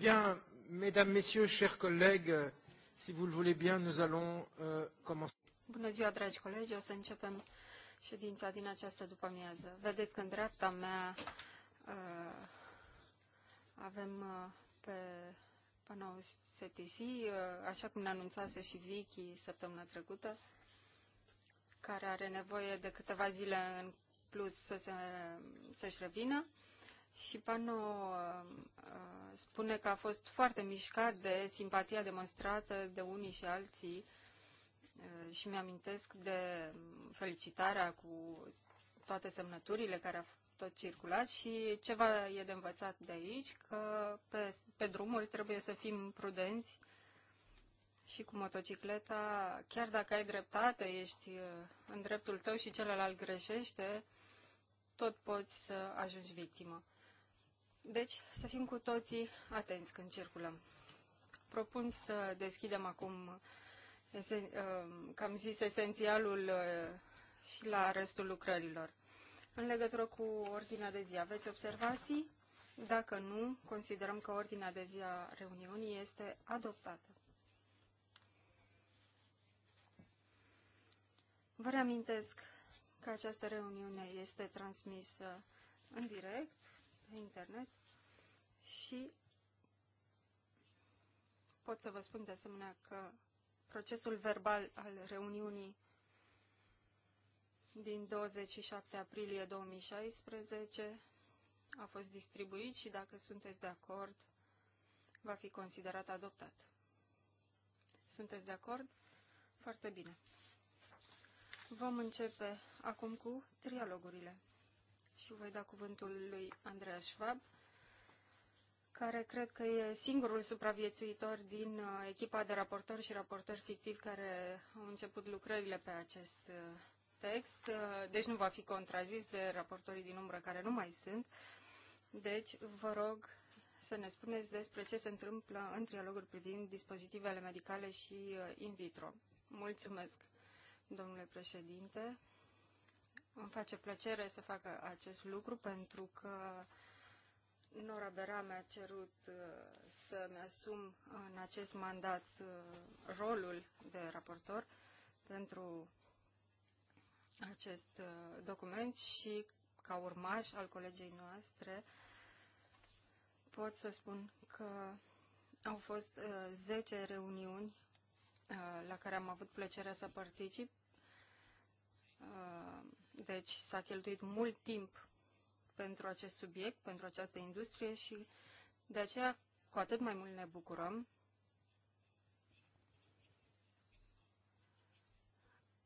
Bien, mesdames, messieurs, chers collègues, si vous le voulez bien, nous allons euh, commencer. Bună ziua, dragi colegi, o să începem ședința din această după-amiază. Vedeți că în dreapta mea uh, avem uh, pe panou STC, uh, așa cum ne anunțase și Vicky săptămâna trecută, care are nevoie de câteva zile în plus să se, să-și revină și Pano uh, uh, spune că a fost foarte mișcat de simpatia demonstrată de unii și alții uh, și mi-amintesc de felicitarea cu toate semnăturile care a tot circulat și ceva e de învățat de aici, că pe, pe drumul trebuie să fim prudenți și cu motocicleta, chiar dacă ai dreptate, ești în dreptul tău și celălalt greșește, tot poți să ajungi victimă. Deci să fim cu toții atenți când circulăm. Propun să deschidem acum, uh, cam zis, esențialul uh, și la restul lucrărilor. În legătură cu ordinea de zi, aveți observații? Dacă nu, considerăm că ordinea de zi a reuniunii este adoptată. Vă reamintesc că această reuniune este transmisă în direct, pe internet. Și pot să vă spun de asemenea că procesul verbal al reuniunii din 27 aprilie 2016 a fost distribuit și dacă sunteți de acord, va fi considerat adoptat. Sunteți de acord? Foarte bine. Vom începe acum cu trialogurile și voi da cuvântul lui Andreea Schwab, care cred că e singurul supraviețuitor din uh, echipa de raportori și raportori fictivi care au început lucrările pe acest uh, text, uh, deci nu va fi contrazis de raportorii din umbră care nu mai sunt. Deci, vă rog să ne spuneți despre ce se întâmplă în trialogul privind dispozitivele medicale și in vitro. Mulțumesc, domnule președinte. Îmi face plăcere să fac acest lucru pentru că Nora Bera mi-a cerut uh, să-mi asum în acest mandat uh, rolul de raportor pentru acest uh, document și ca urmaș al colegei noastre pot să spun că au fost 10 reuniuni la care am avut plăcerea să particip. deci s-a cheltuit mult timp pentru acest subiect, pentru această industrie și de aceea cu atât mai mult ne bucurăm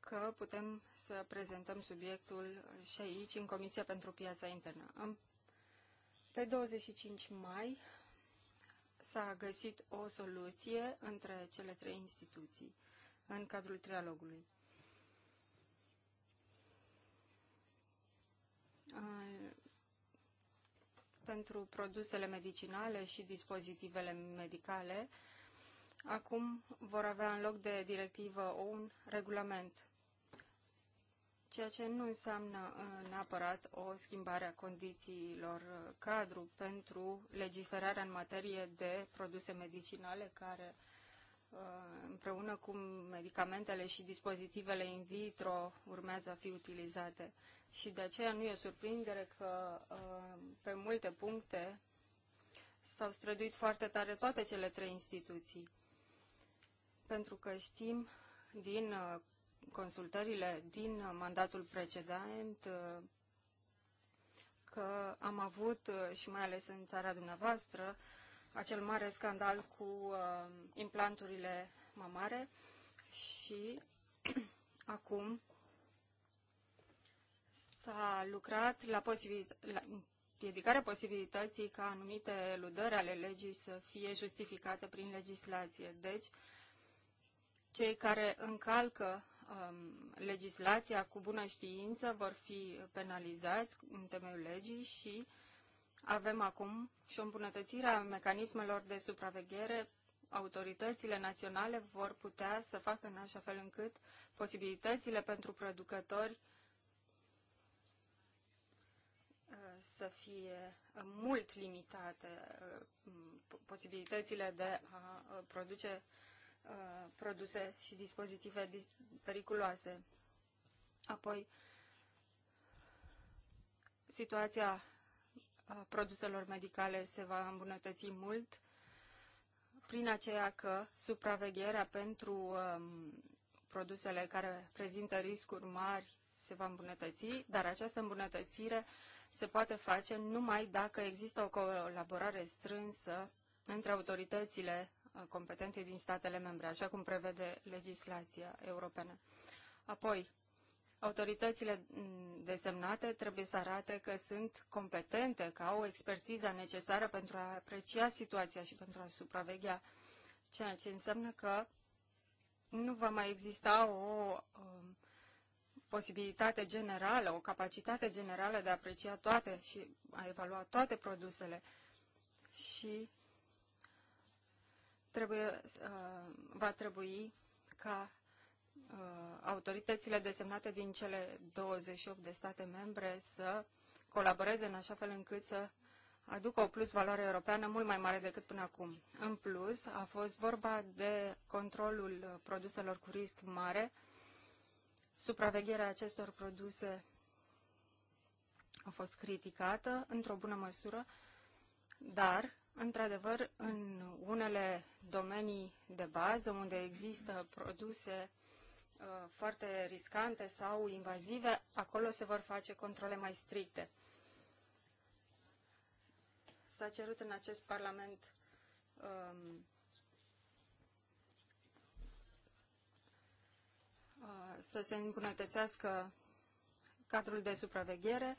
că putem să prezentăm subiectul și aici, în Comisia pentru Piața Internă. Pe 25 mai s-a găsit o soluție între cele trei instituții în cadrul trialogului pentru produsele medicinale și dispozitivele medicale, acum vor avea în loc de directivă un regulament, ceea ce nu înseamnă uh, neapărat o schimbare a condițiilor uh, cadru pentru legiferarea în materie de produse medicinale care Uh, împreună cu medicamentele și dispozitivele in vitro urmează a fi utilizate. Și de aceea nu e o surprindere că uh, pe multe puncte s-au străduit foarte tare toate cele trei instituții. Pentru că știm din uh, consultările din mandatul precedent că am avut, și mai ales în țara dumneavoastră, acel mare scandal cu uh, implanturile mamare și acum s-a lucrat la, posibilit- la împiedicarea posibilității ca anumite eludări ale legii să fie justificate prin legislație. Deci, cei care încalcă um, legislația cu bună știință vor fi penalizați în temeiul legii și uh, avem acum și o îmbunătățire a mecanismelor de supraveghere. Autoritățile naționale vor putea să facă în așa fel încât posibilitățile pentru producători uh, să fie mult limitate uh, posibilitățile de a uh, produce produse și dispozitive periculoase. Apoi, situația produselor medicale se va îmbunătăți mult prin aceea că supravegherea pentru um, produsele care prezintă riscuri mari se va îmbunătăți, dar această îmbunătățire se poate face numai dacă există o colaborare strânsă între autoritățile uh, competente din statele membre, așa cum prevede legislația europeană. Apoi, Autoritățile mm, desemnate trebuie să arate că sunt competente, că au expertiza necesară pentru a aprecia situația și pentru a supraveghea, ceea ce înseamnă că nu va mai exista o um, posibilitate generală, o capacitate generală de a aprecia toate și a evalua toate produsele. Și trebuie, uh, va trebui ca Uh, autoritățile desemnate din cele 28 de state membre să colaboreze în așa fel încât să aducă o plus valoare europeană mult mai mare decât până acum. În plus, a fost vorba de controlul produselor cu risc mare, supravegherea acestor produse a fost criticată într-o bună măsură, dar, într-adevăr, în unele domenii de bază unde există produse Uh, foarte riscante sau invazive, acolo se vor face controle mai stricte. S-a cerut în acest Parlament um, uh, să se îmbunătățească cadrul de supraveghere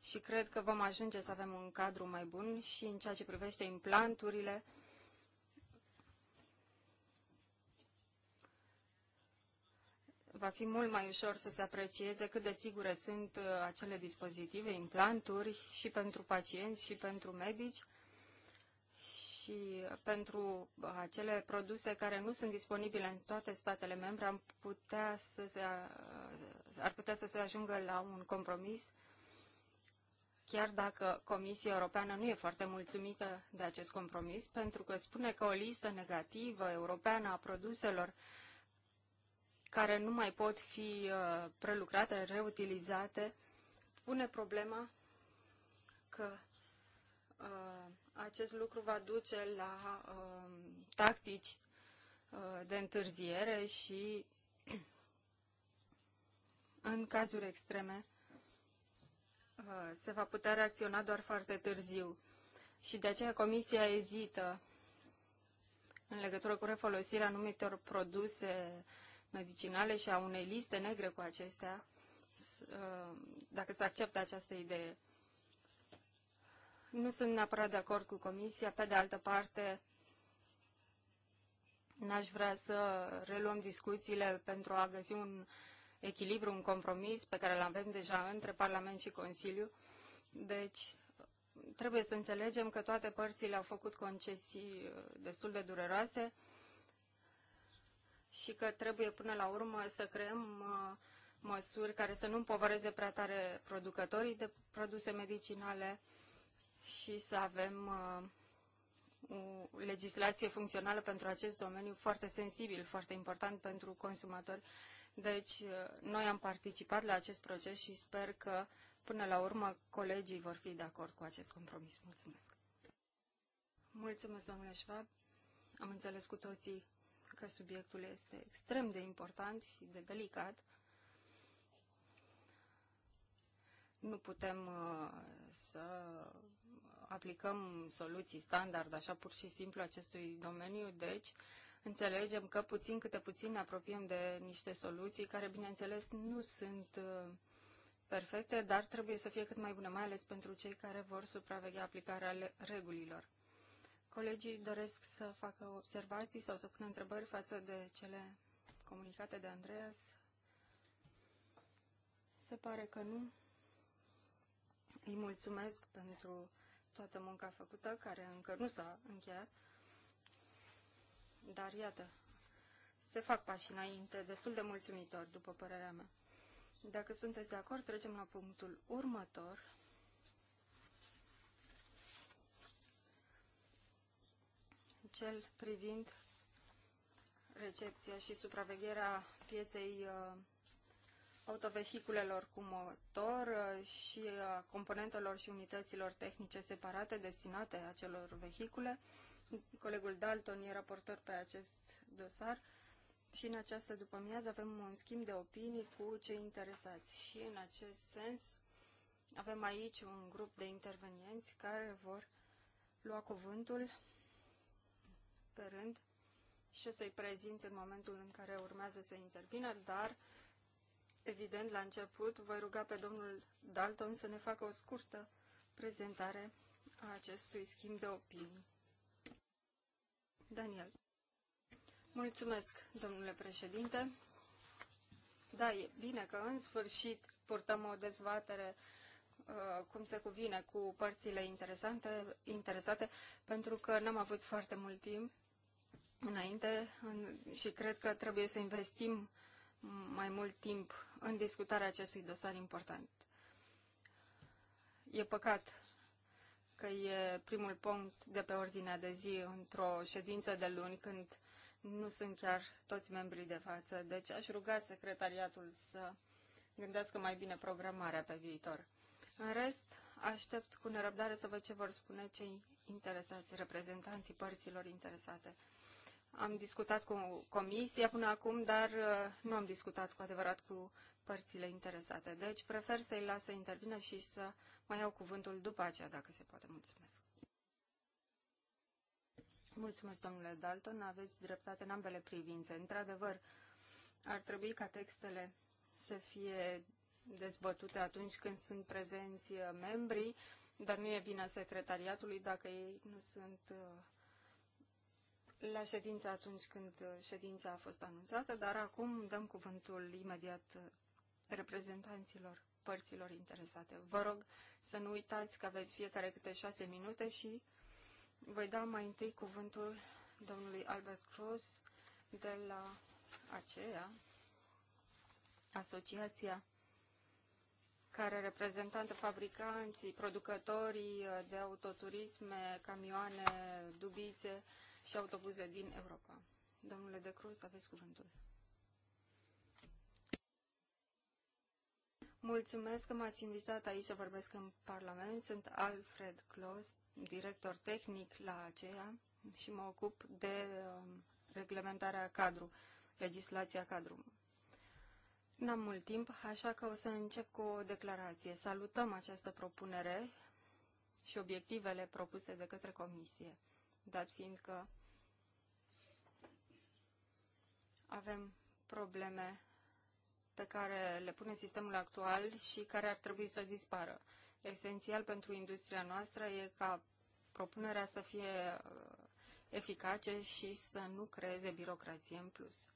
și cred că vom ajunge să avem un cadru mai bun și în ceea ce privește implanturile va fi mult mai ușor să se aprecieze cât de sigure sunt uh, acele dispozitive, implanturi și pentru pacienți și pentru medici și uh, pentru uh, acele produse care nu sunt disponibile în toate statele membre am putea să se, ar putea să se ajungă la un compromis chiar dacă Comisia Europeană nu e foarte mulțumită de acest compromis, pentru că spune că o listă negativă europeană a produselor uh, care nu mai pot fi uh, prelucrate, reutilizate, pune problema că uh, acest lucru va duce la uh, tactici de întârziere și în cazuri extreme se va putea reacționa doar foarte târziu. Și de aceea Comisia ezită în legătură cu refolosirea anumitor produse medicinale și a unei liste negre cu acestea, uh, dacă se acceptă această idee. Nu sunt neapărat de acord cu Comisia. Pe de altă parte, n-aș vrea să reluăm discuțiile pentru a găsi un echilibru, un compromis pe care îl avem deja între Parlament și Consiliu. Deci, trebuie să înțelegem că toate părțile au făcut concesii uh, destul de dureroase și că trebuie până la urmă să creăm uh, măsuri care să nu împovăreze prea tare producătorii de produse medicinale și să avem uh, o legislație funcțională pentru acest domeniu foarte sensibil, foarte important pentru consumatori. Deci, uh, noi am participat la acest proces și sper că, până la urmă, colegii vor fi de acord cu acest compromis. Mulțumesc! Mulțumesc, domnule Schwab! Am înțeles cu toții că subiectul este extrem de important și de delicat. Nu putem uh, să aplicăm soluții standard, așa pur și simplu, acestui domeniu, deci înțelegem că puțin câte puțin ne apropiem de niște soluții care, bineînțeles, nu sunt uh, perfecte, dar trebuie să fie cât mai bune, mai ales pentru cei care vor supraveghea aplicarea regulilor. Colegii doresc să facă observații sau să pună întrebări față de cele comunicate de Andreas. Se pare că nu. Îi mulțumesc pentru toată munca făcută, care încă nu s-a încheiat. Dar iată, se fac pași înainte, destul de mulțumitor, după părerea mea. Dacă sunteți de acord, trecem la punctul următor, cel privind recepția și supravegherea pieței uh, autovehiculelor cu motor uh, și a componentelor și unităților tehnice separate destinate acelor vehicule. Colegul Dalton e raportor pe acest dosar și în această după avem un schimb de opinii cu cei interesați și în acest sens avem aici un grup de intervenienți care vor lua cuvântul pe rând și o să-i prezint în momentul în care urmează să intervină, dar, evident, la început voi ruga pe domnul Dalton să ne facă o scurtă prezentare a acestui schimb de opinii. Daniel. Mulțumesc, domnule președinte. Da, e bine că în sfârșit purtăm o dezbatere uh, cum se cuvine, cu părțile interesante, interesate, pentru că n-am avut foarte mult timp înainte și cred că trebuie să investim mai mult timp în discutarea acestui dosar important. E păcat că e primul punct de pe ordinea de zi într-o ședință de luni când nu sunt chiar toți membrii de față, deci aș ruga secretariatul să gândească mai bine programarea pe viitor. În rest, aștept cu nerăbdare să văd ce vor spune cei interesați, reprezentanții părților interesate. Am discutat cu comisia până acum, dar uh, nu am discutat cu adevărat cu părțile interesate. Deci prefer să-i las să intervină și să mai iau cuvântul după aceea, dacă se poate. Mulțumesc. Mulțumesc, domnule Dalton. Aveți dreptate în ambele privințe. Într-adevăr, ar trebui ca textele să fie dezbătute atunci când sunt prezenți uh, membrii, dar nu e vina secretariatului dacă ei nu sunt uh, la ședință atunci când ședința a fost anunțată, dar acum dăm cuvântul imediat reprezentanților părților interesate. Vă rog să nu uitați că aveți fiecare câte șase minute și voi da mai întâi cuvântul domnului Albert Cruz de la aceea, asociația care reprezentantă fabricanții, producătorii de autoturisme, camioane, dubițe, și autobuze din Europa. Domnule De Cruz, aveți cuvântul. Mulțumesc că m-ați invitat aici să vorbesc în Parlament. Sunt Alfred Clos, director tehnic la aceea și mă ocup de um, reglementarea cadru, legislația cadru. N-am mult timp, așa că o să încep cu o declarație. Salutăm această propunere și obiectivele propuse de către Comisie, dat fiind că Avem probleme pe care le pune sistemul actual și care ar trebui să dispară. Esențial pentru industria noastră e ca propunerea să fie uh, eficace și să nu creeze birocrație în plus.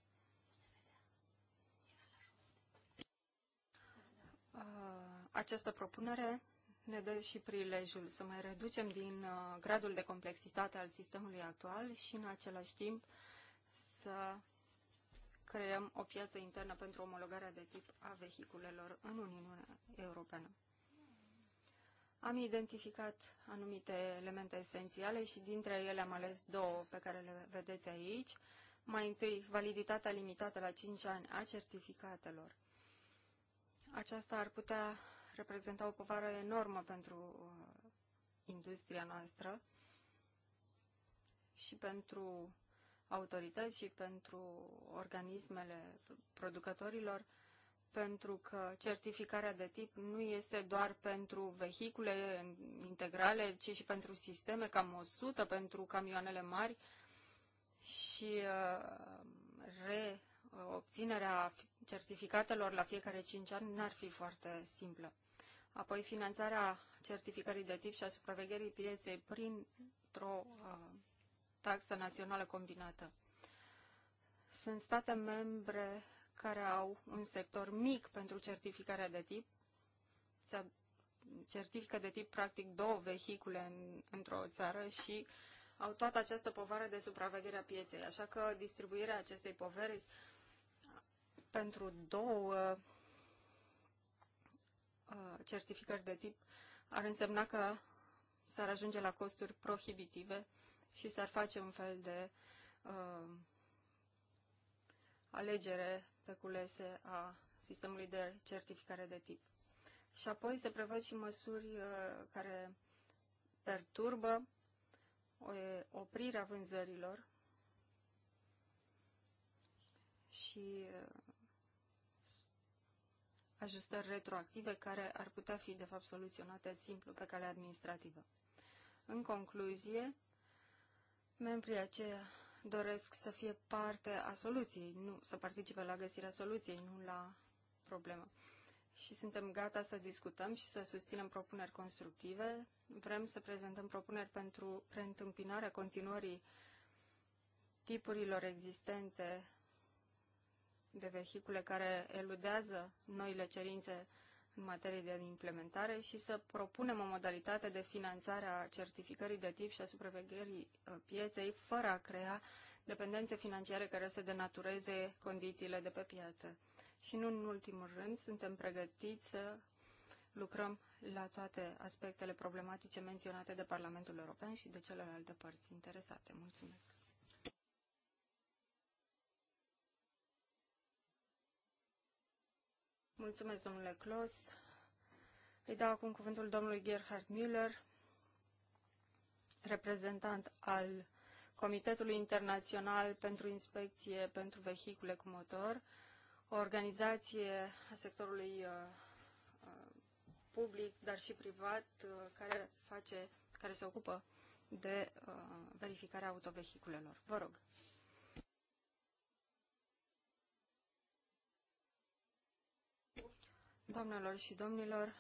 Uh, această propunere ne dă și prilejul să mai reducem din uh, gradul de complexitate al sistemului actual și în același timp să creăm o piață internă pentru omologarea de tip a vehiculelor în Uniunea Europeană. Am identificat anumite elemente esențiale și dintre ele am ales două pe care le vedeți aici. Mai întâi, validitatea limitată la 5 ani a certificatelor. Aceasta ar putea reprezenta o povară enormă pentru uh, industria noastră și pentru autorități și pentru organismele producătorilor, pentru că certificarea de tip nu este doar pentru vehicule integrale, ci și pentru sisteme, cam 100 pentru camioanele mari și uh, reobținerea certificatelor la fiecare 5 ani n-ar fi foarte simplă. Apoi finanțarea certificării de tip și a supravegherii pieței printr-o uh, taxa națională combinată. Sunt state membre care au un sector mic pentru certificarea de tip, certifică de tip practic două vehicule în, într-o țară și au toată această povară de supraveghere a pieței. Așa că distribuirea acestei poveri pentru două uh, certificări de tip ar însemna că s-ar ajunge la costuri prohibitive și s-ar face un fel de uh, alegere pe culese a sistemului de certificare de tip. Și apoi se prevăd și măsuri uh, care perturbă uh, oprirea vânzărilor și uh, ajustări retroactive care ar putea fi, de fapt, soluționate simplu pe calea administrativă. În concluzie, Membrii aceia doresc să fie parte a soluției, nu să participe la găsirea soluției, nu la problemă. Și suntem gata să discutăm și să susținem propuneri constructive. Vrem să prezentăm propuneri pentru preîntâmpinarea continuării tipurilor existente de vehicule care eludează noile cerințe în materie de implementare și să propunem o modalitate de finanțare a certificării de tip și a supravegherii uh, pieței fără a crea dependențe financiare care să denatureze condițiile de pe piață. Și nu în ultimul rând, suntem pregătiți să lucrăm la toate aspectele problematice menționate de Parlamentul European și de celelalte părți interesate. Mulțumesc! Mulțumesc, domnule Clos. Îi dau acum cuvântul domnului Gerhard Müller, reprezentant al Comitetului Internațional pentru Inspecție pentru Vehicule cu Motor, o organizație a sectorului uh, uh, public, dar și privat, uh, care, face, care se ocupă de verificarea autovehiculelor. Vă rog. Doamnelor și domnilor,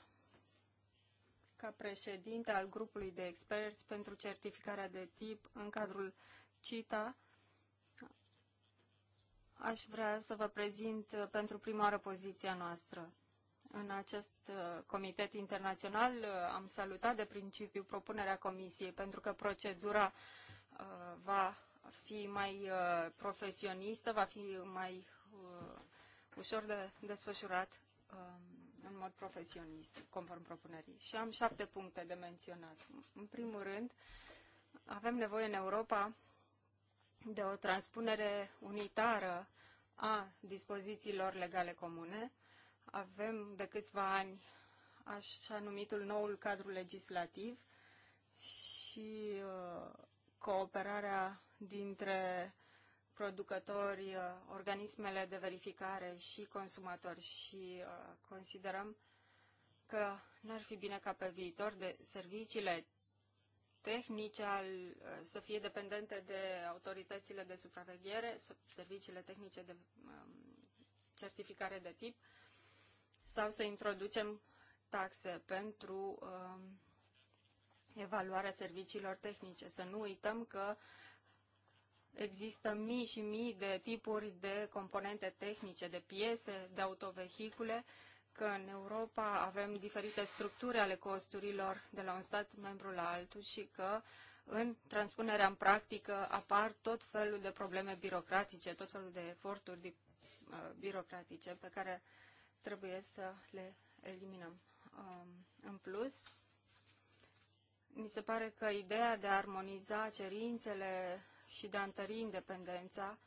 ca președinte al grupului de experți pentru certificarea de tip în cadrul CITA, aș vrea să vă prezint pentru prima oară poziția noastră. În acest uh, comitet internațional uh, am salutat de principiu propunerea Comisiei pentru că procedura uh, va fi mai profesionistă, va fi mai ușor de desfășurat um, în mod profesionist, conform propunerii. Și am șapte puncte de menționat. În primul rând, avem nevoie în Europa de o transpunere unitară a dispozițiilor legale comune. Avem de câțiva ani așa numitul noul cadru legislativ și uh, cooperarea dintre producători, uh, organismele de verificare și consumatori și uh, considerăm că n-ar fi bine ca pe viitor de serviciile tehnice al, uh, să fie dependente de autoritățile de supraveghere, serviciile tehnice de um, certificare de tip, sau să introducem taxe pentru um, evaluarea serviciilor tehnice. Să nu uităm că uh, există mii și mii de tipuri de componente tehnice, de piese, de autovehicule, că în Europa avem diferite structuri ale costurilor de la un stat membru la altul și că în transpunerea în practică apar tot felul de probleme birocratice, tot felul de eforturi de, uh, birocratice pe care trebuie să le eliminăm. Um, în plus, mi se pare că ideea de a armoniza cerințele și de a întări independența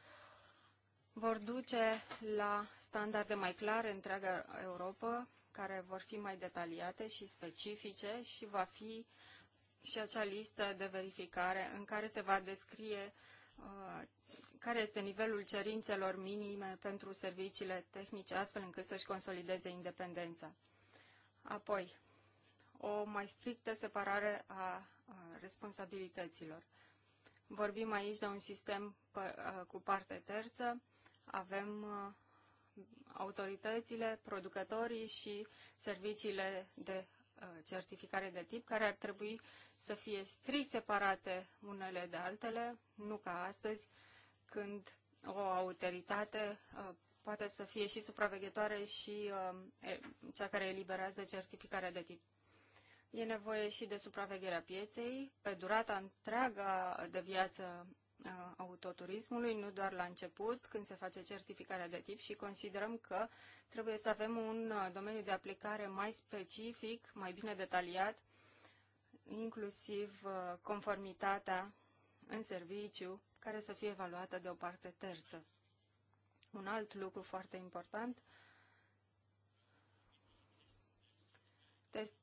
vor duce la standarde mai clare în întreaga Europa, care vor fi mai detaliate și specifice și va fi și acea listă de verificare în care se va descrie uh, care este nivelul cerințelor minime pentru serviciile tehnice, astfel încât să-și consolideze independența. Apoi, o mai strictă separare a responsabilităților. Vorbim aici de un sistem cu parte terță. Avem autoritățile, producătorii și serviciile de certificare de tip, care ar trebui să fie strict separate unele de altele, nu ca astăzi, când o autoritate poate să fie și supraveghetoare și cea care eliberează certificarea de tip. E nevoie și de supravegherea pieței pe durata întreaga de viață uh, autoturismului, nu doar la început, când se face certificarea de tip și considerăm că trebuie să avem un uh, domeniu de aplicare mai specific, mai bine detaliat, inclusiv uh, conformitatea în serviciu, care să fie evaluată de o parte terță. Un alt lucru foarte important, test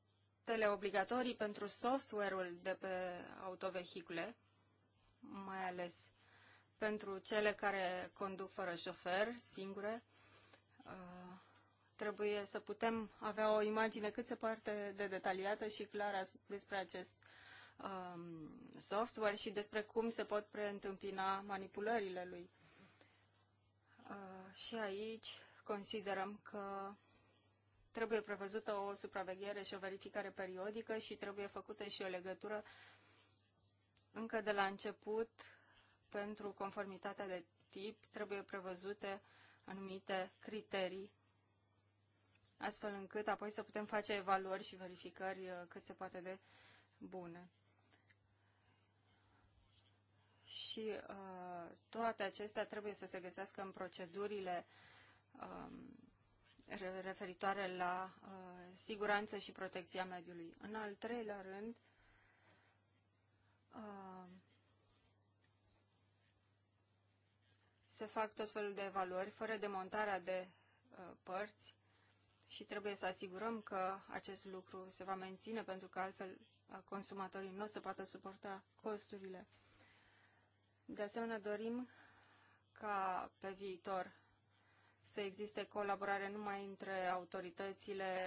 testele obligatorii pentru software-ul de pe autovehicule, mai ales pentru cele care conduc fără șofer, singure, uh, trebuie să putem avea o imagine cât se poate de detaliată și clară despre acest um, software și despre cum se pot preîntâmpina manipulările lui. Uh, și aici considerăm că trebuie prevăzută o supraveghere și o verificare periodică și trebuie făcută și o legătură încă de la început pentru conformitatea de tip, trebuie prevăzute anumite criterii astfel încât apoi să putem face evaluări și verificări uh, cât se poate de bune. Și uh, toate acestea trebuie să se găsească în procedurile um, referitoare la uh, siguranță și protecția mediului. În al treilea rând, uh, se fac tot felul de evaluări fără demontarea de uh, părți și trebuie să asigurăm că acest lucru se va menține pentru că altfel uh, consumatorii nu o să poată suporta costurile. De asemenea, dorim ca pe viitor să existe colaborare numai între autoritățile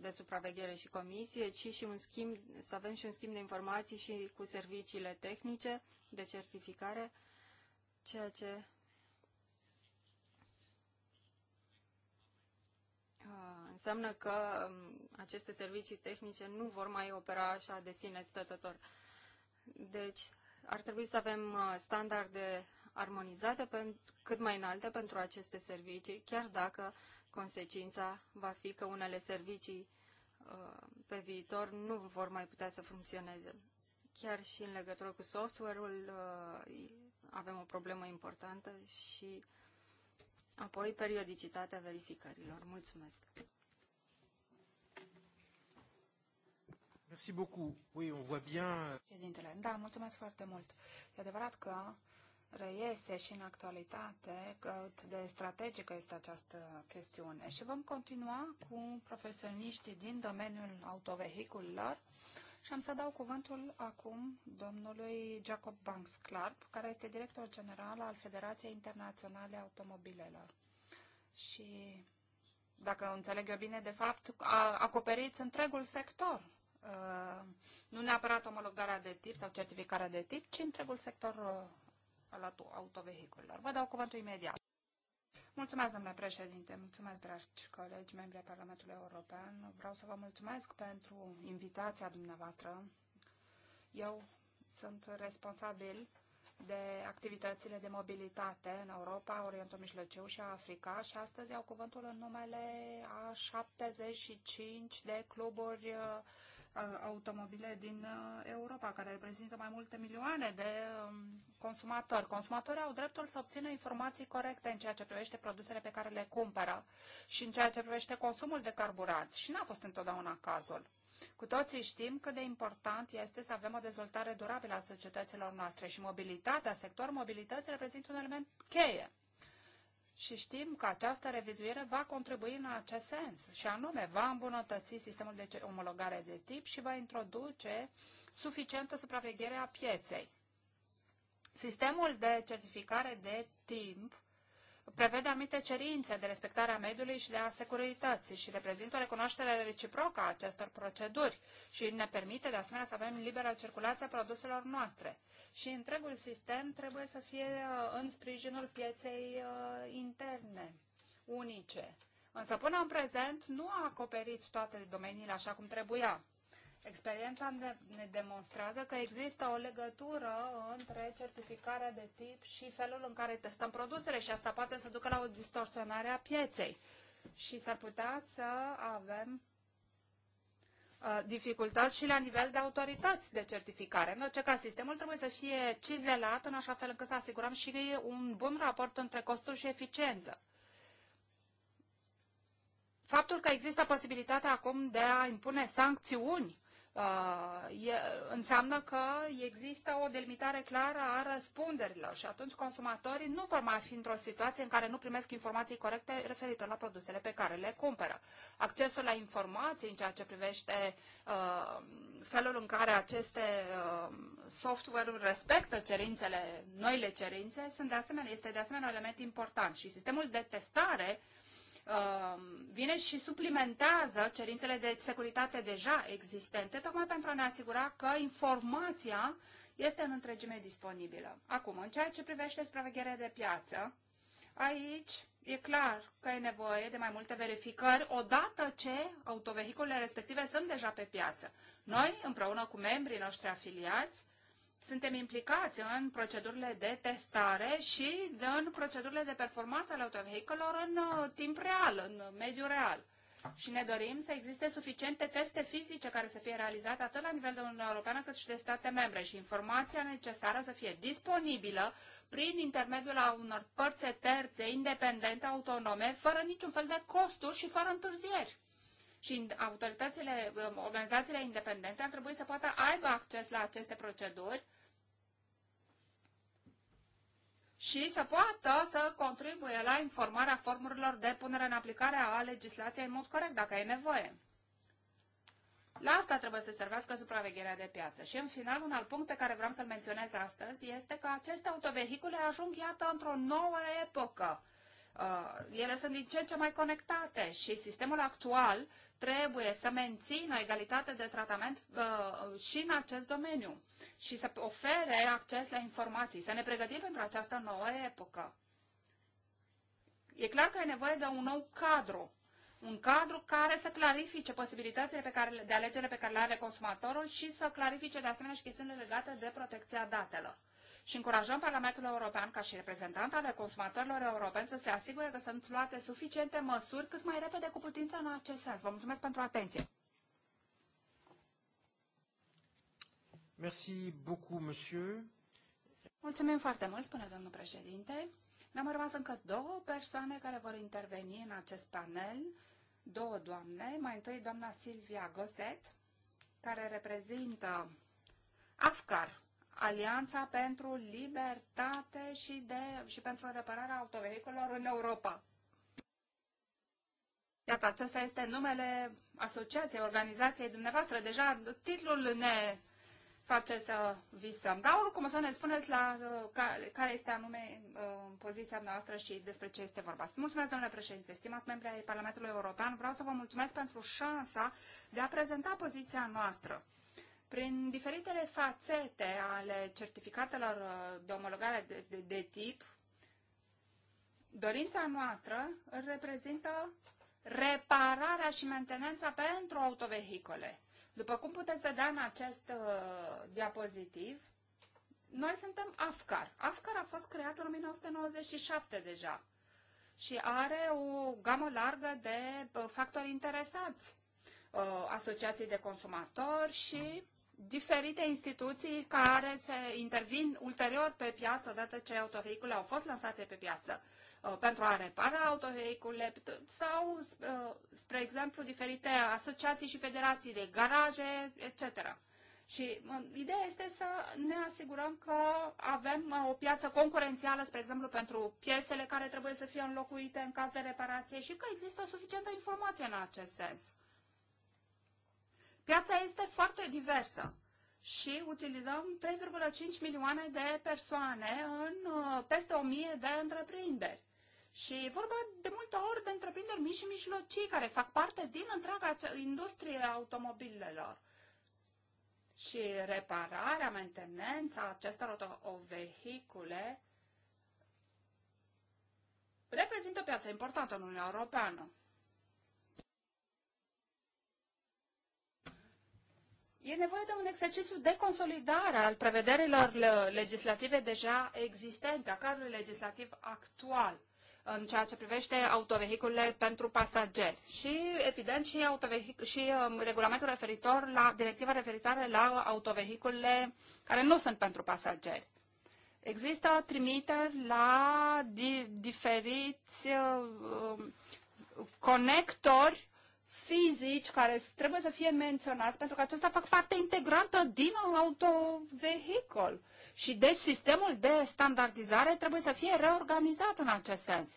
de supraveghere și comisie, ci și un schimb, să avem și un schimb de informații și cu serviciile tehnice de certificare, ceea ce uh, înseamnă că um, aceste servicii tehnice nu vor mai opera așa de sine stătător. Deci, ar trebui să avem uh, standarde armonizate cât mai înalte pentru aceste servicii, chiar dacă consecința va fi că unele servicii uh, pe viitor nu vor mai putea să funcționeze. Chiar și în legătură cu software-ul uh, avem o problemă importantă și apoi periodicitatea verificărilor. Mulțumesc! Merci beaucoup. Oui, on voit bien. da, mulțumesc foarte mult. E adevărat că reiese și în actualitate cât de strategică este această chestiune. Și vom continua cu profesioniștii din domeniul autovehiculilor și am să dau cuvântul acum domnului Jacob Banks Clark, care este director general al Federației Internaționale Automobilelor. Și, dacă înțeleg eu bine, de fapt, acoperiți întregul sector Uh, nu neapărat omologarea de tip sau certificarea de tip, ci întregul sector uh, al autovehiculelor. Vă dau cuvântul imediat. Mulțumesc, domnule președinte, mulțumesc, dragi colegi, membri ai Parlamentului European. Vreau să vă mulțumesc pentru invitația dumneavoastră. Eu sunt responsabil de activitățile de mobilitate în Europa, Orientul Mijlociu și Africa și astăzi iau cuvântul în numele a 75 de cluburi uh, Uh, automobile din uh, Europa, care reprezintă mai multe milioane de um, consumatori. Consumatorii au dreptul să obțină informații corecte în ceea ce privește produsele pe care le cumpără și în ceea ce privește consumul de carburanți. Și n-a fost întotdeauna cazul. Cu toții știm cât de important este să avem o dezvoltare durabilă a societăților noastre și mobilitatea, sector mobilității, reprezintă un element cheie și știm că această revizuire va contribui în acest sens și anume va îmbunătăți sistemul de omologare de tip și va introduce suficientă supraveghere a pieței. Sistemul de certificare de timp prevede anumite cerințe de respectare a mediului și de a securității și reprezintă o recunoaștere reciprocă a acestor proceduri și ne permite de asemenea să avem liberă circulație a produselor noastre. Și întregul sistem trebuie să fie uh, în sprijinul pieței uh, interne, unice. Însă până în prezent nu a acoperit toate domeniile așa cum trebuia. Experiența ne demonstrează că există o legătură între certificarea de tip și felul în care testăm produsele și asta poate să ducă la o distorsionare a pieței. Și s-ar putea să avem uh, dificultăți și la nivel de autorități de certificare. În orice caz, sistemul trebuie să fie cizelat în așa fel încât să asigurăm și un bun raport între costuri și eficiență. Faptul că există posibilitatea acum de a impune sancțiuni Uh, e, înseamnă că există o delimitare clară a răspunderilor și atunci consumatorii nu vor mai fi într-o situație în care nu primesc informații corecte referitor la produsele pe care le cumpără. Accesul la informații în ceea ce privește uh, felul în care aceste uh, software-uri respectă cerințele, noile cerințe, sunt de asemenea, este de asemenea un element important și sistemul de testare uh, Um, vine și suplimentează cerințele de securitate deja existente, tocmai pentru a ne asigura că informația este în întregime disponibilă. Acum, în ceea ce privește supravegherea de piață, aici e clar că e nevoie de mai multe verificări odată ce autovehiculele respective sunt deja pe piață. Noi, împreună cu membrii noștri afiliați, suntem implicați în procedurile de testare și în procedurile de performanță ale autovehiculor în uh, timp real, în mediul real. Și ne dorim să existe suficiente teste fizice care să fie realizate atât la nivel de Uniunea Europeană cât și de state membre și informația necesară să fie disponibilă prin intermediul a unor părțe terțe, independente, autonome, fără niciun fel de costuri și fără întârzieri și autoritățile, um, organizațiile independente ar trebui să poată aibă acces la aceste proceduri și să poată să contribuie la informarea formurilor de punere în aplicare a legislației în mod corect, dacă e nevoie. La asta trebuie să servească supravegherea de piață. Și în final, un alt punct pe care vreau să-l menționez astăzi este că aceste autovehicule ajung, iată, într-o nouă epocă. Uh, ele sunt din ce în ce mai conectate și sistemul actual trebuie să mențină egalitate de tratament uh, și în acest domeniu și să ofere acces la informații, să ne pregătim pentru această nouă epocă. E clar că e nevoie de un nou cadru un cadru care să clarifice posibilitățile pe care, de alegere pe care le are consumatorul și să clarifice de asemenea și chestiunile legate de protecția datelor și încurajăm Parlamentul European ca și reprezentant de consumatorilor europeni să se asigure că sunt luate suficiente măsuri cât mai repede cu putință în acest sens. Vă mulțumesc pentru atenție. Merci beaucoup, monsieur. Mulțumim foarte mult, spune domnul președinte. Ne-am rămas încă două persoane care vor interveni în acest panel, două doamne, mai întâi doamna Silvia Goset, care reprezintă AFCAR, Alianța pentru Libertate și, de, și pentru repararea autovehiculelor în Europa. Iată, acesta este numele asociației, organizației dumneavoastră. Deja titlul ne face să visăm. Dar oricum să ne spuneți la uh, ca, care este anume uh, poziția noastră și despre ce este vorba. Mulțumesc, domnule președinte, stimați membri ai Parlamentului European. Vreau să vă mulțumesc pentru șansa de a prezenta poziția noastră. Prin diferitele fațete ale certificatelor uh, de omologare de, de, de tip, dorința noastră reprezintă repararea și mentenența pentru autovehicole. După cum puteți vedea în acest uh, diapozitiv, noi suntem AFCAR. AFCAR a fost creat în 1997 deja și are o gamă largă de uh, factori interesați, uh, asociații de consumatori și diferite instituții care se intervin ulterior pe piață odată ce autovehicule au fost lansate pe piață uh, pentru a repara autovehicule sau, uh, spre exemplu, diferite asociații și federații de garaje, etc. Și um, ideea este să ne asigurăm că avem uh, o piață concurențială, spre exemplu, pentru piesele care trebuie să fie înlocuite în caz de reparație și că există suficientă informație în acest sens. Piața este foarte diversă și utilizăm 3,5 milioane de persoane în uh, peste 1000 de întreprinderi. Și e vorba de multe ori de întreprinderi mici și mijlocii care fac parte din întreaga industrie automobilelor. Și repararea, mentenența acestor vehicule reprezintă o piață importantă în Uniunea Europeană. e nevoie de un exercițiu de consolidare al prevederilor legislative deja existente, a cadrului legislativ actual în ceea ce privește autovehiculele pentru pasageri și, evident, și, autovehic- și um, regulamentul referitor la directiva referitoare la autovehiculele care nu sunt pentru pasageri. Există trimiteri la di- diferiți uh, um, conectori fizici care trebuie să fie menționați pentru că acestea fac parte integrantă din un autovehicol. Și deci sistemul de standardizare trebuie să fie reorganizat în acest sens.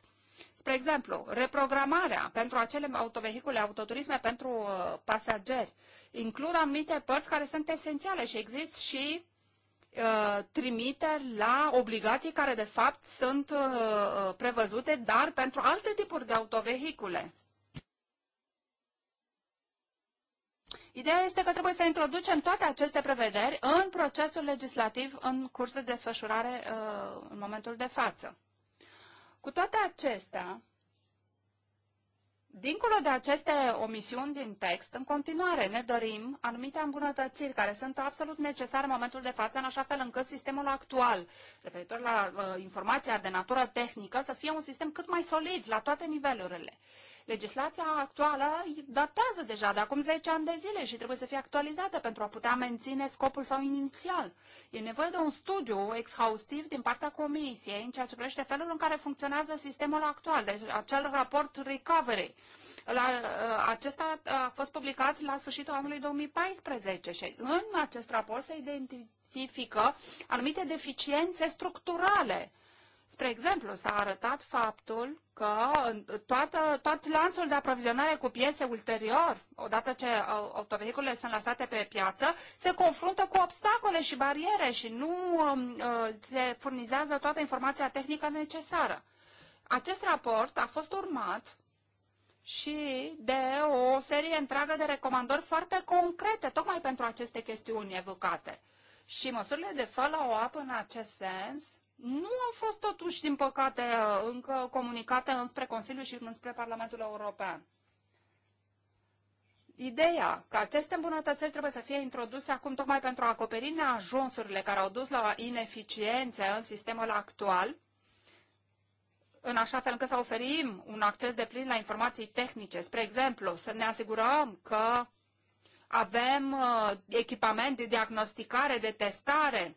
Spre exemplu, reprogramarea pentru acele autovehicule, autoturisme pentru uh, pasageri, includ anumite părți care sunt esențiale și există și uh, trimiteri la obligații care de fapt sunt uh, prevăzute, dar pentru alte tipuri de autovehicule. Ideea este că trebuie să introducem toate aceste prevederi în procesul legislativ în curs de desfășurare uh, în momentul de față. Cu toate acestea, Dincolo de aceste omisiuni din text, în continuare ne dorim anumite îmbunătățiri care sunt absolut necesare în momentul de față, în așa fel încât sistemul actual, referitor la uh, informația de natură tehnică, să fie un sistem cât mai solid la toate nivelurile. Legislația actuală datează deja de acum 10 ani de zile și trebuie să fie actualizată pentru a putea menține scopul sau inițial. E nevoie de un studiu exhaustiv din partea Comisiei în ceea ce privește felul în care funcționează sistemul actual, deci acel raport recovery. La, ă, acesta a fost publicat la sfârșitul anului 2014 și în acest raport se identifică anumite deficiențe structurale Spre exemplu, s-a arătat faptul că toată, tot lanțul de aprovizionare cu piese ulterior, odată ce autovehiculele sunt lăsate pe piață, se confruntă cu obstacole și bariere și nu um, uh, se furnizează toată informația tehnică necesară. Acest raport a fost urmat și de o serie întreagă de recomandări foarte concrete, tocmai pentru aceste chestiuni evocate. Și măsurile de follow-up în acest sens nu au fost totuși, din păcate, încă comunicate înspre Consiliu și înspre Parlamentul European. Ideea că aceste îmbunătățiri trebuie să fie introduse acum tocmai pentru a acoperi neajunsurile care au dus la ineficiențe în sistemul actual, în așa fel încât să oferim un acces de plin la informații tehnice. Spre exemplu, să ne asigurăm că avem uh, echipament de diagnosticare, de testare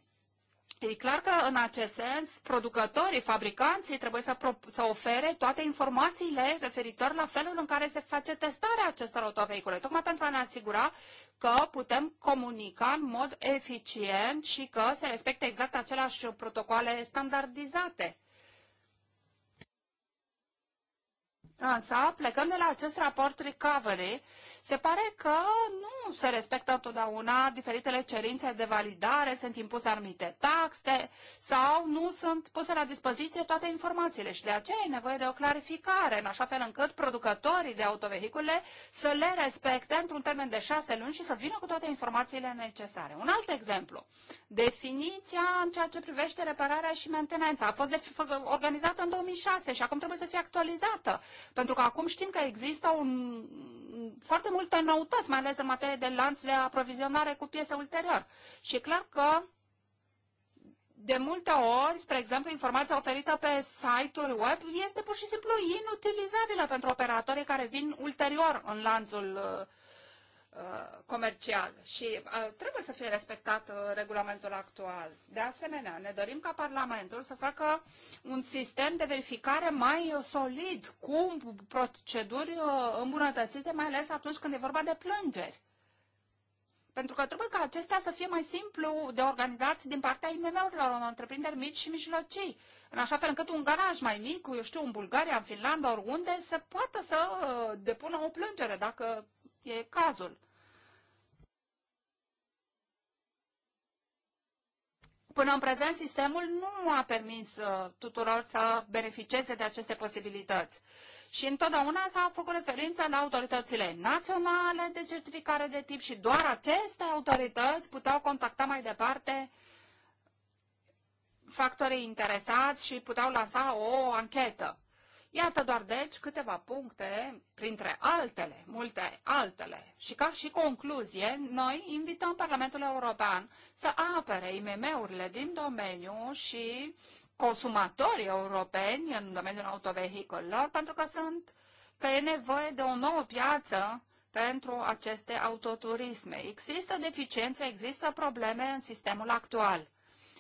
E clar că în acest sens producătorii, fabricanții trebuie să, să ofere toate informațiile referitor la felul în care se face testarea acestor autovehicule, tocmai pentru a ne asigura că putem comunica în mod eficient și că se respectă exact aceleași protocoale standardizate. Însă, plecând de la acest raport recovery, se pare că nu se respectă întotdeauna diferitele cerințe de validare, sunt impuse anumite taxe sau nu sunt puse la dispoziție toate informațiile și de aceea e nevoie de o clarificare, în așa fel încât producătorii de autovehicule să le respecte într-un termen de șase luni și să vină cu toate informațiile necesare. Un alt exemplu, definiția în ceea ce privește repararea și mentenența a fost organizată în 2006 și acum trebuie să fie actualizată pentru că acum știm că există un, foarte multe noutăți, mai ales în materie de lanț de aprovizionare cu piese ulterior. Și e clar că de multe ori, spre exemplu, informația oferită pe site-uri web este pur și simplu inutilizabilă pentru operatorii care vin ulterior în lanțul uh, Uh, comercial și uh, trebuie să fie respectat uh, regulamentul actual. De asemenea, ne dorim ca Parlamentul să facă un sistem de verificare mai solid, cu proceduri îmbunătățite, mai ales atunci când e vorba de plângeri. Pentru că trebuie ca acestea să fie mai simplu de organizat din partea IMM-urilor, unor întreprinderi mici și mijlocii, în așa fel încât un garaj mai mic, eu știu, în Bulgaria, în Finlanda, oriunde, să poată să depună o plângere dacă e cazul. Până în prezent, sistemul nu a permis uh, tuturor să beneficieze de aceste posibilități. Și întotdeauna s-a făcut referință la autoritățile naționale de certificare de tip și doar aceste autorități puteau contacta mai departe factorii interesați și puteau lansa o anchetă. Iată doar deci câteva puncte, printre altele, multe altele. Și ca și concluzie, noi invităm Parlamentul European să apere IMM-urile din domeniu și consumatorii europeni în domeniul autovehicolelor, pentru că sunt că e nevoie de o nouă piață pentru aceste autoturisme. Există deficiențe, există probleme în sistemul actual.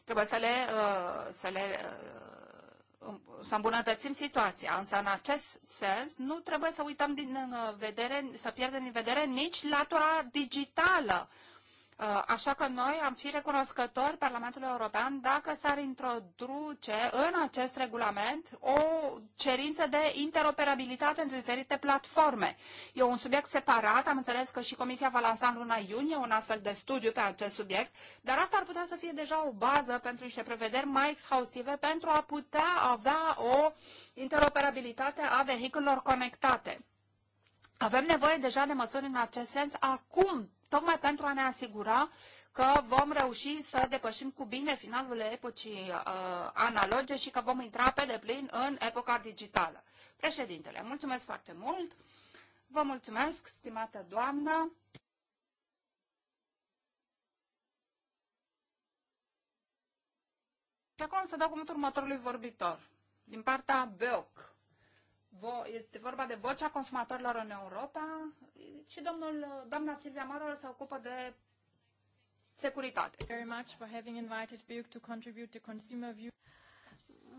Trebuie să le, uh, să le uh, să îmbunătățim situația, însă în acest sens nu trebuie să uităm din uh, vedere, să pierdem din vedere nici latura digitală Uh, așa că noi am fi recunoscători Parlamentului European dacă s-ar introduce în acest regulament o cerință de interoperabilitate între diferite platforme. E un subiect separat, am înțeles că și Comisia va lansa în luna iunie un astfel de studiu pe acest subiect, dar asta ar putea să fie deja o bază pentru niște prevederi mai exhaustive pentru a putea avea o interoperabilitate a vehiculelor conectate. Avem nevoie deja de măsuri în acest sens acum, tocmai pentru a ne asigura că vom reuși să depășim cu bine finalul epocii uh, analoge și că vom intra pe deplin în epoca digitală. Președintele, mulțumesc foarte mult. Vă mulțumesc, stimată doamnă. Și acum să dau cuvântul următorului vorbitor, din partea BEOC este vorba de vocea consumatorilor în Europa și domnul, doamna Silvia Marol se ocupă de securitate. Very much for having invited Buick to contribute to consumer view.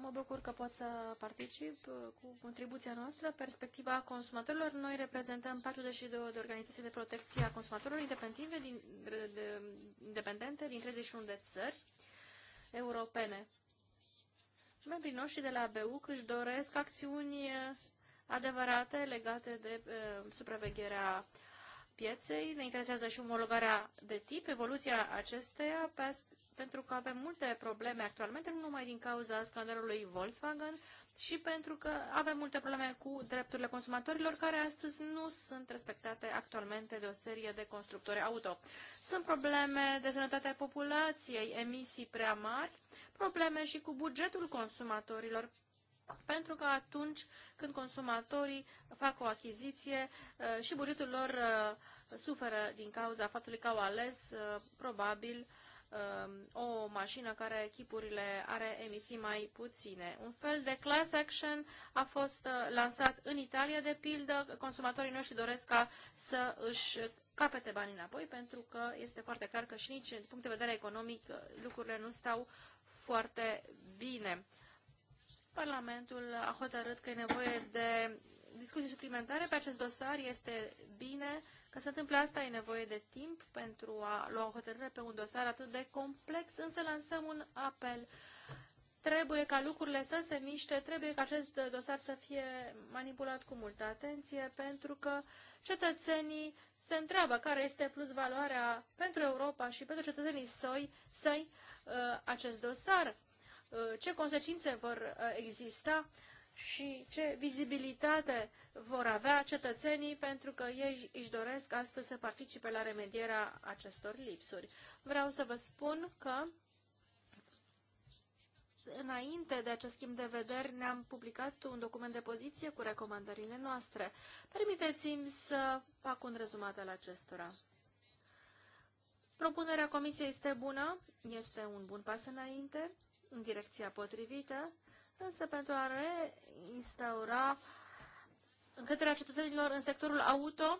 Mă bucur că pot să particip uh, cu contribuția noastră. Perspectiva consumatorilor, noi reprezentăm 42 de organizații de protecție a consumatorilor independente din, de, de, independente din 31 de țări europene. Membrii noștri de la BEUC își doresc acțiuni uh, adevărate legate de uh, supravegherea pieței. Ne interesează și omologarea de tip, evoluția acesteia, pe, pentru că avem multe probleme actualmente, nu numai din cauza scandalului Volkswagen, și pentru că avem multe probleme cu drepturile consumatorilor, care astăzi nu sunt respectate actualmente de o serie de constructori auto. Sunt probleme de sănătate a populației, emisii prea mari, probleme și cu bugetul consumatorilor, pentru că atunci când consumatorii fac o achiziție uh, și bugetul lor uh, suferă din cauza faptului că au ales uh, probabil o mașină care echipurile are emisii mai puține. Un fel de class action a fost lansat în Italia, de pildă. Consumatorii noștri doresc ca să își capete banii înapoi, pentru că este foarte clar că și nici din punct de vedere economic lucrurile nu stau foarte bine. Parlamentul a hotărât că e nevoie de discuții suplimentare pe acest dosar. Este bine. că se întâmplă asta e nevoie de timp pentru a lua o hotărâre pe un dosar atât de complex, însă lansăm un apel. Trebuie ca lucrurile să se miște, trebuie ca acest dosar să fie manipulat cu multă atenție, pentru că cetățenii se întreabă care este plus valoarea pentru Europa și pentru cetățenii soi, săi uh, acest dosar. Uh, ce consecințe vor uh, exista și ce vizibilitate vor avea cetățenii pentru că ei își doresc astăzi să participe la remedierea acestor lipsuri. Vreau să vă spun că înainte de acest schimb de vederi ne-am publicat un document de poziție cu recomandările noastre. Permiteți-mi să fac un rezumat al acestora. Propunerea Comisiei este bună, este un bun pas înainte în direcția potrivită, însă pentru a reinstaura încrederea cetățenilor în sectorul auto,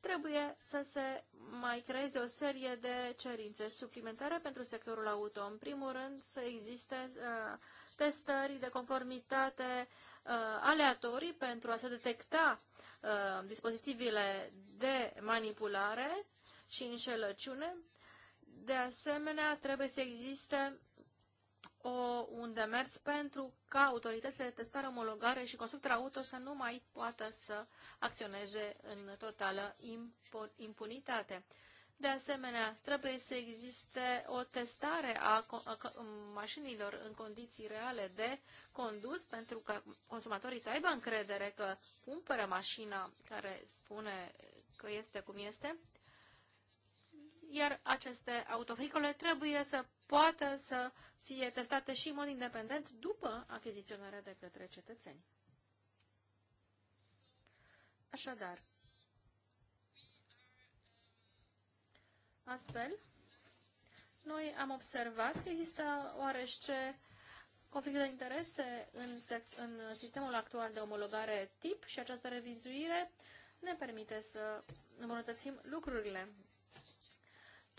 trebuie să se mai creeze o serie de cerințe suplimentare pentru sectorul auto. În primul rând, să existe uh, testări de conformitate uh, aleatorii pentru a se detecta uh, dispozitivele de manipulare și înșelăciune. De asemenea, trebuie să existe o, un demers pentru ca autoritățile de testare, omologare și constructor auto să nu mai poată să acționeze în totală impunitate. De asemenea, trebuie să existe o testare a, mașinilor în condiții reale de condus pentru ca consumatorii să aibă încredere că cumpără mașina care spune că este cum este, iar aceste autovehicule trebuie să poată să fie testată și în mod independent după achiziționarea de către cetățeni. Așadar, astfel, noi am observat că există oarește conflicte de interese în, în sistemul actual de omologare tip și această revizuire ne permite să îmbunătățim lucrurile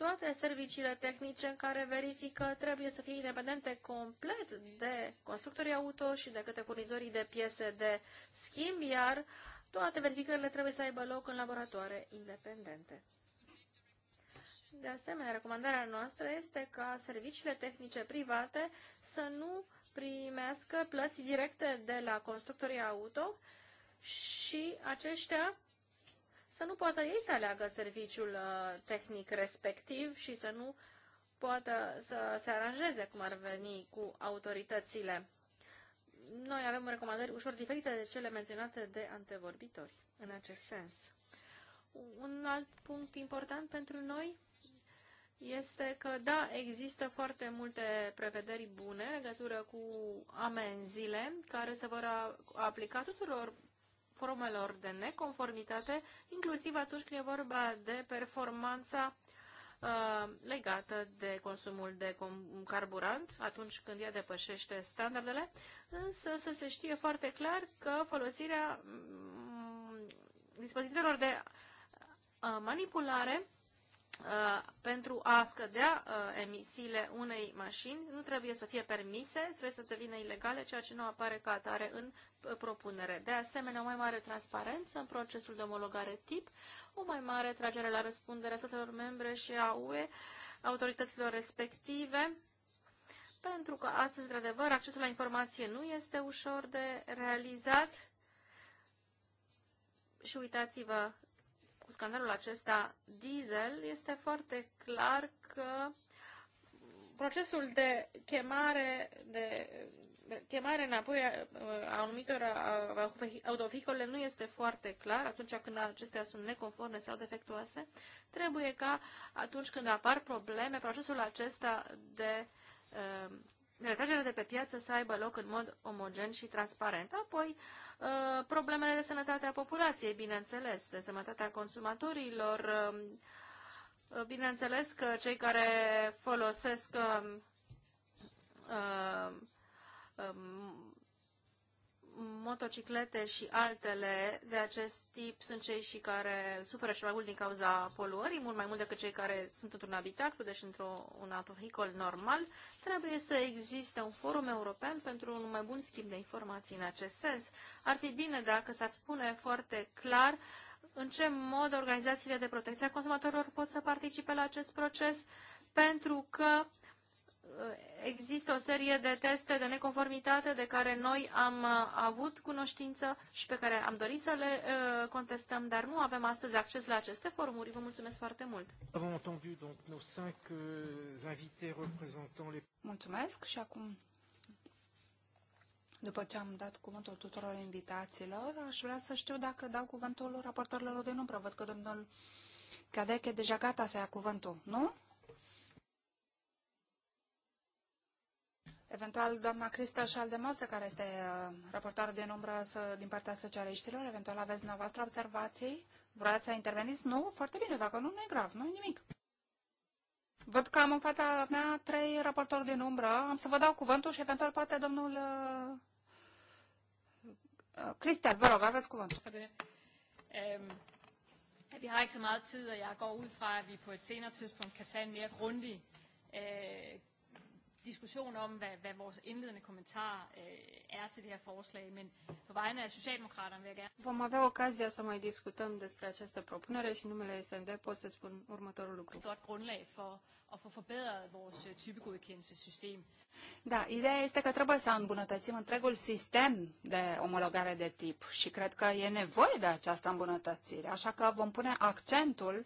toate serviciile tehnice în care verifică trebuie să fie independente complet de constructorii auto și de către furnizorii de piese de schimb, iar toate verificările trebuie să aibă loc în laboratoare independente. De asemenea, recomandarea noastră este ca serviciile tehnice private să nu primească plăți directe de la constructorii auto și aceștia să nu poată ei să aleagă serviciul uh, tehnic respectiv și să nu poată să se aranjeze cum ar veni cu autoritățile. Noi avem recomandări ușor diferite de cele menționate de antevorbitori în acest sens. Un alt punct important pentru noi este că, da, există foarte multe prevederi bune în legătură cu amenziile care se vor aplica tuturor formelor de neconformitate, inclusiv atunci când e vorba de performanța uh, legată de consumul de carburant atunci când ea depășește standardele, însă să se știe foarte clar că folosirea mm, dispozitivelor de uh, manipulare Uh, pentru a scădea uh, emisiile unei mașini nu trebuie să fie permise, trebuie să devină ilegale, ceea ce nu apare ca atare în uh, propunere. De asemenea, o mai mare transparență în procesul de omologare tip, o mai mare tragere la răspundere a statelor membre și a UE, autorităților respective, pentru că astăzi, de adevăr accesul la informație nu este ușor de realizat. Și uitați-vă cu scandalul acesta diesel, este foarte clar că procesul de chemare, de, de chemare înapoi a anumitor autovehicole nu este foarte clar atunci când acestea sunt neconforme sau defectuoase. Trebuie ca atunci când apar probleme, procesul acesta de um, retragere de pe piață să aibă loc în mod omogen și transparent. Apoi, uh, Uh, problemele de sănătate a populației, bineînțeles, de sănătatea consumatorilor, um, uh, bineînțeles că cei care folosesc um, uh, um, motociclete și altele de acest tip sunt cei și care suferă și mai mult din cauza poluării, mult mai mult decât cei care sunt într-un habitaclu, deci într-un autovehicol normal. Trebuie să existe un forum european pentru un mai bun schimb de informații în acest sens. Ar fi bine dacă s-ar spune foarte clar în ce mod organizațiile de protecție a consumatorilor pot să participe la acest proces, pentru că uh, există o serie de teste de neconformitate de care noi am uh, avut cunoștință și pe care am dorit să le uh, contestăm, dar nu avem astăzi acces la aceste formuri. Vă mulțumesc foarte mult! Euh, mulțumesc și acum, după ce am dat cuvântul tuturor invitațiilor, aș vrea să știu dacă dau cuvântul raportorilor de nu, Văd că domnul Cadeche e deja gata să ia cuvântul, nu? Eventual, doamna Crista Șaldemose, care este uh, raportor de umbră din partea socialiștilor, eventual aveți dumneavoastră observații? Vreați să interveniți? Nu? Foarte bine, dacă nu, nu e grav, nu e nimic. Văd că am în fața mea trei raportori din umbră. Am să vă dau cuvântul și eventual poate domnul... Uh, uh, Cristian, vă rog, aveți cuvântul. Vi har ikke så meget tid, og jeg går ud fra, at vi på et senere tidspunkt kan tage en mere grundig øh, diskussion om, hvad, hvad vores indledende kommentar øh, er til det her forslag, men på vegne af Socialdemokraterne vil jeg gerne... Vom avea ocazia să mai discutăm despre această propunere și numele SND pot să spun următorul lucru. Et ...godt grundlag for at få forbedret vores øh, typegodkendelsessystem. Da, ideea este că trebuie să îmbunătățim întregul sistem de omologare de tip și cred că e nevoie de această îmbunătățire, așa că vom pune accentul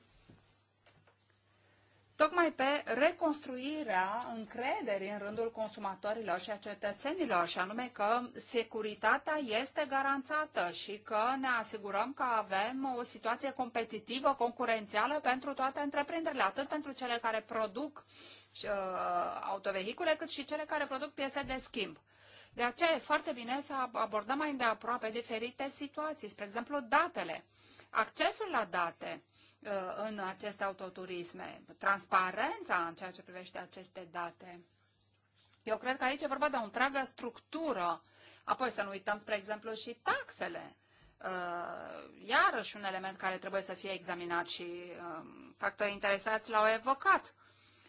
tocmai pe reconstruirea încrederii în rândul consumatorilor și a cetățenilor, și anume că securitatea este garantată și că ne asigurăm că avem o situație competitivă, concurențială pentru toate întreprinderile, atât pentru cele care produc uh, autovehicule, cât și cele care produc piese de schimb. De aceea e foarte bine să abordăm mai îndeaproape diferite situații, spre exemplu datele accesul la date uh, în aceste autoturisme, transparența în ceea ce privește aceste date. Eu cred că aici e vorba de o întreagă structură. Apoi să nu uităm, spre exemplu, și taxele. Uh, iarăși un element care trebuie să fie examinat și um, factorii interesați l-au evocat.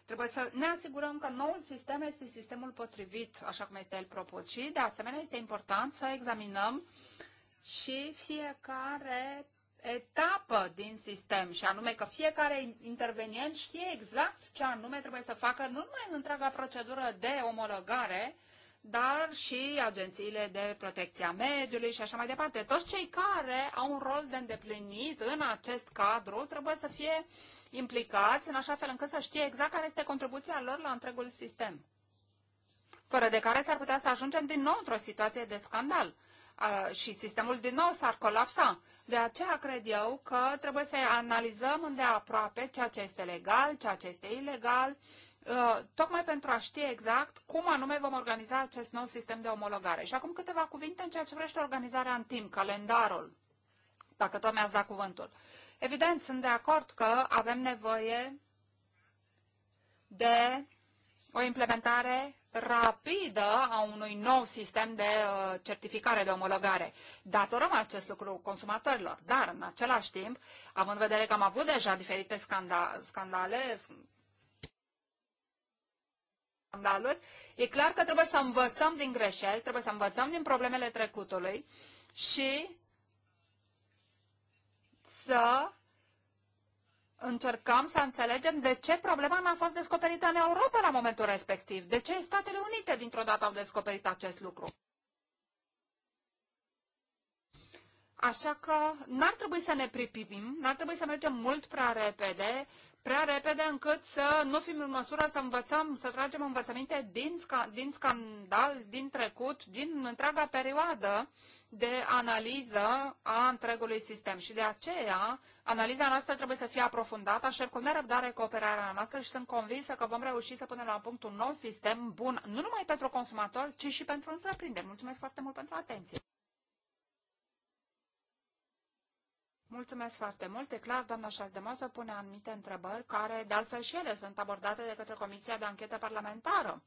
Trebuie să ne asigurăm că noul sistem este sistemul potrivit, așa cum este el propus. Și, de asemenea, este important să examinăm și fiecare etapă din sistem și anume că fiecare intervenient știe exact ce anume trebuie să facă, nu numai în întreaga procedură de omologare, dar și agențiile de protecție a mediului și așa mai departe. Toți cei care au un rol de îndeplinit în acest cadru trebuie să fie implicați în așa fel încât să știe exact care este contribuția lor la întregul sistem. Fără de care s-ar putea să ajungem din nou într-o situație de scandal și sistemul din nou s-ar colapsa. De aceea cred eu că trebuie să analizăm îndeaproape ceea ce este legal, ceea ce este ilegal, ă, tocmai pentru a ști exact cum anume vom organiza acest nou sistem de omologare. Și acum câteva cuvinte în ceea ce vrește organizarea în timp, calendarul, dacă tot mi-ați dat cuvântul. Evident, sunt de acord că avem nevoie de o implementare rapidă a unui nou sistem de uh, certificare, de omologare. Datorăm acest lucru consumatorilor, dar în același timp, având în vedere că am avut deja diferite scandale, scandaluri, e clar că trebuie să învățăm din greșeli, trebuie să învățăm din problemele trecutului și să încercăm să înțelegem de ce problema nu a fost descoperită în Europa la momentul respectiv. De ce Statele Unite dintr-o dată au descoperit acest lucru? Așa că n-ar trebui să ne pripimim, n-ar trebui să mergem mult prea repede, prea repede încât să nu fim în măsură să învățăm, să tragem învățăminte din, sca- din scandal, din trecut, din întreaga perioadă de analiză a întregului sistem. Și de aceea, analiza noastră trebuie să fie aprofundată, aștept cu nerăbdare cooperarea noastră și sunt convinsă că vom reuși să punem la punct un nou sistem bun, nu numai pentru consumatori, ci și pentru întreprinderi. Mulțumesc foarte mult pentru atenție! Mulțumesc foarte mult. E clar, doamna Șaldemosă pune anumite întrebări care, de altfel și ele, sunt abordate de către Comisia de Anchetă Parlamentară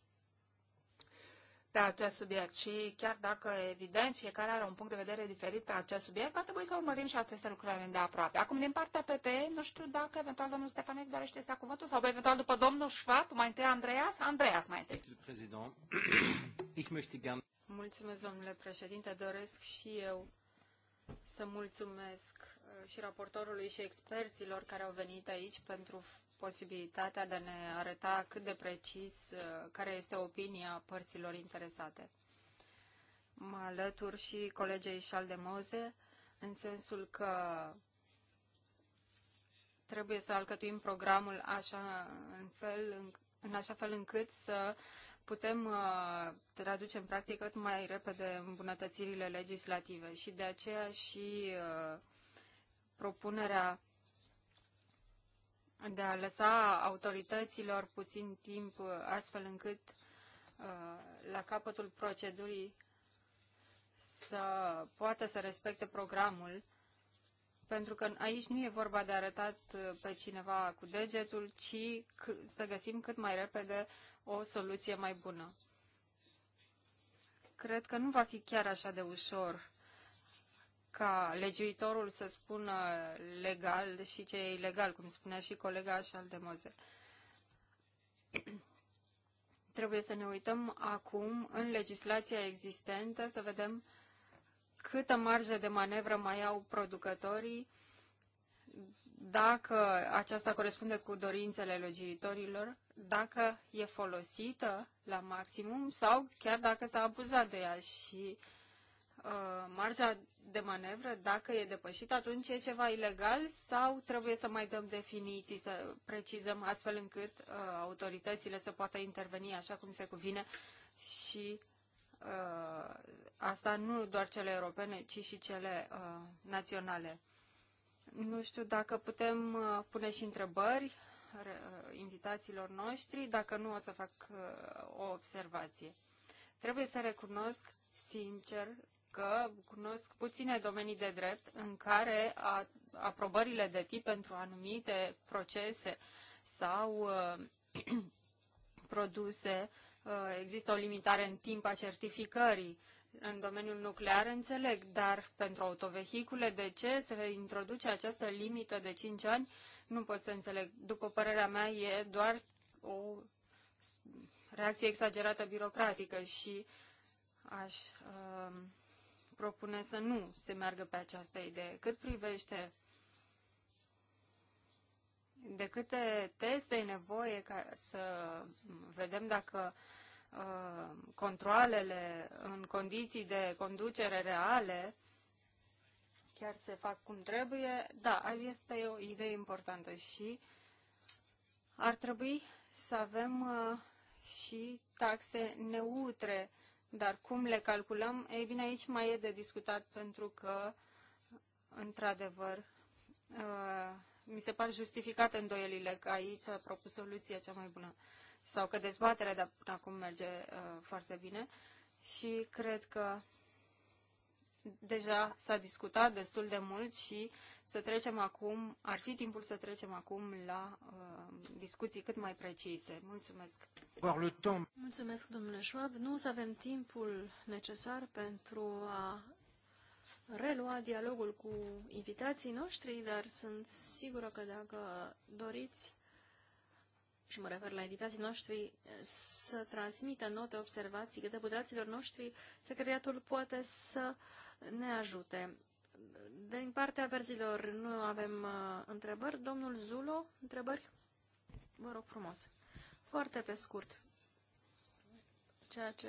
pe acest subiect și chiar dacă, evident, fiecare are un punct de vedere diferit pe acest subiect, va trebui să urmărim și aceste lucruri de aproape. Acum, din partea PP, nu știu dacă eventual domnul Stefanec dorește să ia cuvântul sau eventual după domnul Schwab, mai întâi Andreas, Andreas mai întâi. Mulțumesc, domnule președinte. Doresc și eu să mulțumesc și raportorului și experților care au venit aici pentru posibilitatea de a ne arăta cât de precis uh, care este opinia părților interesate. Mă alătur și colegei Moze în sensul că trebuie să alcătuim programul așa în, fel, în, în așa fel încât să putem uh, traduce în practică cât mai repede îmbunătățirile legislative și de aceea și uh, propunerea de a lăsa autorităților puțin timp astfel încât uh, la capătul procedurii să poată să respecte programul, pentru că aici nu e vorba de arătat uh, pe cineva cu degetul, ci să găsim cât mai repede o soluție mai bună. Cred că nu va fi chiar așa de ușor ca legiuitorul să spună legal și ce e ilegal, cum spunea și colega de moze. Trebuie să ne uităm acum în legislația existentă să vedem câtă marjă de manevră mai au producătorii, dacă aceasta corespunde cu dorințele legiuitorilor, dacă e folosită la maximum sau chiar dacă s-a abuzat de ea și uh, Uh, marja de manevră, dacă e depășită, atunci e ceva ilegal sau trebuie să mai dăm definiții, să precizăm astfel încât uh, autoritățile să poată interveni așa cum se cuvine și uh, asta nu doar cele europene, ci și cele uh, naționale. Nu știu dacă putem uh, pune și întrebări uh, invitațiilor noștri, dacă nu o să fac uh, o observație. Trebuie să recunosc sincer că cunosc puține domenii de drept în care a, aprobările de tip pentru anumite procese sau uh, produse uh, există o limitare în timp a certificării. În domeniul nuclear înțeleg, dar pentru autovehicule de ce se introduce această limită de 5 ani? Nu pot să înțeleg. După părerea mea e doar o reacție exagerată birocratică și aș uh, propune să nu se meargă pe această idee. Cât privește de câte teste e nevoie ca să vedem dacă uh, controlele în condiții de conducere reale chiar se fac cum trebuie, da, este o idee importantă și ar trebui să avem uh, și taxe neutre dar cum le calculăm? Ei bine, aici mai e de discutat pentru că, într-adevăr, uh, mi se par justificate îndoielile că aici s-a propus soluția cea mai bună sau că dezbaterea de acum merge uh, foarte bine și cred că deja s-a discutat destul de mult și să trecem acum, ar fi timpul să trecem acum la uh, discuții cât mai precise. Mulțumesc. Mulțumesc, domnule Schwab. Nu să avem timpul necesar pentru a relua dialogul cu invitații noștri, dar sunt sigură că dacă doriți, și mă refer la invitații noștri, să transmită note, observații deputaților noștri, secretariatul poate să uh, ne ajute. Din partea verzilor nu avem uh, întrebări. Domnul Zulo, întrebări? Vă rog frumos. Foarte pe scurt. Ceea ce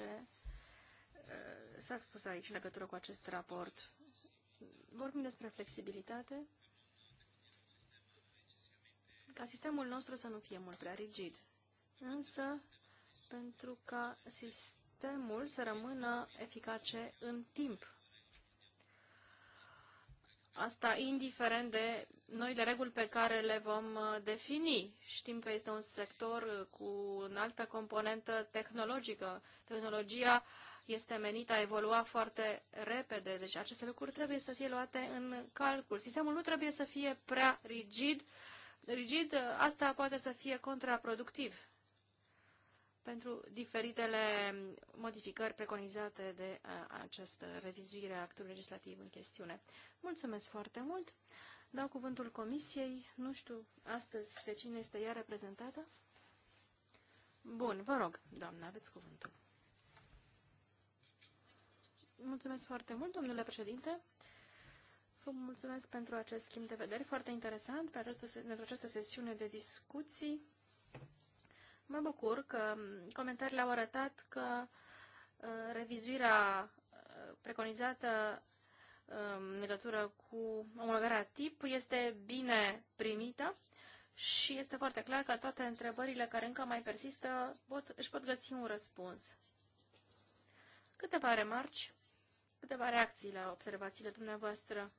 uh, s-a spus aici în legătură cu acest raport. Vorbim despre flexibilitate, ca sistemul nostru să nu fie mult prea rigid, însă pentru ca sistemul să rămână eficace în timp. Asta indiferent de noile reguli pe care le vom uh, defini. Știm că este un sector uh, cu o altă componentă tehnologică. Tehnologia este menită a evolua foarte repede, deci aceste lucruri trebuie să fie luate în calcul. Sistemul nu trebuie să fie prea rigid. Rigid, uh, asta poate să fie contraproductiv pentru diferitele modificări preconizate de această revizuire a actului legislativ în chestiune. Mulțumesc foarte mult. Dau cuvântul comisiei. Nu știu astăzi de cine este ea reprezentată. Bun, vă rog, doamnă, aveți cuvântul. Mulțumesc foarte mult, domnule președinte. Vă mulțumesc pentru acest schimb de vedere foarte interesant, pe această, pentru această sesiune de discuții. Mă bucur că comentariile au arătat că uh, revizuirea uh, preconizată în legătură cu omologarea tip este bine primită și este foarte clar că toate întrebările care încă mai persistă pot, își pot găsi un răspuns. Câteva remarci, câteva reacții la observațiile dumneavoastră.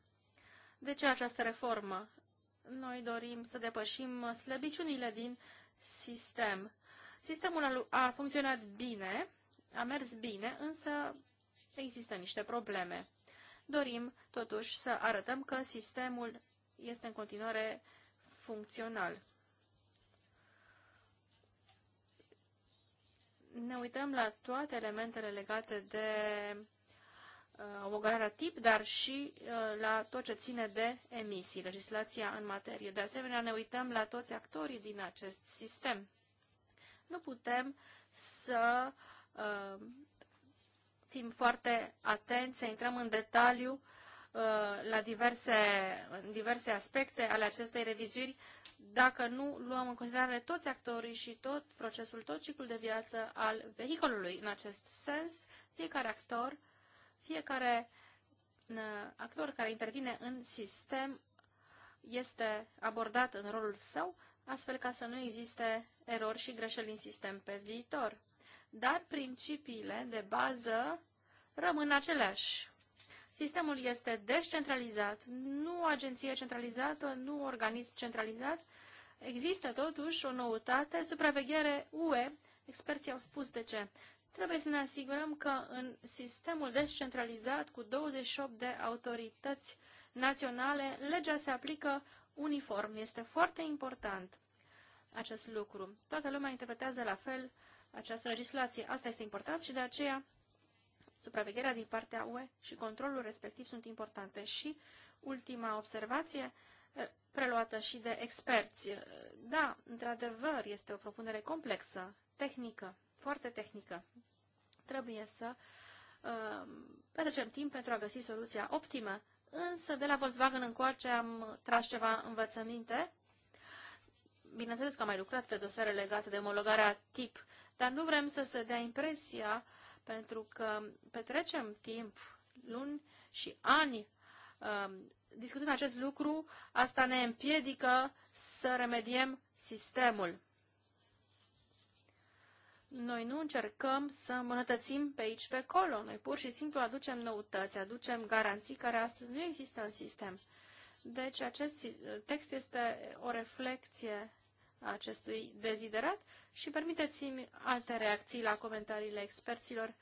De ce această reformă? Noi dorim să depășim slăbiciunile din sistem. Sistemul a funcționat bine, a mers bine, însă există niște probleme dorim totuși să arătăm că sistemul este în continuare funcțional. Ne uităm la toate elementele legate de uh, omogarea tip, dar și uh, la tot ce ține de emisii, legislația în materie. De asemenea, ne uităm la toți actorii din acest sistem. Nu putem să uh, fim foarte atenți, să intrăm în detaliu uh, la diverse, diverse aspecte ale acestei revizuiri, dacă nu luăm în considerare toți actorii și tot procesul, tot ciclul de viață al vehiculului. În acest sens, fiecare actor, fiecare uh, actor care intervine în sistem este abordat în rolul său, astfel ca să nu existe erori și greșeli în sistem pe viitor dar principiile de bază rămân aceleași. Sistemul este descentralizat, nu agenție centralizată, nu organism centralizat. Există totuși o noutate, supraveghere UE, experții au spus de ce. Trebuie să ne asigurăm că în sistemul descentralizat cu 28 de autorități naționale, legea se aplică uniform. Este foarte important acest lucru. Toată lumea interpretează la fel această legislație. Asta este important și de aceea supravegherea din partea UE și controlul respectiv sunt importante. Și ultima observație, eh, preluată și de experți. Eh, da, într-adevăr, este o propunere complexă, tehnică, foarte tehnică. Trebuie să uh, petrecem timp pentru a găsi soluția optimă, însă de la Volkswagen încoace am tras ceva învățăminte bineînțeles că am mai lucrat pe dosare legate de omologarea tip, dar nu vrem să se dea impresia, pentru că petrecem timp, luni și ani um, discutând acest lucru, asta ne împiedică să remediem sistemul. Noi nu încercăm să îmbunătățim pe aici, pe acolo. Noi pur și simplu aducem noutăți, aducem garanții care astăzi nu există în sistem. Deci acest text este o reflecție acestui deziderat și permiteți-mi alte reacții la comentariile experților.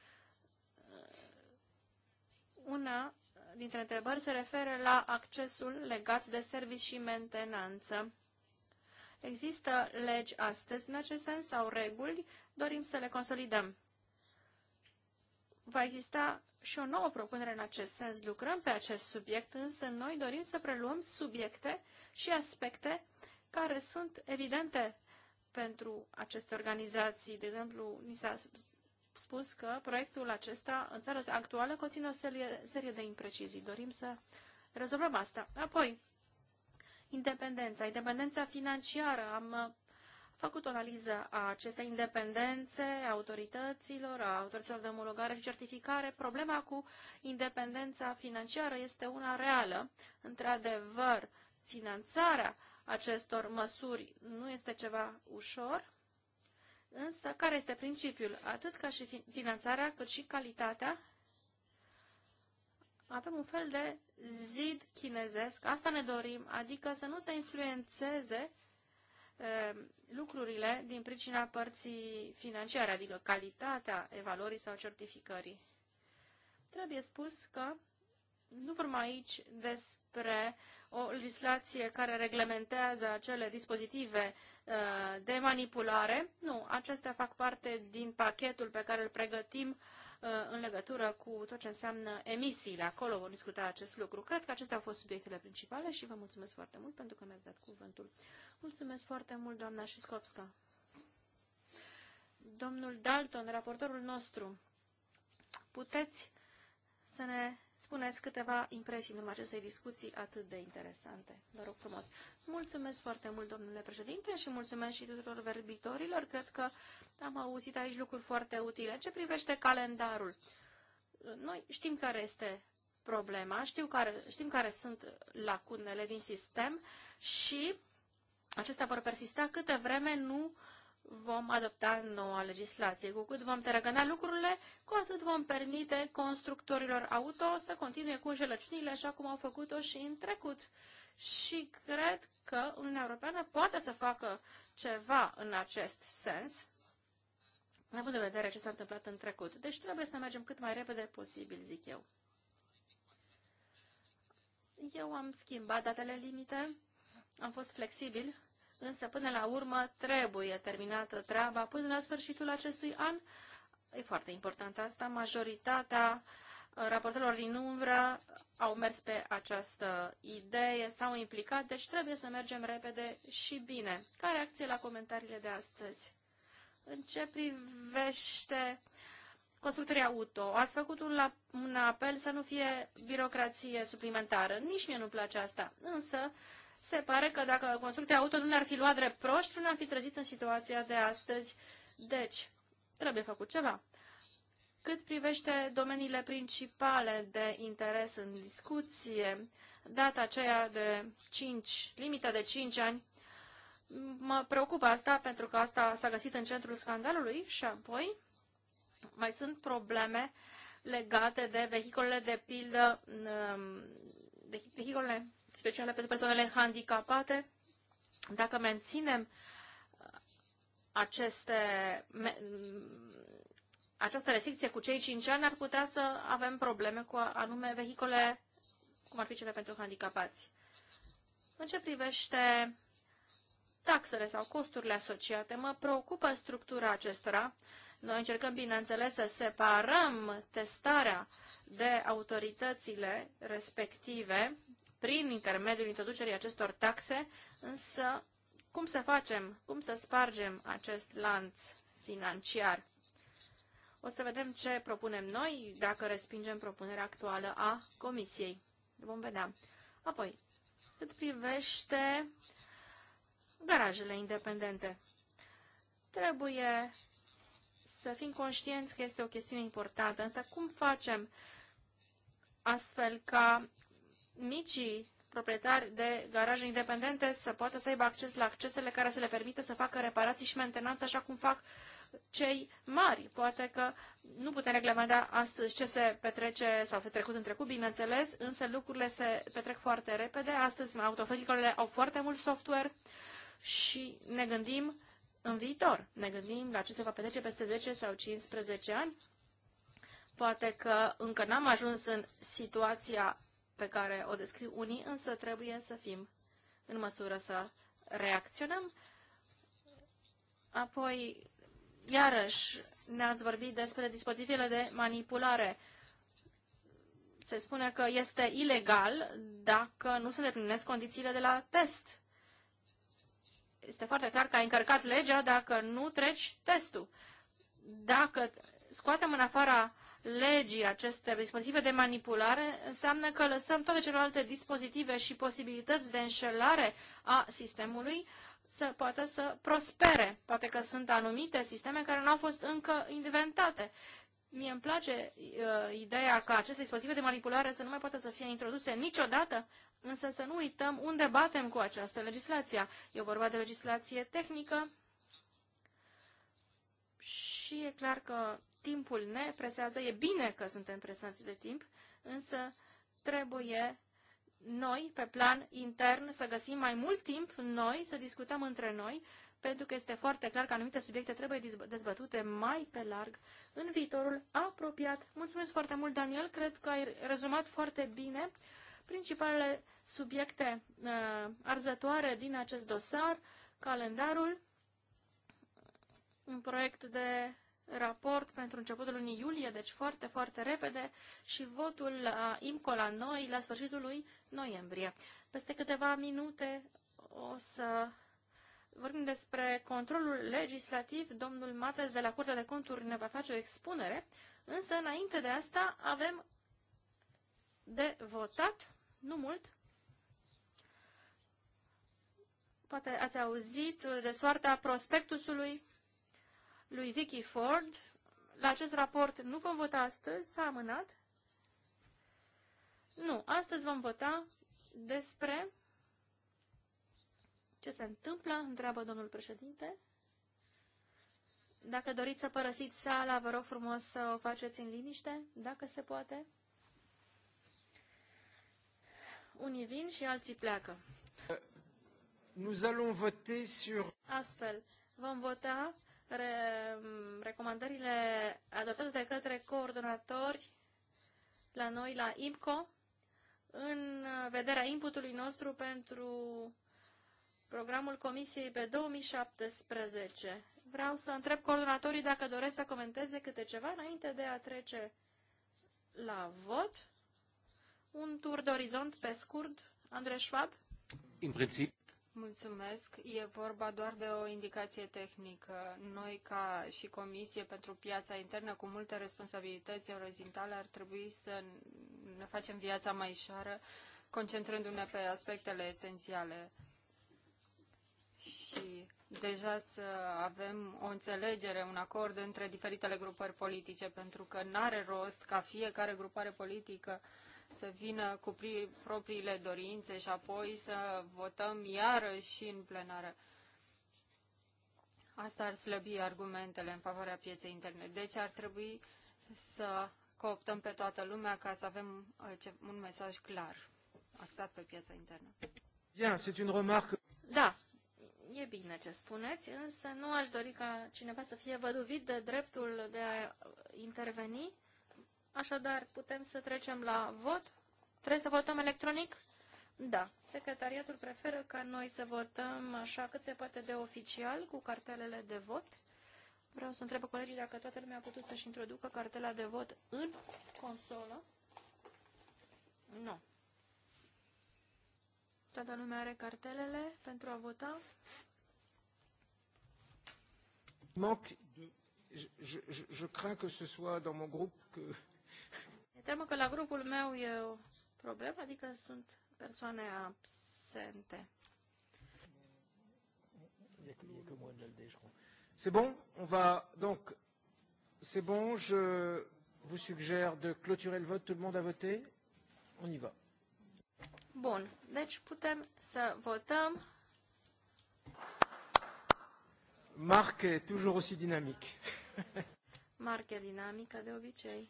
Una dintre întrebări se referă la accesul legat de servici și mentenanță. Există legi astăzi în acest sens sau reguli? Dorim să le consolidăm. Va exista și o nouă propunere în acest sens. Lucrăm pe acest subiect, însă noi dorim să preluăm subiecte și aspecte care sunt evidente pentru aceste organizații. De exemplu, ni s-a spus că proiectul acesta în țara actuală conține o serie, serie de imprecizii. Dorim să rezolvăm asta. Apoi, independența, independența financiară. Am uh, făcut o analiză a acestei independențe, a autorităților, a autorităților de omologare și certificare. Problema cu independența financiară este una reală. Într-adevăr, finanțarea acestor măsuri nu este ceva ușor, însă care este principiul? Atât ca și finanțarea, cât și calitatea. Avem un fel de zid chinezesc, asta ne dorim, adică să nu se influențeze e, lucrurile din pricina părții financiare, adică calitatea evaluării sau certificării. Trebuie spus că nu vorbim aici despre o legislație care reglementează acele dispozitive uh, de manipulare. Nu, acestea fac parte din pachetul pe care îl pregătim uh, în legătură cu tot ce înseamnă emisiile. Acolo vom discuta acest lucru. Cred că acestea au fost subiectele principale și vă mulțumesc foarte mult pentru că mi-ați dat cuvântul. Mulțumesc foarte mult, doamna Șiscopska. Domnul Dalton, raportorul nostru, puteți să ne spuneți câteva impresii în urma acestei discuții atât de interesante. Vă rog frumos. Mulțumesc foarte mult, domnule președinte, și mulțumesc și tuturor verbitorilor. Cred că am auzit aici lucruri foarte utile. Ce privește calendarul? Noi știm care este problema, știu care, știm care sunt lacunele din sistem și acestea vor persista câte vreme nu uh, vom adopta noua legislație. Cu cât vom tărăgăna lucrurile, cu atât vom permite constructorilor auto să continue cu înșelăciunile așa cum au făcut-o și în trecut. Și cred că Uniunea Europeană poate să facă ceva în acest sens, având în vedere ce s-a întâmplat în trecut. Deci trebuie să mergem cât mai repede posibil, zic eu. Eu am schimbat datele limite, am fost flexibil însă până la urmă trebuie terminată treaba până la sfârșitul acestui an. E foarte important asta. Majoritatea uh, raportelor din umbră au mers pe această idee, s-au implicat, deci trebuie să mergem repede și bine. Ca reacție la comentariile de astăzi? În ce privește constructorii auto, ați făcut un, la, un apel să nu fie birocrație suplimentară. Nici mie nu place asta, însă se pare că dacă construcția auto nu ne-ar fi luat drept proști, nu ne-am fi trezit în situația de astăzi. Deci, trebuie făcut ceva. Cât privește domeniile principale de interes în discuție, data aceea de 5, limita de 5 ani, mă preocupă asta pentru că asta s-a găsit în centrul scandalului și apoi mai sunt probleme legate de vehicolele de pildă, de um, vehicolele speciale pentru persoanele handicapate, dacă menținem uh, aceste, me, această restricție cu cei 5 ani, ar putea să avem probleme cu anume vehicole, cum ar fi cele pentru handicapați. În ce privește taxele sau costurile asociate, mă preocupă structura acestora. Noi încercăm, bineînțeles, să separăm testarea de autoritățile respective prin intermediul introducerii acestor taxe, însă cum să facem, cum să spargem acest lanț financiar? O să vedem ce propunem noi dacă respingem propunerea actuală a Comisiei. Vom vedea. Apoi, cât privește garajele independente. Trebuie să fim conștienți că este o chestiune importantă, însă cum facem astfel ca micii proprietari de garaje independente să poată să aibă acces la accesele care să le permită să facă reparații și mentenanță așa cum fac cei mari. Poate că nu putem reglementa astăzi ce se petrece sau se trecut în trecut, bineînțeles, însă lucrurile se petrec foarte repede. Astăzi autovehiculele au foarte mult software și ne gândim în viitor. Ne gândim la ce se va petrece peste 10 sau 15 ani. Poate că încă n-am ajuns în situația pe care o descriu unii, însă trebuie să fim în măsură să reacționăm. Apoi, iarăși, ne-ați vorbit despre dispozitivele de manipulare. Se spune că este ilegal dacă nu se deplinesc condițiile de la test. Este foarte clar că ai încărcat legea dacă nu treci testul. Dacă scoatem în afara legii, aceste dispozitive de manipulare, înseamnă că lăsăm toate celelalte dispozitive și posibilități de înșelare a sistemului să poată să prospere. Poate că sunt anumite sisteme care nu au fost încă inventate. Mie îmi place uh, ideea că aceste dispozitive de manipulare să nu mai poată să fie introduse niciodată, însă să nu uităm unde batem cu această legislație. E vorba de legislație tehnică și e clar că timpul ne presează, e bine că suntem presați de timp, însă trebuie noi, pe plan intern, să găsim mai mult timp noi, să discutăm între noi, pentru că este foarte clar că anumite subiecte trebuie dezbătute mai pe larg în viitorul apropiat. Mulțumesc foarte mult, Daniel. Cred că ai rezumat foarte bine principalele subiecte uh, arzătoare din acest dosar, calendarul, un proiect de raport pentru începutul lunii iulie, deci foarte, foarte repede, și votul la IMCO la noi la sfârșitul lui noiembrie. Peste câteva minute o să vorbim despre controlul legislativ. Domnul Mates de la Curtea de Conturi ne va face o expunere, însă înainte de asta avem de votat, nu mult, poate ați auzit de soarta prospectusului lui Vicky Ford. La acest raport nu vom vota astăzi, s-a amânat. Nu, astăzi vom vota despre ce se întâmplă, întreabă domnul președinte. Dacă doriți să părăsiți sala, vă rog frumos să o faceți în liniște, dacă se poate. Unii vin și alții pleacă. Nous allons voter sur... Astfel, vom vota re, recomandările adoptate de către coordonatori la noi, la IMCO, în vederea inputului nostru pentru programul Comisiei pe 2017. Vreau să întreb coordonatorii dacă doresc să comenteze câte ceva înainte de a trece la vot. Un tur de orizont pe scurt, Andrei Schwab. În principiu. Mulțumesc. E vorba doar de o indicație tehnică. Noi, ca și Comisie pentru Piața Internă, cu multe responsabilități orizontale, ar trebui să ne facem viața mai ușoară, concentrându-ne pe aspectele esențiale. Și deja să avem o înțelegere, un acord între diferitele grupări politice, pentru că n-are rost ca fiecare grupare politică uh, să vină cu propriile dorințe și apoi să votăm iarăși în plenară. Asta ar slăbi argumentele în favoarea pieței interne. Deci ar trebui să cooptăm pe toată lumea ca să avem uh, un mesaj clar axat pe piața internă. Bien, c'est une remarque. Da, e bine ce spuneți, însă nu aș dori ca cineva să fie văduvit de dreptul de a interveni Așadar, putem să trecem la vot? Trebuie să votăm electronic? Da. Secretariatul preferă ca noi să votăm așa cât se poate de oficial cu cartelele de vot. Vreau să întreb colegii dacă toată lumea a putut să-și introducă cartela de vot în consolă. Nu. Toată lumea are cartelele pentru a vota. Manque de... Je, je, je crains que ce soit dans mon groupe que... Mi-e teamă că la grupul meu e o problemă, adică sunt persoane absente. C'est bon, on va donc c'est bon, je vous suggère de clôturer le vote, tout le monde a voté On y va. Bun, deci putem să votăm. Marc est toujours aussi dynamique. Marc e dinamică de obicei.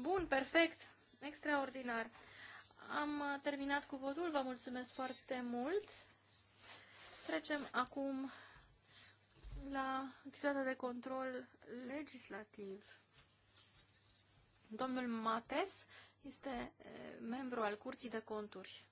Bun, perfect, extraordinar. Am uh, terminat cu votul, vă mulțumesc foarte mult. Trecem acum la activitatea de control legislativ. Domnul Mates este eh, membru al Curții de Conturi.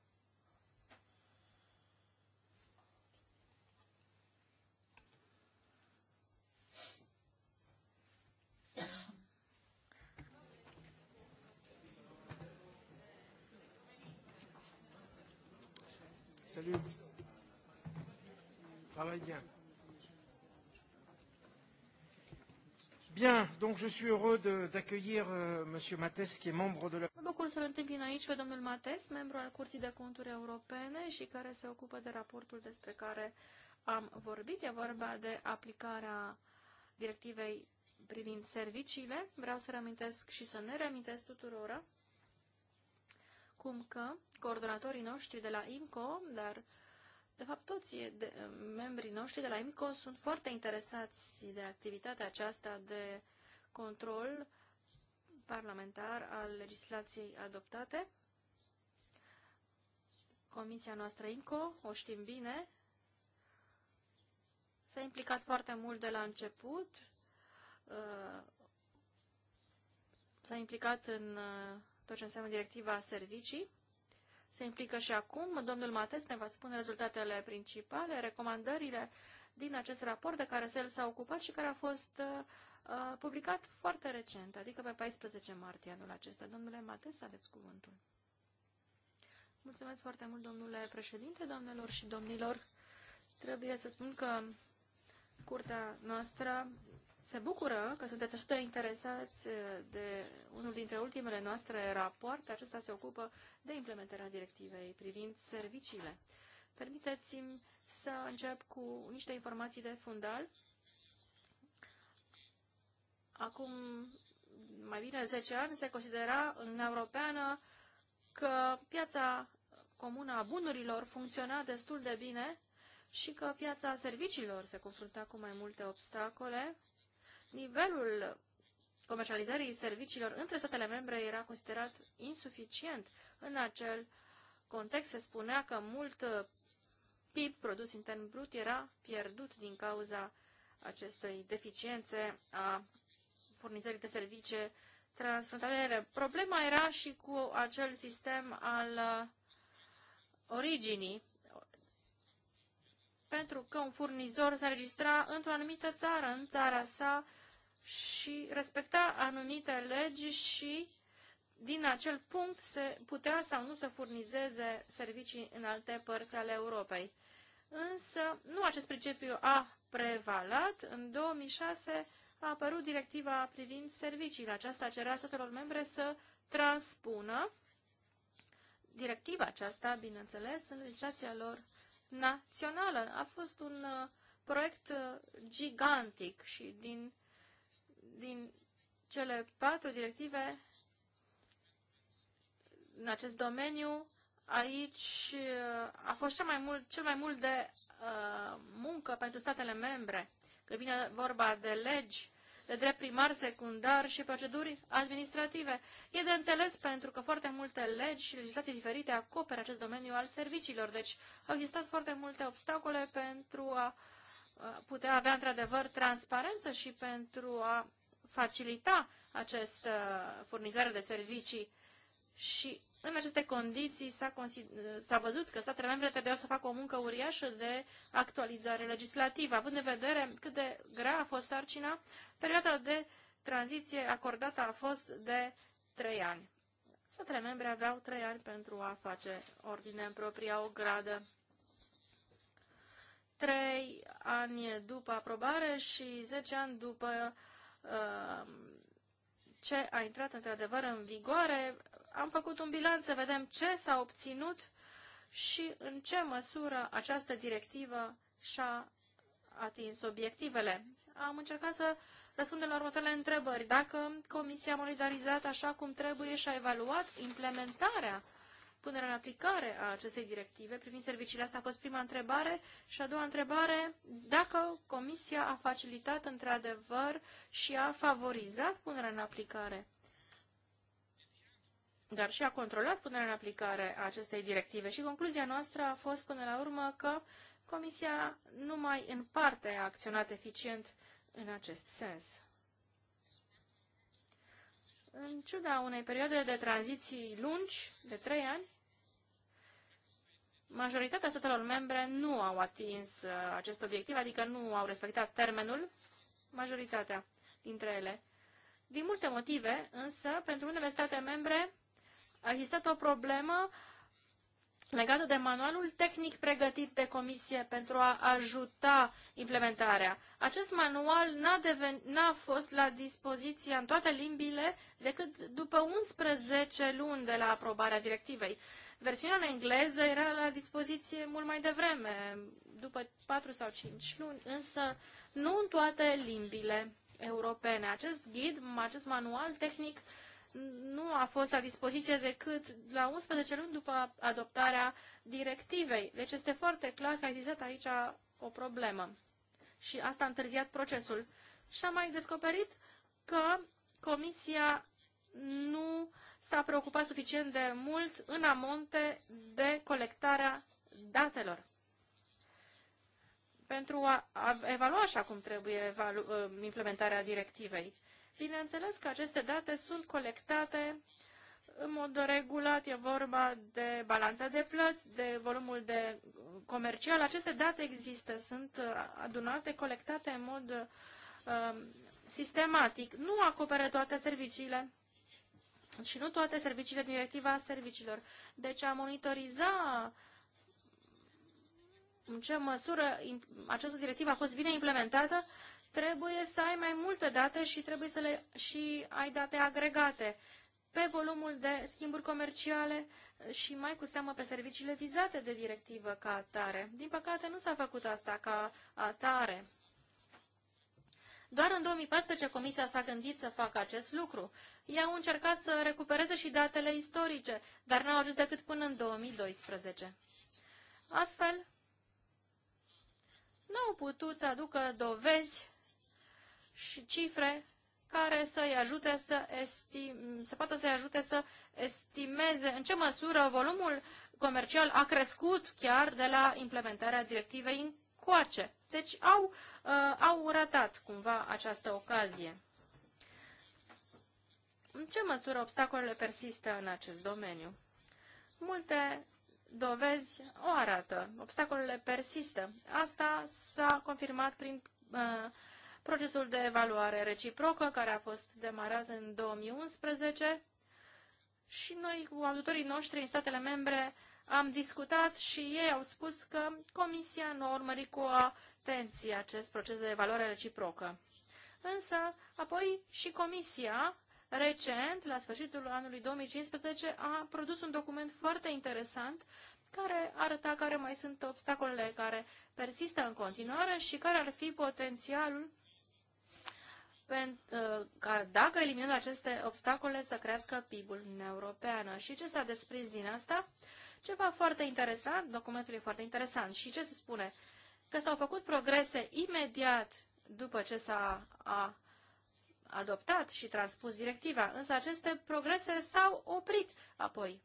travaille bien. Bien, donc je suis heureux d'accueillir euh, Monsieur Mates, qui est membre de la... Mă bucur să-l întâmpin aici pe domnul Mates, membru al Curții de Conturi Europene și care se ocupă de raportul despre care am vorbit. E vorba de aplicarea directivei privind serviciile. Vreau să reamintesc și să ne reamintesc tuturora cum că coordonatorii noștri de la IMCO, dar de fapt, toți de, membrii noștri de la IMCO sunt foarte interesați de activitatea aceasta de control parlamentar al legislației adoptate. Comisia noastră IMCO, o știm bine, s-a implicat foarte mult de la început, uh, s-a implicat în uh, tot ce înseamnă directiva servicii se implică și acum. Domnul Mates ne va spune rezultatele principale, recomandările din acest raport de care el s-a ocupat și care a fost uh, uh publicat foarte recent, adică pe 14 martie anul acesta. Domnule Mates, aveți cuvântul. Mulțumesc foarte mult, domnule președinte, doamnelor și domnilor. Trebuie să spun că curtea noastră se bucură că sunteți atât de interesați uh, de unul dintre ultimele noastre rapoarte. Acesta se ocupă de implementarea directivei privind serviciile. Permiteți-mi să încep cu niște informații de fundal. Acum mai bine 10 ani se considera în Europeană că piața comună a bunurilor funcționa destul de bine și că piața serviciilor se confrunta cu mai multe obstacole Nivelul comercializării serviciilor între statele membre era considerat insuficient. În acel context se spunea că mult uh, PIB, produs intern brut, era pierdut din cauza acestei deficiențe a furnizării de servicii transfrontaliere. Problema era și cu acel sistem al uh, originii, pentru că un furnizor se înregistra într-o anumită țară, în țara sa, și respecta anumite legi și din acel punct se putea sau nu să furnizeze servicii în alte părți ale Europei. Însă nu acest principiu a prevalat. În 2006 a apărut directiva privind serviciile. Aceasta cerea statelor membre să transpună directiva aceasta, bineînțeles, în legislația lor națională. A fost un uh, proiect uh, gigantic și din din cele patru directive în acest domeniu, aici uh, a fost cel mai mult, cel mai mult de uh, muncă pentru statele membre, că vine vorba de legi, de drept primar, secundar și proceduri administrative. E de înțeles pentru că foarte multe legi și legislații diferite acoperă acest domeniu al serviciilor, deci au existat foarte multe obstacole pentru a uh, putea avea într-adevăr transparență și pentru a facilita această furnizare de servicii și în aceste condiții s-a, văzut că statele membre trebuiau să facă o muncă uriașă de actualizare legislativă, având în vedere cât de grea a fost sarcina, perioada de tranziție acordată a fost de trei ani. Statele membre aveau trei ani pentru a face ordine în propria o gradă. Trei ani după aprobare și zece ani după Ehm, ce a intrat într-adevăr în vigoare, am făcut un bilanț să vedem ce s-a obținut și în ce măsură această directivă și-a atins obiectivele. Am încercat să răspundem la următoarele întrebări. Dacă Comisia a monitorizat așa cum trebuie și a evaluat implementarea punerea în aplicare a acestei directive privind serviciile. Asta a fost prima întrebare. Și a doua întrebare, dacă Comisia a facilitat într-adevăr și a favorizat punerea în aplicare, dar și a controlat punerea în aplicare a acestei directive. Și concluzia noastră a fost până la urmă că Comisia numai în parte a acționat eficient în acest sens. În ciuda unei perioade de tranziții lungi, de trei ani, Majoritatea statelor membre nu au atins uh, acest obiectiv, adică nu au respectat termenul, majoritatea dintre ele. Din multe motive, însă, pentru unele state membre a existat o problemă legată de manualul tehnic pregătit de comisie pentru a ajuta implementarea. Acest manual n-a, fost la dispoziție în toate limbile decât după 11 luni de la aprobarea directivei. Versiunea în engleză era la dispoziție mult mai devreme, după 4 sau 5 luni, însă nu în toate limbile europene. Acest ghid, acest manual tehnic nu a fost la dispoziție decât la 11 luni după adoptarea directivei. Deci este foarte clar că a existat aici o problemă. Și asta a întârziat procesul. Și am mai descoperit că Comisia nu s-a preocupat suficient de mult în amonte de colectarea datelor pentru a evalua așa cum trebuie uh, implementarea directivei. Bineînțeles că aceste date sunt colectate în mod regulat, e vorba de balanța de plăți, de volumul de comercial. Aceste date există, sunt uh, adunate, colectate în mod uh, um, sistematic. Nu acoperă toate serviciile și nu toate serviciile din directiva serviciilor. Deci a monitoriza în ce măsură această directivă a fost bine implementată, trebuie să ai mai multe date și trebuie să le și ai date agregate pe volumul de schimburi comerciale și mai cu seamă pe serviciile vizate de directivă ca atare. Din păcate nu s-a făcut asta ca atare. Doar în 2014 Comisia s-a gândit să facă acest lucru. Ei au încercat să recupereze și datele istorice, dar n-au ajuns decât până în 2012. Astfel, n-au putut să aducă dovezi și cifre care să-i ajute să, estim, să poată să-i ajute să estimeze în ce măsură volumul comercial a crescut chiar de la implementarea directivei încoace. Deci au, uh, au ratat cumva această ocazie. În ce măsură obstacolele persistă în acest domeniu? Multe dovezi o arată. Obstacolele persistă. Asta s-a confirmat prin uh, procesul de evaluare reciprocă care a fost demarat în 2011 și noi cu auditorii noștri în statele membre am discutat și ei au spus că Comisia nu a urmărit cu atenție acest proces de evaluare reciprocă. Însă, apoi și Comisia, recent, la sfârșitul anului 2015, a produs un document foarte interesant care arăta care mai sunt obstacolele care persistă în continuare și care ar fi potențialul uh, ca dacă eliminăm aceste obstacole să crească PIB-ul în Europeană. Și ce s-a desprins din asta? Uh, ceva foarte interesant, documentul e foarte interesant. Și ce se spune? Că s-au făcut progrese imediat după ce s-a adoptat și transpus directiva, însă aceste progrese s-au oprit apoi.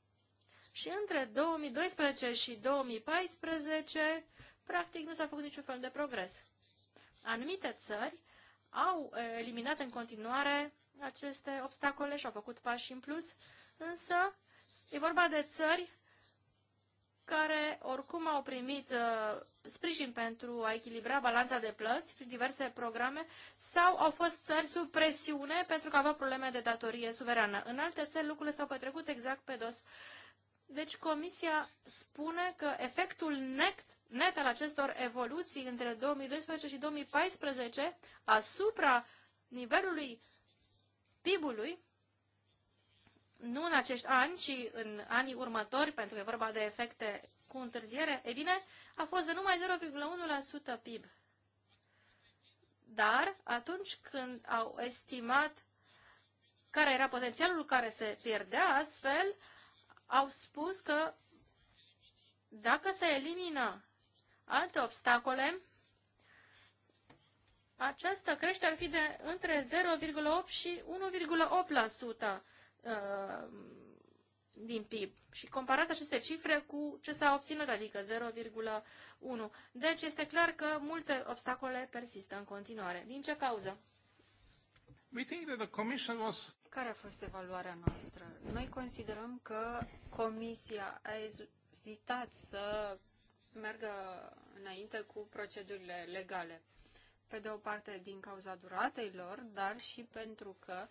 Și între 2012 și 2014, practic, nu s-a făcut niciun fel de progres. Anumite țări au eliminat în continuare aceste obstacole și au făcut pași în plus, însă e vorba de țări care oricum au primit uh, sprijin pentru a echilibra balanța de plăți prin diverse programe sau au fost țări sub presiune pentru că aveau probleme de datorie suverană. În alte țări lucrurile s-au petrecut exact pe dos. Deci Comisia spune că efectul net, net al acestor evoluții între 2012 și 2014 asupra nivelului PIB-ului nu în acești ani, ci în anii următori, pentru că e vorba de efecte cu întârziere, e bine, a fost de numai 0,1% PIB. Dar atunci când au estimat care era potențialul care se pierdea astfel, au spus că dacă se elimină alte obstacole, această creștere ar fi de între 0,8 și 1,8%. Uh, din PIB. Și comparat aceste cifre cu ce s-a obținut, adică 0,1. Deci este clar că multe obstacole persistă în continuare. Din ce cauză? We think that the commission was... Care a fost evaluarea noastră? Noi considerăm că Comisia a ezitat să meargă înainte cu procedurile legale. Pe de o parte din cauza duratei lor, dar și pentru că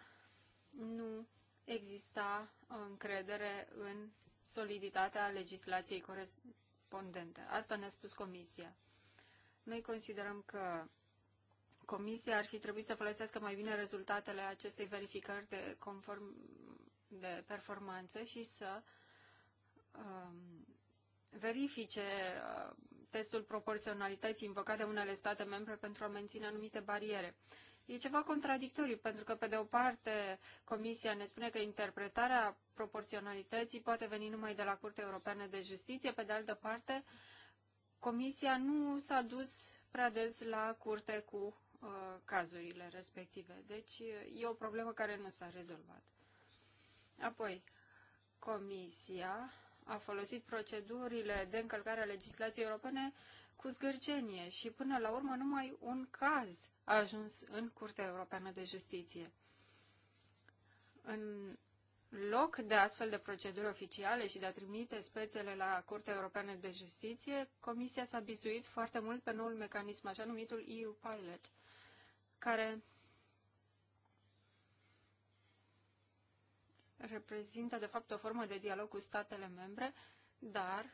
nu exista uh, încredere în soliditatea legislației corespondente. Asta ne-a spus Comisia. Noi considerăm că Comisia ar fi trebuit să folosească mai bine rezultatele acestei verificări de, conform, de performanță și să um, verifice uh, testul proporționalității invocat de unele state membre pentru a menține anumite bariere. Uh, e ceva contradictoriu, pentru că, pe de o parte, Comisia ne spune că interpretarea proporționalității poate veni numai de la Curtea Europeană de Justiție, pe de altă parte, Comisia nu s-a dus prea des la curte cu uh, cazurile respective. Deci e o problemă care nu s-a rezolvat. Apoi, Comisia a folosit procedurile de încălcare a legislației europene cu zgârcenie și până la urmă numai un caz a ajuns în Curtea Europeană de Justiție. În loc de astfel de proceduri oficiale și de a trimite spețele la Curtea Europeană de Justiție, Comisia s-a bizuit foarte mult pe noul mecanism, așa numitul EU Pilot, care reprezintă, de fapt, o formă de dialog cu statele membre, dar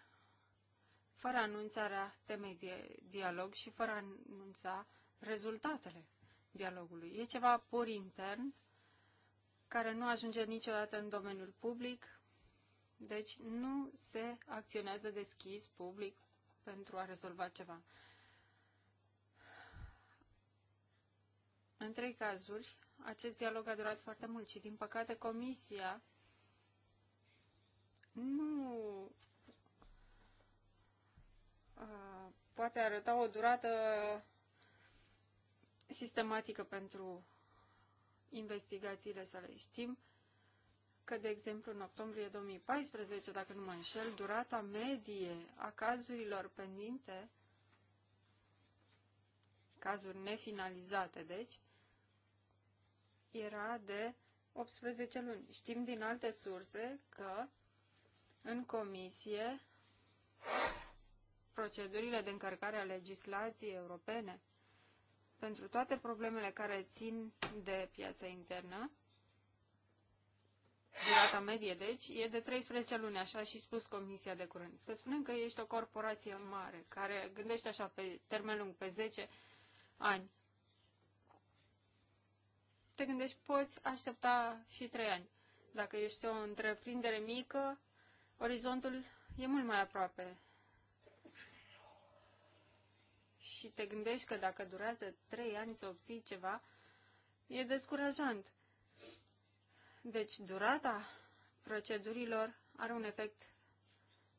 fără anunțarea temei de dialog și fără a anunța rezultatele dialogului. E ceva pur intern, care nu ajunge niciodată în domeniul public, deci nu se acționează deschis, public, pentru a rezolva ceva. În trei cazuri, acest dialog a durat foarte mult și, din păcate, Comisia nu poate arăta o durată sistematică pentru investigațiile sale. Știm că, de exemplu, în octombrie 2014, dacă nu mă înșel, durata medie a cazurilor pendinte, cazuri nefinalizate, deci, era de 18 luni. Știm din alte surse că în comisie procedurile de încărcare a legislației europene, pentru toate problemele care țin de piața internă, durata medie, deci, e de 13 luni, așa și spus Comisia de Curând. Să spunem că ești o corporație mare, care gândește așa pe termen lung, pe 10 ani. Te gândești, poți aștepta și 3 ani. Dacă ești o întreprindere mică, orizontul e mult mai aproape și te gândești că dacă durează trei ani să obții ceva, e descurajant. Deci durata procedurilor are un efect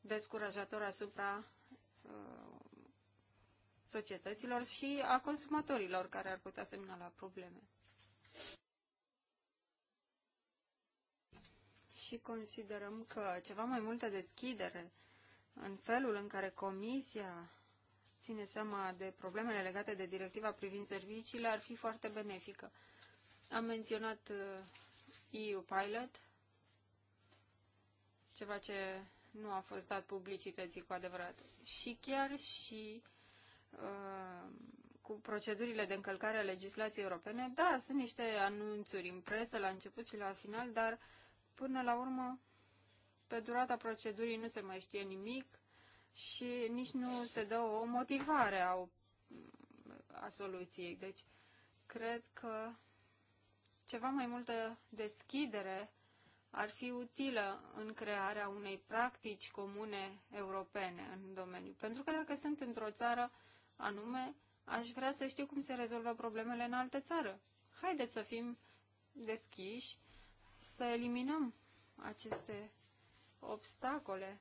descurajator asupra uh, societăților și a consumatorilor care ar putea semna la probleme. Și considerăm că ceva mai multă deschidere în felul în care Comisia ține seama de problemele legate de directiva privind serviciile ar fi foarte benefică. Am menționat uh, EU Pilot, ceva ce nu a fost dat publicității cu adevărat. Și chiar și uh, cu procedurile de încălcare a legislației europene, da, sunt niște anunțuri în presă la început și la final, dar până la urmă, pe durata procedurii nu se mai știe nimic, și nici nu se dă o motivare a, a soluției. Deci, cred că ceva mai multă deschidere ar fi utilă în crearea unei practici comune europene în domeniu. Pentru că dacă sunt într-o țară anume, aș vrea să știu cum se rezolvă problemele în altă țară. Haideți să fim deschiși, să eliminăm aceste obstacole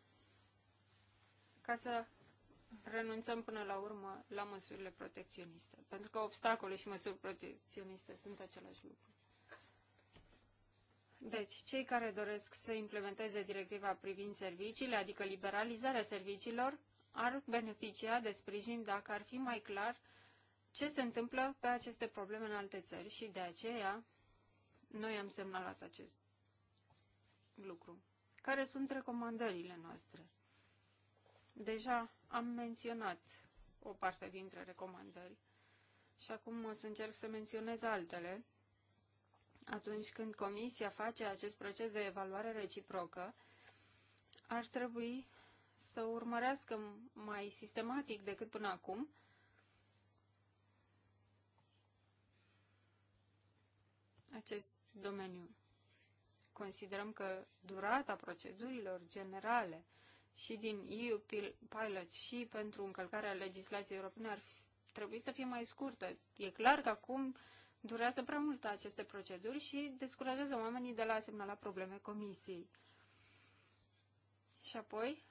ca să renunțăm până la urmă la măsurile protecționiste. Pentru că obstacole și măsuri protecționiste sunt același lucru. Deci, cei care doresc să implementeze directiva privind serviciile, adică liberalizarea serviciilor, ar beneficia de sprijin dacă ar fi mai clar ce se întâmplă pe aceste probleme în alte țări și de aceea noi am semnalat acest lucru. Care sunt recomandările noastre? Deja am menționat o parte dintre recomandări și acum o să încerc să menționez altele. Atunci când Comisia face acest proces de evaluare reciprocă, ar trebui să urmărească mai sistematic decât până acum acest domeniu. Considerăm că durata procedurilor generale și din EU Pilot și pentru încălcarea legislației europene ar trebui să fie mai scurtă. E clar că acum durează prea mult aceste proceduri și descurajează oamenii de la a semnala probleme comisiei. Și apoi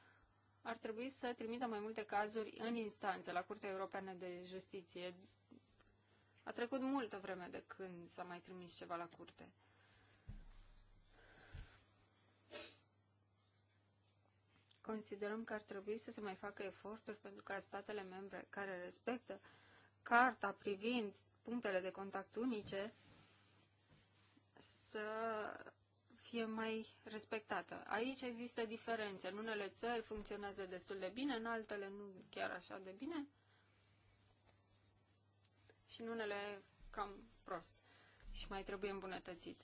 ar trebui să trimită mai multe cazuri în instanță, la Curtea Europeană de Justiție. A trecut multă vreme de când s-a mai trimis ceva la curte. considerăm că ar trebui să se mai facă eforturi pentru ca statele membre care respectă carta privind punctele de contact unice să fie mai respectată. Aici există diferențe. În unele țări funcționează destul de bine, în altele nu chiar așa de bine și în unele cam prost și mai trebuie îmbunătățit.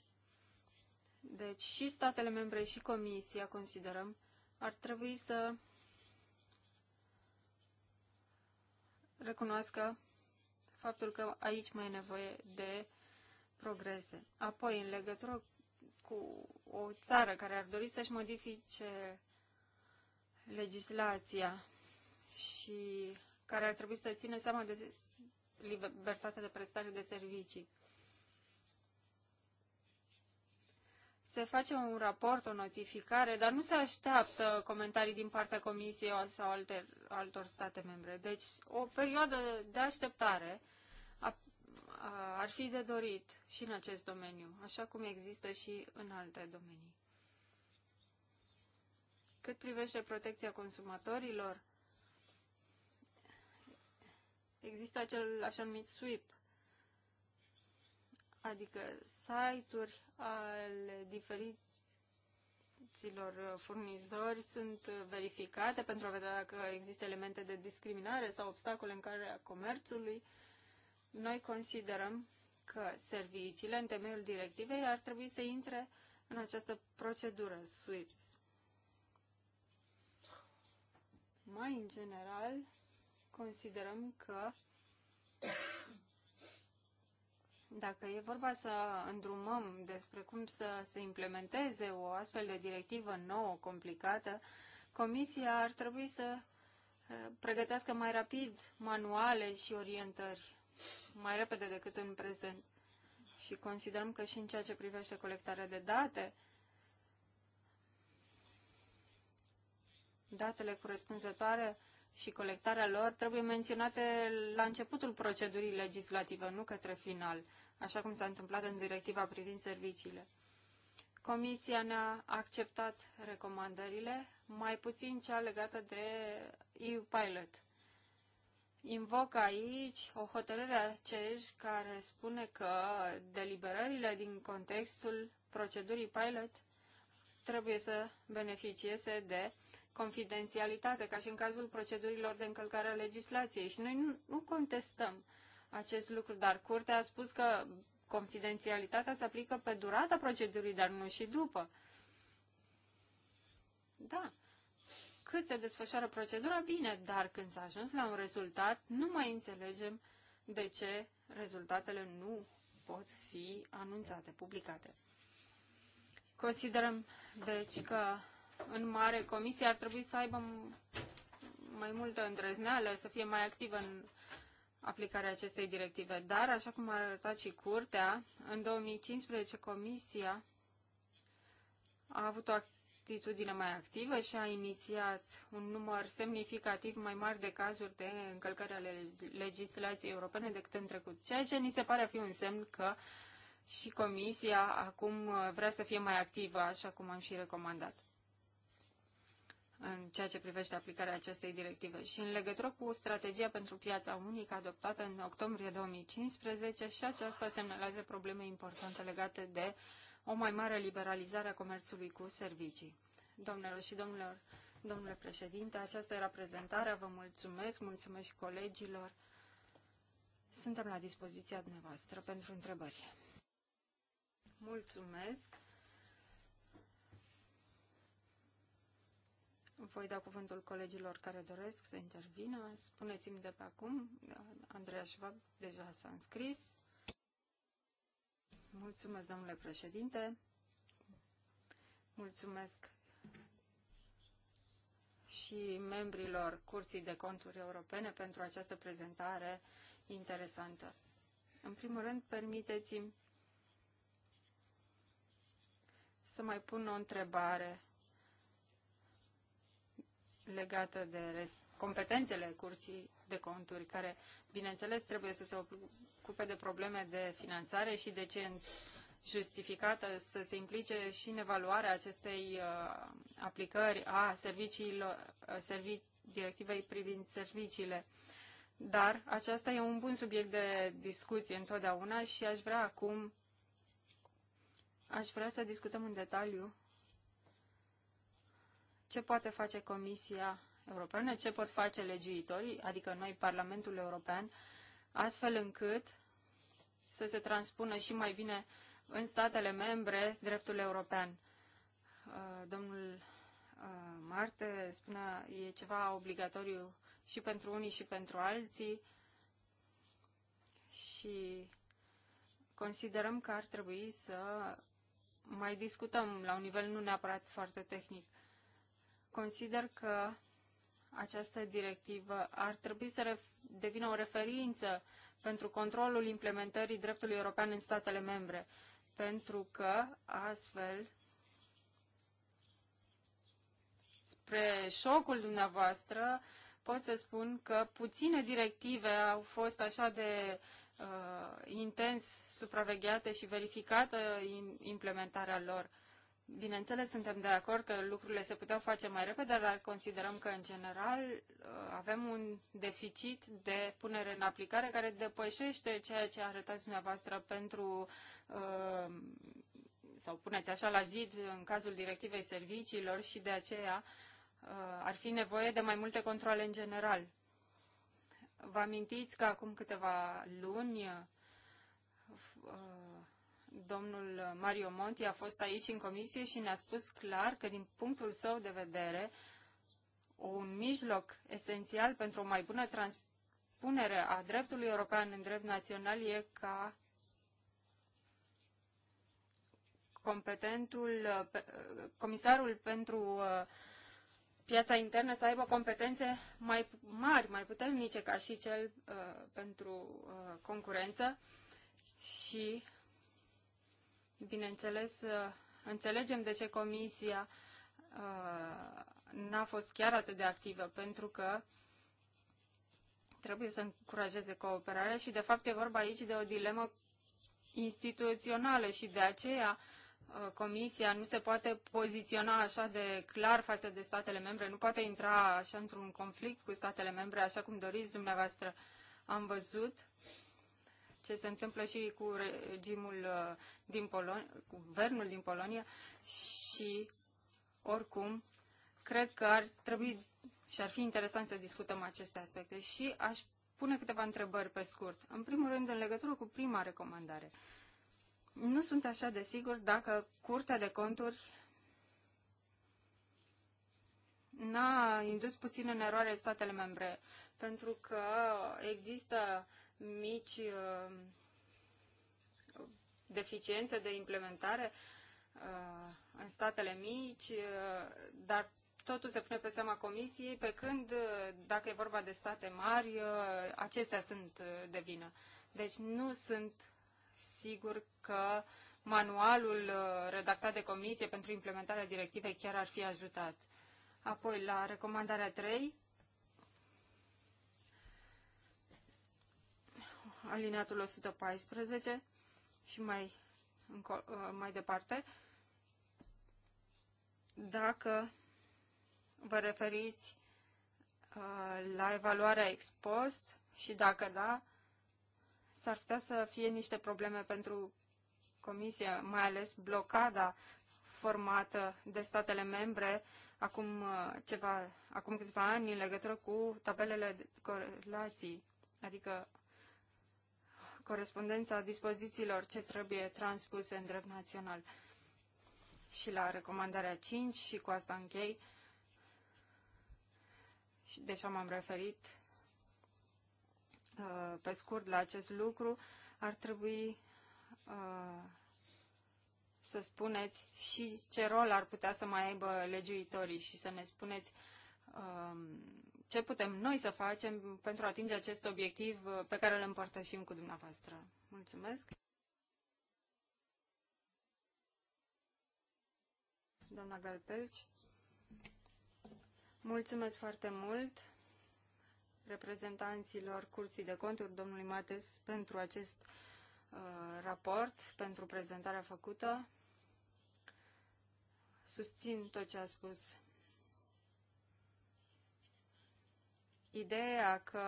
Deci și statele membre și Comisia considerăm ar trebui să recunoască faptul că aici mai e nevoie de progrese. Apoi, în legătură cu o țară care ar dori să-și modifice legislația și care ar trebui să țină seama de libertatea de prestare de servicii. se face un raport, o notificare, dar nu se așteaptă comentarii din partea Comisiei sau alte, altor state membre. Deci o perioadă de așteptare a, a, ar fi de dorit și în acest domeniu, așa cum există și în alte domenii. Cât privește protecția consumatorilor, există acel așa numit SWIFT, adică site-uri ale diferiților furnizori sunt verificate pentru a vedea dacă există elemente de discriminare sau obstacole în calea comerțului, noi considerăm că serviciile în temeiul directivei ar trebui să intre în această procedură SWIFT. Mai în general, considerăm că dacă e vorba să îndrumăm despre cum să se implementeze o astfel de directivă nouă, complicată, Comisia ar trebui să eh, pregătească mai rapid manuale și orientări, mai repede decât în prezent. Și considerăm că și în ceea ce privește colectarea de date, datele corespunzătoare și colectarea lor trebuie menționate la începutul procedurii legislative, nu către final așa cum s-a întâmplat în directiva privind serviciile. Comisia ne-a acceptat recomandările, mai puțin cea legată de EU-Pilot. Invoc aici o hotărâre a CEJ care spune că deliberările din contextul procedurii pilot trebuie să beneficieze de confidențialitate, ca și în cazul procedurilor de încălcare a legislației. Și noi nu, nu contestăm acest lucru, dar curtea a spus că confidențialitatea se aplică pe durata procedurii, dar nu și după. Da. Cât se desfășoară procedura, bine, dar când s-a ajuns la un rezultat, nu mai înțelegem de ce rezultatele nu pot fi anunțate, publicate. Considerăm, deci, că în mare comisie ar trebui să aibă mai multă îndrăzneală, să fie mai activă în aplicarea acestei directive. Dar, așa cum a arătat și Curtea, în 2015 Comisia a avut o atitudine mai activă și a inițiat un număr semnificativ mai mare de cazuri de încălcări ale legislației europene decât în trecut, ceea ce ni se pare a fi un semn că și Comisia acum vrea să fie mai activă, așa cum am și recomandat în ceea ce privește aplicarea acestei directive. Și în legătură cu strategia pentru piața unică adoptată în octombrie 2015, și aceasta semnalează probleme importante legate de o mai mare liberalizare a comerțului cu servicii. Domnilor și domnilor, domnule președinte, aceasta era prezentarea. Vă mulțumesc, mulțumesc și colegilor. Suntem la dispoziția dumneavoastră pentru întrebări. Mulțumesc. Voi da cuvântul colegilor care doresc să intervină. Spuneți-mi de pe acum, Andreea Șvab deja s-a înscris. Mulțumesc, domnule președinte. Mulțumesc și membrilor Curții de Conturi Europene pentru această prezentare interesantă. În primul rând, permiteți-mi să mai pun o întrebare legată de competențele curții de conturi, care, bineînțeles, trebuie să se ocupe de probleme de finanțare și de ce justificată să se implice și în evaluarea acestei uh, aplicări a serviciilor, uh, servi, directivei privind serviciile. Dar aceasta e un bun subiect de discuție întotdeauna și aș vrea acum aș vrea să discutăm în detaliu ce poate face Comisia Europeană, ce pot face legiuitorii, adică noi, Parlamentul European, astfel încât să se transpună și mai bine în statele membre dreptul european. Uh, domnul uh, Marte spunea, e ceva obligatoriu și pentru unii și pentru alții și considerăm că ar trebui să mai discutăm la un nivel nu neapărat foarte tehnic Consider că această directivă ar trebui să devină o referință pentru controlul implementării dreptului european în statele membre, pentru că astfel, spre șocul dumneavoastră, pot să spun că puține directive au fost așa de uh, intens supravegheate și verificată implementarea lor. Bineînțeles, suntem de acord că lucrurile se puteau face mai repede, dar considerăm că, în general, uh, avem un deficit de punere în aplicare care depășește ceea ce arătați dumneavoastră pentru, uh, sau puneți așa la zid, în cazul directivei serviciilor și de aceea uh, ar fi nevoie de mai multe controle în general. Vă amintiți că acum câteva luni domnul Mario Monti a fost aici în comisie și ne-a spus clar că din punctul său de vedere un mijloc esențial pentru o mai bună transpunere a dreptului european în drept național e ca competentul, comisarul pentru uh, piața internă să aibă competențe mai mari, mai puternice ca și cel uh, pentru uh, concurență și Bineînțeles, uh, înțelegem de ce Comisia uh, n-a fost chiar atât de activă, pentru că trebuie să încurajeze cooperarea și, de fapt, e vorba aici de o dilemă instituțională și de aceea uh, Comisia nu se poate poziționa așa de clar față de statele membre, nu poate intra așa într-un conflict cu statele membre, așa cum doriți dumneavoastră. Am văzut uh, ce se întâmplă și cu regimul uh, din Polonia, cu guvernul din Polonia și, oricum, cred că ar trebui și ar fi interesant să discutăm aceste aspecte și aș pune câteva întrebări pe scurt. În primul rând, în legătură cu prima recomandare. Nu sunt așa de sigur dacă Curtea de Conturi n-a indus puțin în eroare statele membre, pentru că există uh, mici uh, deficiențe de implementare uh, în statele mici, uh, dar totul se pune pe seama comisiei, pe când, dacă e vorba de state mari, acestea sunt de vină. Deci nu sunt sigur că manualul redactat de comisie pentru implementarea directivei chiar ar fi ajutat. Apoi, la recomandarea 3, alineatul 114 și mai, înco, uh, mai departe, dacă vă referiți uh, la evaluarea ex post și dacă da, s-ar putea să fie niște probleme pentru Comisie, mai ales blocada formată de statele membre acum, uh, ceva, acum câțiva ani în legătură cu tabelele de corelații, adică corespondența dispozițiilor ce trebuie transpuse în drept național. Și la recomandarea 5, și cu asta închei, și deja m-am referit uh, pe scurt la acest lucru, ar trebui uh, să spuneți și ce rol ar putea să mai aibă legiuitorii și să ne spuneți um, ce putem noi să facem pentru a atinge acest obiectiv uh, pe care îl împărtășim cu dumneavoastră. Mulțumesc! Doamna Galpelci, mulțumesc foarte mult reprezentanților Curții de Conturi, domnului Mates, pentru acest uh, raport, pentru prezentarea făcută. Susțin tot ce a spus ideea că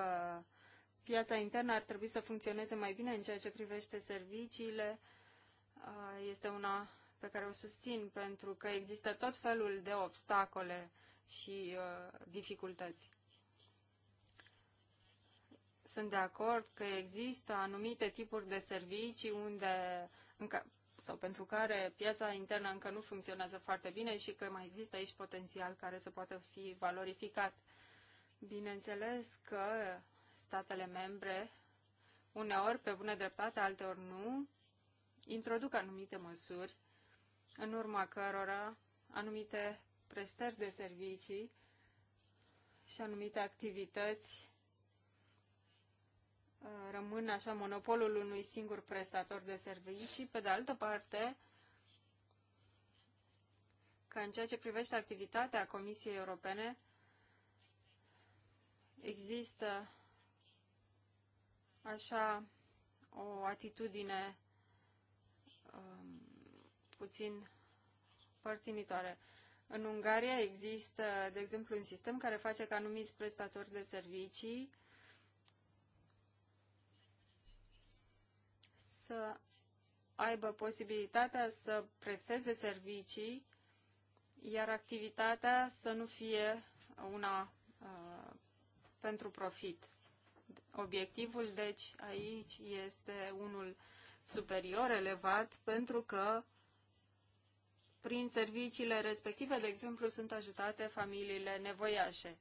piața internă ar trebui să funcționeze mai bine în ceea ce privește serviciile uh, este una pe care o susțin pentru că există tot felul de obstacole și uh, dificultăți. Sunt de acord că există anumite tipuri de servicii unde încă, sau pentru care piața internă încă nu funcționează foarte bine și că mai există aici potențial care să poată fi valorificat. Bineînțeles că statele membre, uneori pe bună dreptate, alteori nu, introduc anumite măsuri în urma cărora anumite prestări de servicii și anumite activități uh, rămân așa monopolul unui singur prestator de servicii. Pe de altă parte, ca în ceea ce privește activitatea Comisiei Europene, există așa o atitudine um, puțin părtinitoare. În Ungaria există, de exemplu, un sistem care face ca anumiți prestatori de servicii să aibă posibilitatea să presteze servicii, iar activitatea să nu fie una pentru profit. Obiectivul, deci, aici este unul superior, elevat, pentru că prin serviciile respective, de exemplu, sunt ajutate familiile nevoiașe.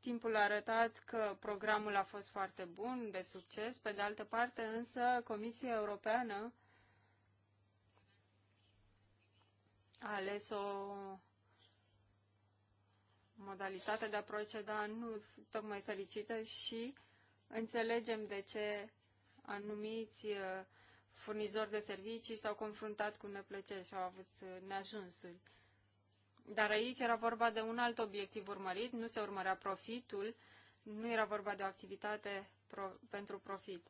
Timpul a arătat că programul a fost foarte bun, de succes. Pe de altă parte, însă, Comisia Europeană a ales o modalitate de a proceda nu tocmai fericită și înțelegem de ce anumiți uh, furnizori de servicii s-au confruntat cu neplăceri și au avut uh, neajunsuri. Dar aici era vorba de un alt obiectiv urmărit, nu se urmărea profitul, nu era vorba de o activitate pro- pentru profit.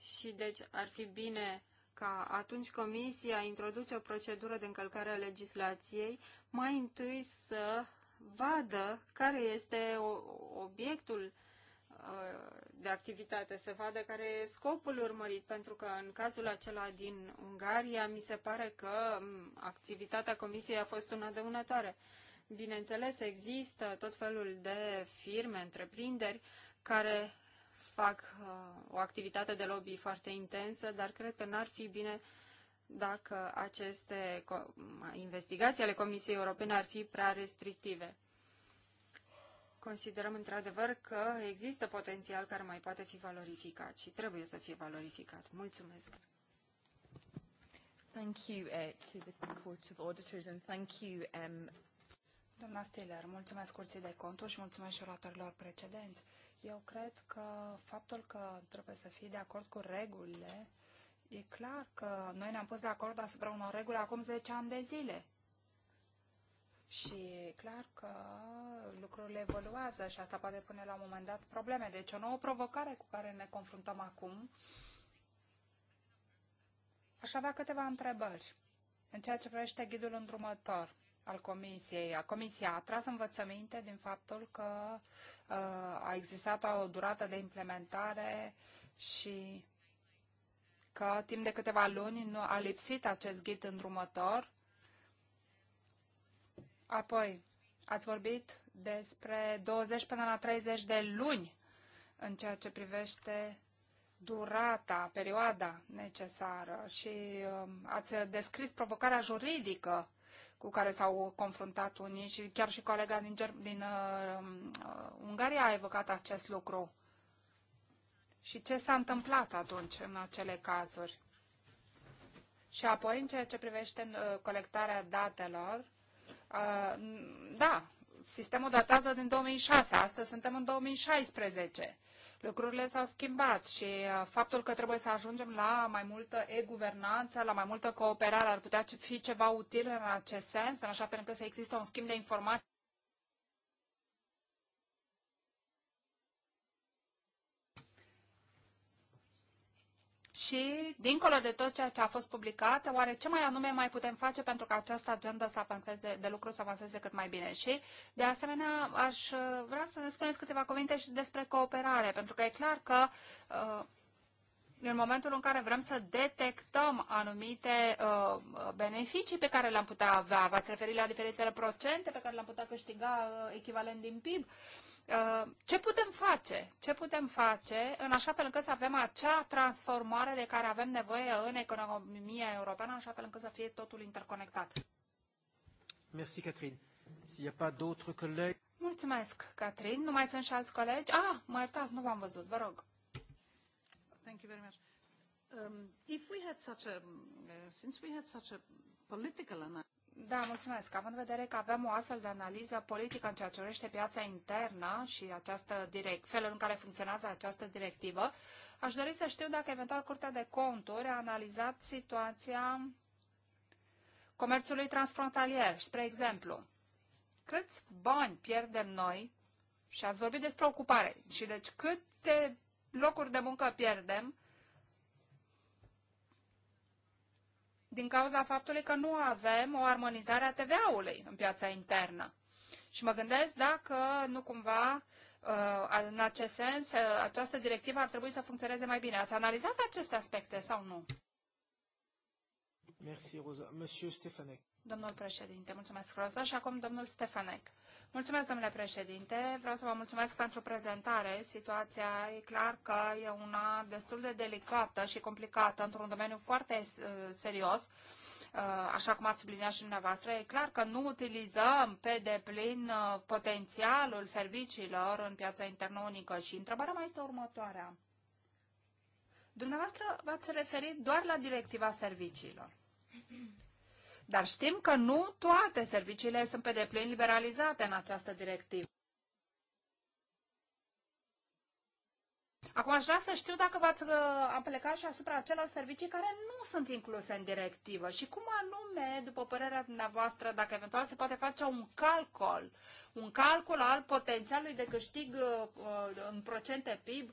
Și deci ar fi bine ca atunci Comisia introduce o procedură de încălcare a legislației, mai întâi să vadă care este obiectul uh, de activitate, să vadă care e scopul urmărit, pentru că în cazul acela din Ungaria mi se pare că activitatea comisiei a fost una dăunătoare. Bineînțeles, există tot felul de firme, întreprinderi care fac uh, o activitate de lobby foarte intensă, dar cred că n-ar fi bine uh, dacă aceste investigații ale Comisiei Europene ar fi prea restrictive. Considerăm într-adevăr că există potențial care mai poate fi valorificat și trebuie să fie valorificat. Mulțumesc! Thank you uh, to the Court of Auditors and thank you um, Doamna Stiller, mulțumesc Curții de Conturi și mulțumesc și oratorilor precedenți. Eu cred că faptul că trebuie să fii de acord cu regulile E clar că noi ne-am pus de acord asupra unor reguli acum 10 ani de zile. Și e clar că lucrurile evoluează și asta poate pune la un moment dat probleme. Deci o nouă provocare cu care ne confruntăm acum. Aș avea câteva întrebări în ceea ce privește ghidul îndrumător al Comisiei. Comisia a tras învățăminte din faptul că uh, a existat o durată de implementare și că timp de câteva luni nu a lipsit acest ghid îndrumător. Apoi, ați vorbit despre 20 până la 30 de luni în ceea ce privește durata, perioada necesară și um, ați descris provocarea juridică cu care s-au confruntat unii și chiar și colega din, din uh, um, uh, Ungaria a evocat acest lucru și ce s-a întâmplat atunci în acele cazuri. Și apoi, în ceea ce privește uh, colectarea datelor, uh, da, sistemul datează din 2006, astăzi suntem în 2016. Lucrurile s-au schimbat și uh, faptul că trebuie să ajungem la mai multă e-guvernanță, la mai multă cooperare, ar putea fi ceva util în acest sens, în așa fel încât să există un schimb de informații și, dincolo de tot ceea ce a fost publicat, oare ce mai anume mai putem face pentru ca această agenda să avanseze, de lucru să avanseze cât mai bine? Și, de asemenea, aș uh, vrea să ne spuneți câteva cuvinte și despre cooperare, pentru că e clar că uh, în momentul în care vrem să detectăm anumite uh, beneficii pe care le-am putea avea, v-ați referit la diferitele procente pe care le-am putea câștiga uh, echivalent din PIB, Uh, ce putem face? Ce putem face în așa fel încât să avem acea transformare de care avem nevoie în economia europeană, în așa fel încât să fie totul interconectat? Merci, Catherine. S'il n'y a pas d'autres collègues... Mulțumesc, Catherine. Nu mai sunt și alți colegi? Ah, mă iertați, nu v-am văzut. Vă rog. Thank you very much. Um, if we had such a, uh, since we had such a political analysis, da, mulțumesc. Având în vedere că avem o astfel de analiză politică în ceea ce urește piața internă și această direct, felul în care funcționează această directivă, aș dori să știu dacă eventual Curtea de Conturi a analizat situația comerțului transfrontalier. Spre exemplu, câți bani pierdem noi și ați vorbit despre ocupare și deci câte locuri de muncă pierdem din cauza faptului că nu avem o armonizare a TVA-ului în piața internă. Și mă gândesc dacă nu cumva uh, în acest sens uh, această directivă ar trebui să funcționeze mai bine. Ați analizat aceste aspecte sau nu? Mersi, Rosa. Monsieur Stefanec. Domnul președinte, mulțumesc, Rosa. Și acum domnul Stefanec. Mulțumesc, domnule președinte. Vreau să vă mulțumesc pentru prezentare. Situația e clar că e una destul de delicată și complicată într-un domeniu foarte uh, serios uh, așa cum ați subliniat și dumneavoastră, e clar că nu utilizăm pe deplin uh, potențialul serviciilor în piața internă unică. Și întrebarea mai este următoarea. Dumneavoastră v-ați referit doar la directiva serviciilor. Dar știm că nu toate serviciile sunt pe deplin liberalizate în această directivă. Acum aș vrea să știu dacă v-ați uh, plecat și asupra acelor servicii care nu sunt incluse în directivă și cum anume, după părerea dumneavoastră, dacă eventual se poate face un calcul, un calcul al potențialului de câștig uh, uh, în procente PIB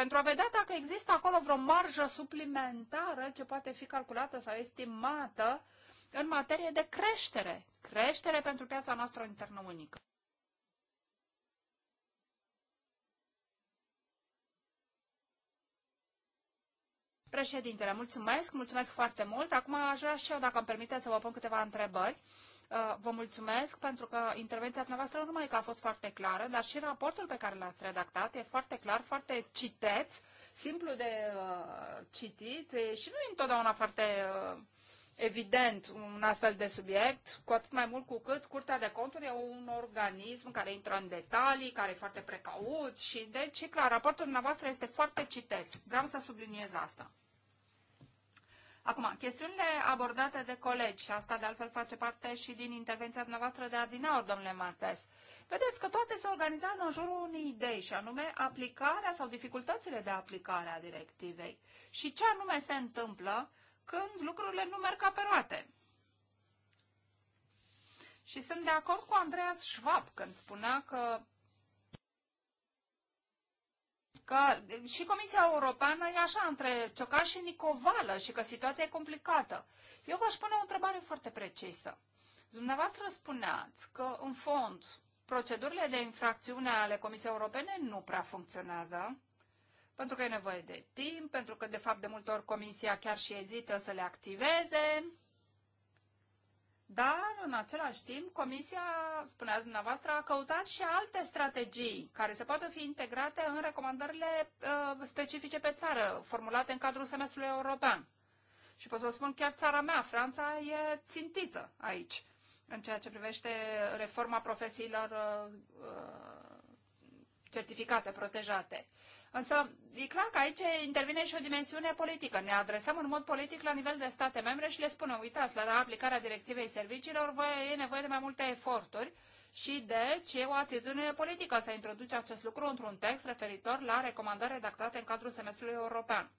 pentru a vedea dacă există acolo vreo marjă suplimentară ce poate fi calculată sau estimată în materie de creștere. Creștere pentru piața noastră internă unică. Președintele, mulțumesc, mulțumesc foarte mult. Acum aș vrea și eu, dacă îmi permiteți, să vă pun câteva întrebări. Uh, vă mulțumesc pentru că intervenția dumneavoastră nu numai că a fost foarte clară, dar și raportul pe care l-ați redactat e foarte clar, foarte citeț, simplu de uh, citit și nu e întotdeauna foarte uh, evident un astfel de subiect, cu atât mai mult cu cât Curtea de Conturi e un organism care intră în detalii, care e foarte precaut și deci, clar, raportul dumneavoastră este foarte citeț. Vreau să subliniez asta. Acum, chestiunile abordate de colegi, și asta de altfel face parte și din intervenția dumneavoastră de adinaur, domnule Martes, vedeți că toate se organizează în jurul unei idei, și anume aplicarea sau dificultățile de aplicare a directivei. Și ce anume se întâmplă când lucrurile nu merg ca pe roate. Și sunt de acord cu Andreas Schwab când spunea că că și Comisia Europeană e așa între ciocan și nicovală și că situația e complicată. Eu vă aș pune o întrebare foarte precisă. Dumneavoastră spuneați că, în fond, procedurile de infracțiune ale Comisiei Europene nu prea funcționează, pentru că e nevoie de timp, pentru că, de fapt, de multe ori Comisia chiar și ezită să le activeze, dar, în același timp, Comisia, spuneați dumneavoastră, a căutat și alte strategii care se pot fi integrate în recomandările uh, specifice pe țară, formulate în cadrul semestrului european. Și pot să vă spun, chiar țara mea, Franța, e țintită aici, în ceea ce privește reforma profesiilor uh, uh certificate, protejate. Însă e clar că aici intervine și o dimensiune politică. Ne adresăm în mod politic la nivel de state membre și le spunem, uitați, la aplicarea directivei serviciilor voi, e nevoie de mai multe eforturi și deci e o atitudine politică să introduce acest lucru într-un text referitor la recomandări redactate în cadrul semestrului european.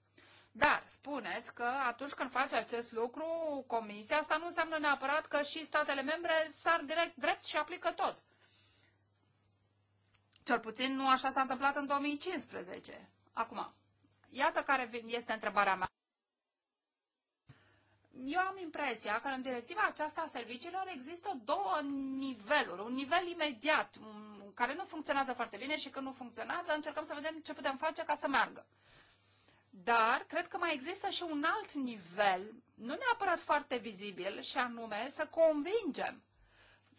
Dar spuneți că atunci când face acest lucru comisia, asta nu înseamnă neapărat că și statele membre sar direct drept și aplică tot. Cel puțin nu așa s-a întâmplat în 2015. Acum, iată care este întrebarea mea. Eu am impresia că în directiva aceasta a serviciilor există două niveluri. Un nivel imediat, care nu funcționează foarte bine și când nu funcționează, încercăm să vedem ce putem face ca să meargă. Dar cred că mai există și un alt nivel, nu neapărat foarte vizibil, și anume să convingem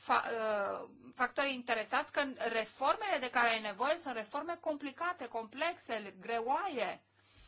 fa, uh, factorii interesați că reformele de care ai nevoie sunt reforme complicate, complexe, greoaie.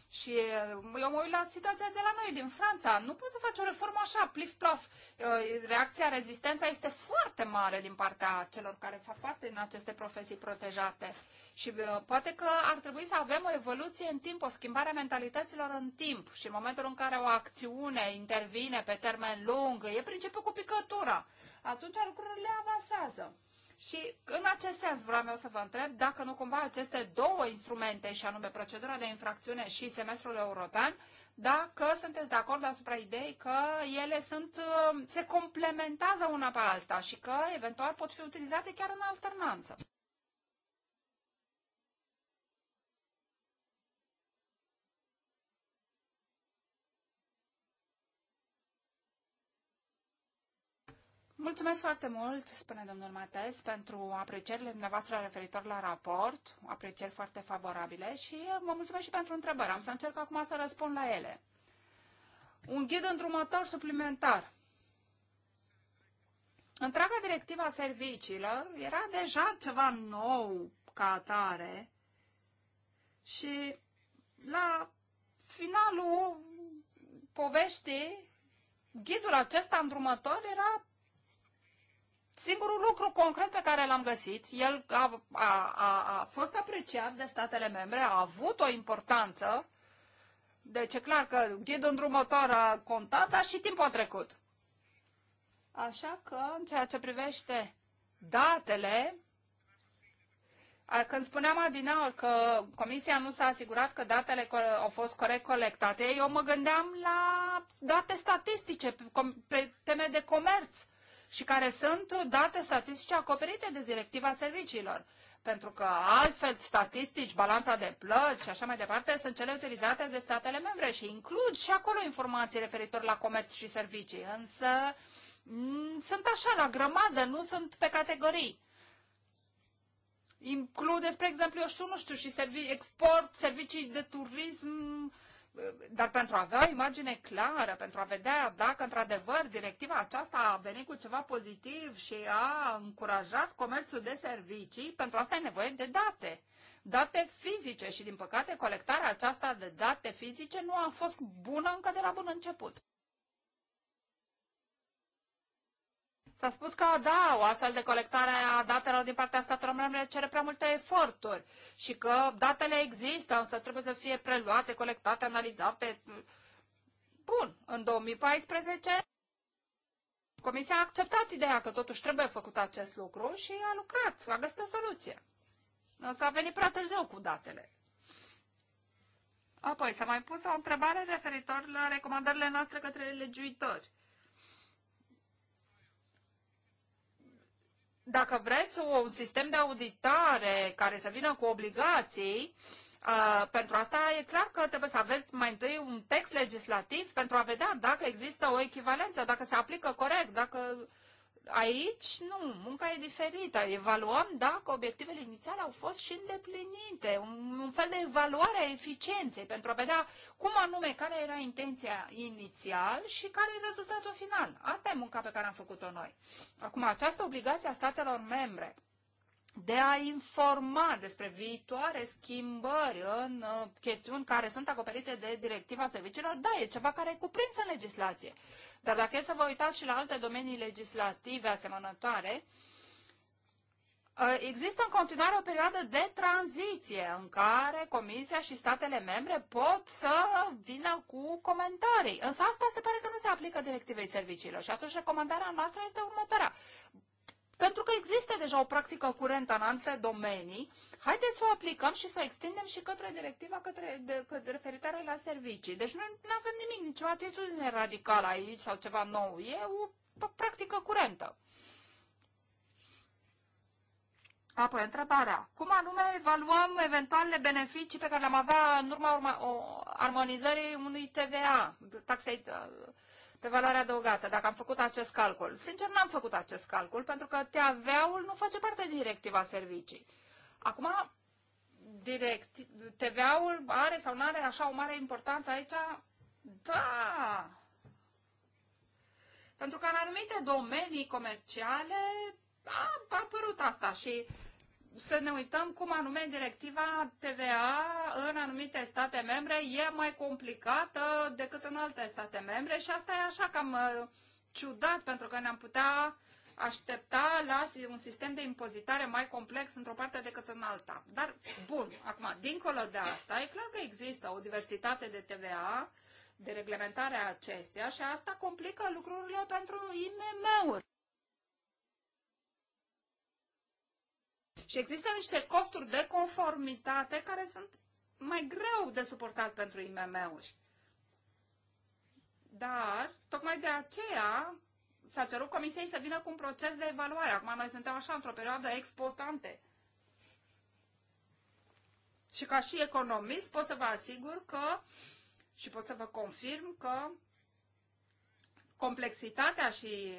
Și uh, eu mă uit la situația de la noi, din Franța. Nu poți să faci o reformă așa, plif-plof. Uh, reacția, rezistența este foarte mare din partea celor care fac parte din aceste profesii protejate. Și uh, poate că ar trebui să avem o evoluție în timp, o schimbare a mentalităților în timp. Și în momentul în care o acțiune intervine pe termen lung, e principiul cu picătura atunci lucrurile avansează. Și în acest sens vreau eu să vă întreb dacă nu cumva aceste două instrumente, și anume procedura de infracțiune și semestrul european, dacă sunteți de acord asupra ideii că ele sunt, uh, se complementează una pe alta și că eventual pot fi utilizate chiar în alternanță. Mulțumesc foarte mult, spune domnul Mates, pentru aprecierile dumneavoastră referitor la raport, aprecieri foarte favorabile și vă mulțumesc și pentru întrebări. Am să încerc acum să răspund la ele. Un ghid îndrumător suplimentar. Întreaga directiva serviciilor era deja ceva nou ca atare și la finalul poveștii, ghidul acesta îndrumător era Singurul lucru concret pe care l-am găsit, el a, a, a, a fost apreciat de statele membre, a avut o importanță, deci e clar că ghidul îndrumător a contat, dar și timpul a trecut. Așa că, în ceea ce privește datele, când spuneam adinaur că comisia nu s-a asigurat că datele au fost corect colectate, eu mă gândeam la date statistice pe teme de comerț și care sunt date statistice acoperite de directiva serviciilor. Pentru că altfel statistici, balanța de plăți și așa mai departe sunt cele utilizate de statele membre și includ și acolo informații referitor la comerț și servicii. Însă mm, sunt așa, la grămadă, nu sunt pe categorii include, spre exemplu, eu știu, nu știu, și servi- export, servicii de turism, dar pentru a avea o imagine clară, pentru a vedea dacă într-adevăr directiva aceasta a venit cu ceva pozitiv și a încurajat comerțul de servicii, pentru asta e nevoie de date. Date fizice și, din păcate, colectarea aceasta de date fizice nu a fost bună încă de la bun început. S-a spus că, da, o astfel de colectare a datelor din partea statelor membre cere prea multe eforturi și că datele există, însă trebuie să fie preluate, colectate, analizate. Bun, în 2014 Comisia a acceptat ideea că totuși trebuie făcut acest lucru și a lucrat, a găsit o soluție. Însă a venit prea târziu cu datele. Apoi s-a mai pus o întrebare referitor la recomandările noastre către legiuitori. dacă vreți un sistem de auditare care să vină cu obligații, Uh, pentru asta e clar că trebuie să aveți mai întâi un text legislativ pentru a vedea dacă există o echivalență, dacă se aplică corect, dacă aici nu, munca e diferită. Evaluăm dacă obiectivele inițiale au fost și îndeplinite, un, un fel de evaluare a eficienței pentru a vedea cum anume, care era intenția inițial și care e rezultatul final. Asta e munca pe care am făcut-o noi. Acum, această obligație a statelor membre de a informa despre viitoare schimbări în uh, chestiuni care sunt acoperite de directiva serviciilor, da, e ceva care e cuprins în legislație. Dar dacă e să vă uitați și la alte domenii legislative asemănătoare, uh, Există în continuare o perioadă de tranziție în care Comisia și statele membre pot să vină cu comentarii. Însă asta se pare că nu se aplică directivei serviciilor și atunci recomandarea noastră este următoarea pentru că există deja o practică curentă în alte domenii, haideți să o aplicăm și să o extindem și către directiva către, de, către referitoare la servicii. Deci nu avem nimic, nicio atitudine radicală aici sau ceva nou. E o practică curentă. Apoi, întrebarea. Cum anume evaluăm eventualele beneficii pe care le-am avea în urma urma, o, armonizării unui TVA, taxei pe valoarea adăugată, dacă am făcut acest calcul. Sincer, n-am făcut acest calcul, pentru că TVA-ul nu face parte din directiva servicii. Acum, direct, TVA-ul are sau nu are așa o mare importanță aici? Da! Pentru că în anumite domenii comerciale a, a apărut asta și uh, să ne uităm cum anume directiva TVA în anumite state membre e mai complicată decât în alte state membre și asta e așa cam uh, ciudat pentru că ne-am putea aștepta la un sistem de impozitare mai complex într-o parte decât în alta. Dar, bun, acum, dincolo de asta, e clar că există o diversitate de TVA, de reglementare a acesteia și asta complică lucrurile pentru IMM-uri. Și există niște costuri de conformitate care sunt mai greu de suportat pentru IMM-uri. Dar, tocmai de aceea, s-a cerut comisiei să vină cu un proces de evaluare. Acum noi suntem așa într-o perioadă expostante. Și ca și economist pot să vă asigur că și pot să vă confirm că complexitatea și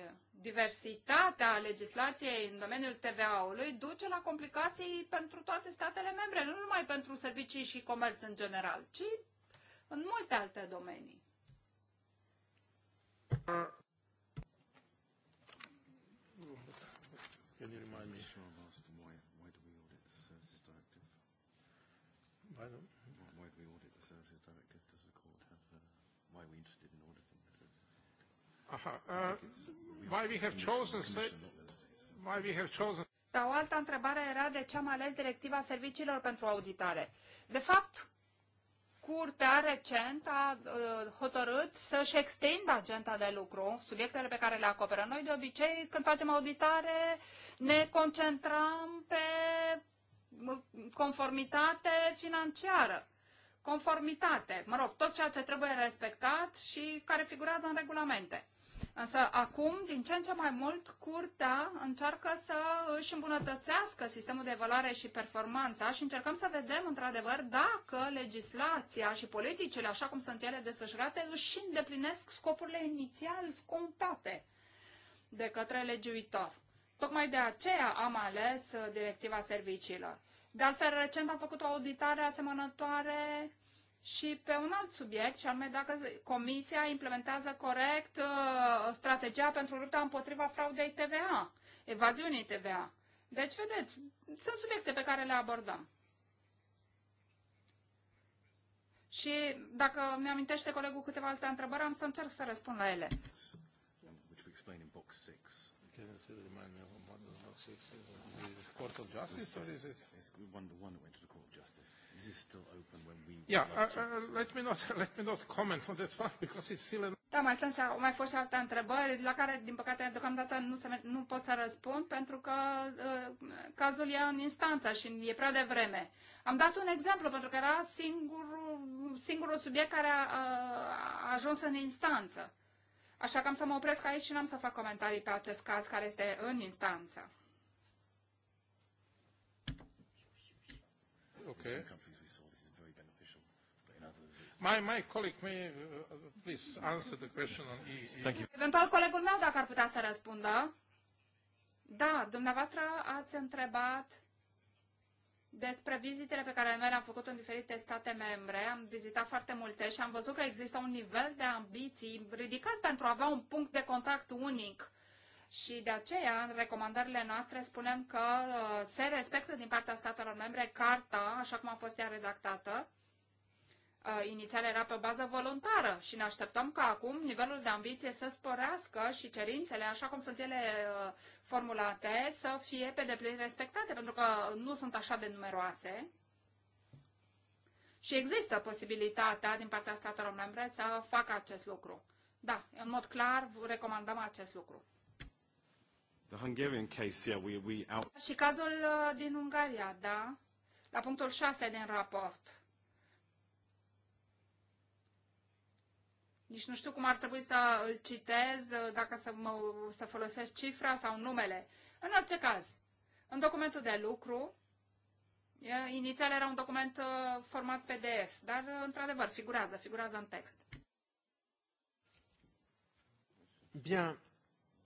diversitatea legislației în domeniul TVA-ului duce la complicații pentru toate statele membre, nu numai pentru servicii și comerț în general, ci în multe alte domenii. Uh, why we have chosen... Why we have chosen... Da, o altă întrebare era de ce am ales directiva serviciilor pentru auditare. De fapt, Curtea recent a uh, hotărât să-și extindă agenda de lucru, subiectele pe care le acoperă. Noi, de obicei, când facem auditare, ne concentrăm pe uh, conformitate financiară. Conformitate, mă rog, tot ceea ce trebuie respectat și care figurează în regulamente. Însă acum, din ce în ce mai mult, curtea încearcă să își îmbunătățească sistemul de evaluare și performanța și încercăm să vedem, într-adevăr, dacă legislația și politicile, așa cum sunt ele desfășurate, își îndeplinesc scopurile inițial scontate de către legiuitor. Tocmai de aceea am ales directiva serviciilor. De altfel, recent am făcut o auditare asemănătoare și pe un alt subiect, și anume dacă Comisia implementează corect uh, strategia pentru lupta împotriva fraudei TVA, evaziunii TVA. Deci, vedeți, sunt subiecte pe care le abordăm. Și dacă mi-amintește colegul câteva alte întrebări, am să încerc să răspund la ele. Court of Justice, is it? It's one, the one went to the Court of Justice. Yeah, uh, uh let me not let me not comment on this one because it's still an... Da, mai sunt și mai fost și alte întrebări la care din păcate deocamdată nu se, nu pot să răspund pentru că uh, cazul e în instanță și e prea devreme. Am dat un exemplu pentru că era singurul singurul subiect care a, a ajuns în instanță. Așa că am să mă opresc aici și n-am să fac comentarii pe acest caz care este în instanță. Okay. My, my colleague may uh, please answer the question on EU. Thank you. Eventual colegul meu dacă ar putea să răspundă. Da, dumneavoastră ați întrebat despre vizitele pe care noi le-am făcut în diferite state membre. Am vizitat foarte multe și am văzut că există un nivel de ambiții ridicat pentru a avea un punct de contact unic. Și de aceea, în recomandările noastre, spunem că uh, se respectă din partea statelor membre carta, așa cum a fost ea redactată, uh, inițial era pe bază voluntară și ne așteptăm ca acum nivelul de ambiție să sporească și cerințele, așa cum sunt ele uh, formulate, să fie pe deplin respectate, pentru că nu sunt așa de numeroase. Și există posibilitatea din partea statelor membre să facă acest lucru. Da, în mod clar recomandăm acest lucru. The Hungarian case, yeah, we, we out... Și cazul uh, din Ungaria, da, la punctul 6 din raport nici nu știu cum ar trebui să îl citez, uh, dacă să, mă, să folosesc cifra sau numele. În orice caz, în documentul de lucru, inițial era un document uh, format PDF, dar uh, într-adevăr figurează, figurează în text. bine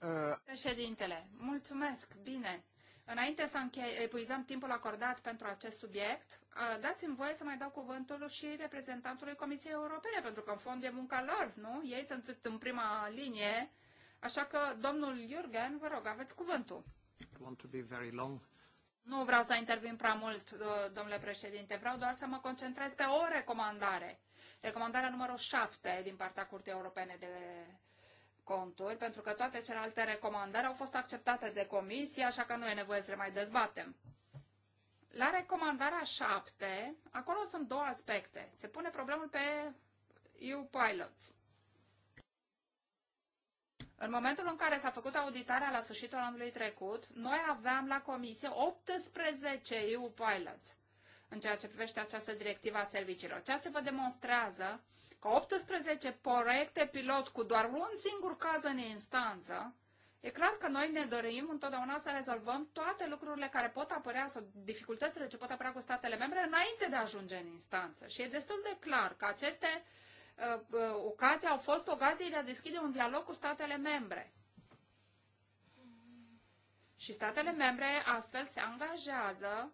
Uh... Președintele, mulțumesc, bine. Înainte să epuizăm timpul acordat pentru acest subiect, dați-mi voie să mai dau cuvântul și reprezentantului Comisiei Europene, pentru că în fond e munca lor, nu? Ei sunt în prima linie, așa că, domnul Jürgen, vă rog, aveți cuvântul. Nu vreau să intervin prea mult, domnule președinte, vreau doar să mă concentrez pe o recomandare. Recomandarea numărul 7 din partea Curții Europene de conturi, pentru că toate celelalte recomandări au fost acceptate de comisie, așa că nu e nevoie să le mai dezbatem. La recomandarea 7, acolo sunt două aspecte. Se pune problemul pe EU Pilots. În momentul în care s-a făcut auditarea la sfârșitul anului trecut, noi aveam la comisie 18 EU Pilots în ceea ce privește această directivă a serviciilor. Ceea ce vă demonstrează că 18 proiecte pilot cu doar un singur caz în instanță, e clar că noi ne dorim întotdeauna să rezolvăm toate lucrurile care pot apărea sau dificultățile ce pot apărea cu statele membre înainte de a ajunge în instanță. Și e destul de clar că aceste uh, uh, ocazii au fost ocazii de a deschide un dialog cu statele membre. Și statele membre astfel se angajează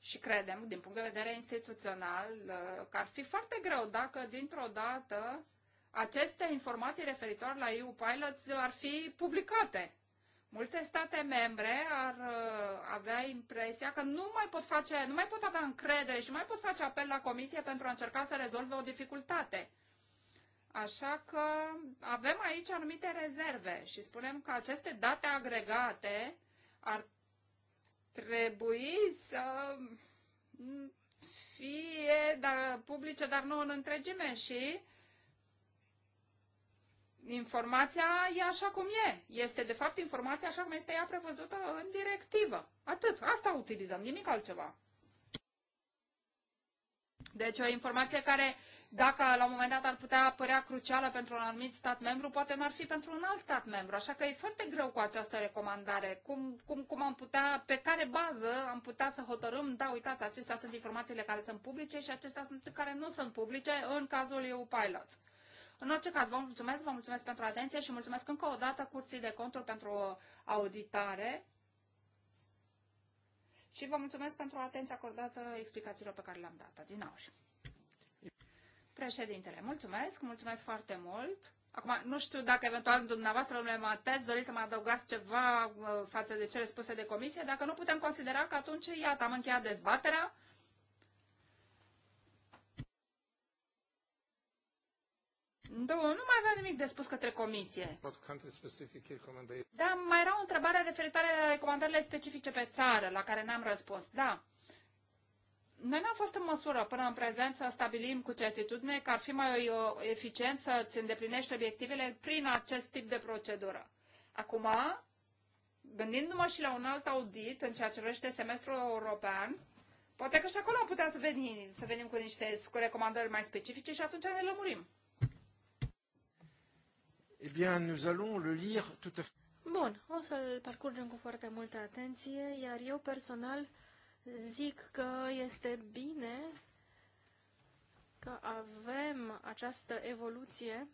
și credem, din punct de vedere instituțional, uh, că ar fi foarte greu dacă dintr-o dată aceste informații referitoare la EU Pilots ar fi publicate. Multe state membre ar uh, avea impresia că nu mai pot face, nu mai pot avea încredere și nu mai pot face apel la comisie pentru a încerca să rezolve o dificultate. Așa că avem aici anumite rezerve și spunem că aceste date agregate ar trebui să fie dar, publice, dar nu în întregime și informația e așa cum e. Este, de fapt, informația așa cum este ea prevăzută în directivă. Atât. Asta utilizăm, nimic altceva. Deci o informație care, dacă la un moment dat ar putea părea crucială pentru un anumit stat membru, poate n-ar fi pentru un alt stat membru. Așa că e foarte greu cu această recomandare. Cum, cum, cum am putea, pe care bază am putea să hotărâm, da, uitați, acestea sunt informațiile care sunt publice și acestea sunt care nu sunt publice în cazul EU Pilot. În orice caz, vă mulțumesc, vă mulțumesc pentru atenție și mulțumesc încă o dată Curții de Conturi pentru auditare și vă mulțumesc pentru atenția acordată explicațiilor pe care le-am dat. Din nou. Președintele, mulțumesc, mulțumesc foarte mult. Acum, nu știu dacă eventual dumneavoastră, domnule Matez, doriți să mă adăugați ceva uh, față de cele spuse de comisie. Dacă nu, putem considera că atunci, iată, am încheiat dezbaterea. nu mai aveam nimic de spus către comisie. Da, mai era o întrebare referitoare la recomandările specifice pe țară, la care n-am răspuns. Da. Noi n-am fost în măsură până în prezent să stabilim cu certitudine că ar fi mai uh, eficient să îți îndeplinești obiectivele prin acest tip de procedură. Acum, gândindu-mă și la un alt audit în ceea ce privește semestrul european, poate că și acolo am putea să venim, să venim cu niște cu recomandări mai specifice și atunci ne lămurim eh bien, nous allons le lire tout à fait. Bun, o să-l parcurgem cu foarte multă atenție, iar eu personal zic că este bine că avem această evoluție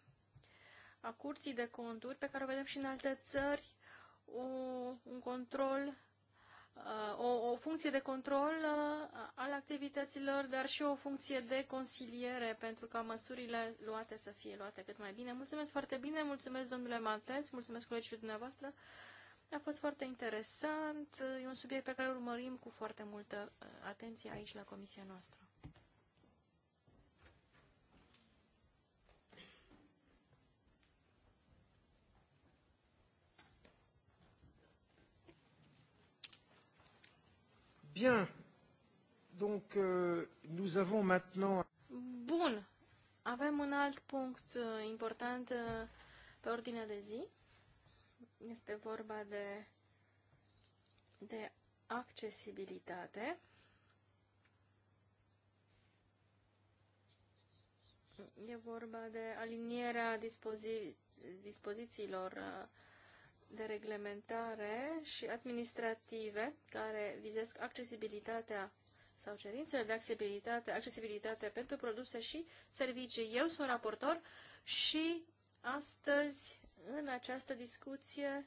a curții de conturi, pe care o vedem și în alte țări, o, un control Uh, o, o funcție de control uh, al activităților, dar și o funcție de consiliere pentru ca măsurile luate să fie luate cât mai bine. Mulțumesc foarte bine, mulțumesc domnule Mates, mulțumesc colegii dumneavoastră. A fost foarte interesant, e un subiect pe care îl urmărim cu foarte multă uh, atenție aici la comisia noastră. Bien. Donc, euh, nous avons maintenant... Bun. Avem un alt punct uh, important uh, pe ordinea de zi. Este vorba de, de accesibilitate. E vorba de alinierea dispozi dispozițiilor uh, de reglementare și administrative care vizesc accesibilitatea sau cerințele de accesibilitate, accesibilitate pentru produse și servicii. Eu sunt raportor și astăzi, în această discuție,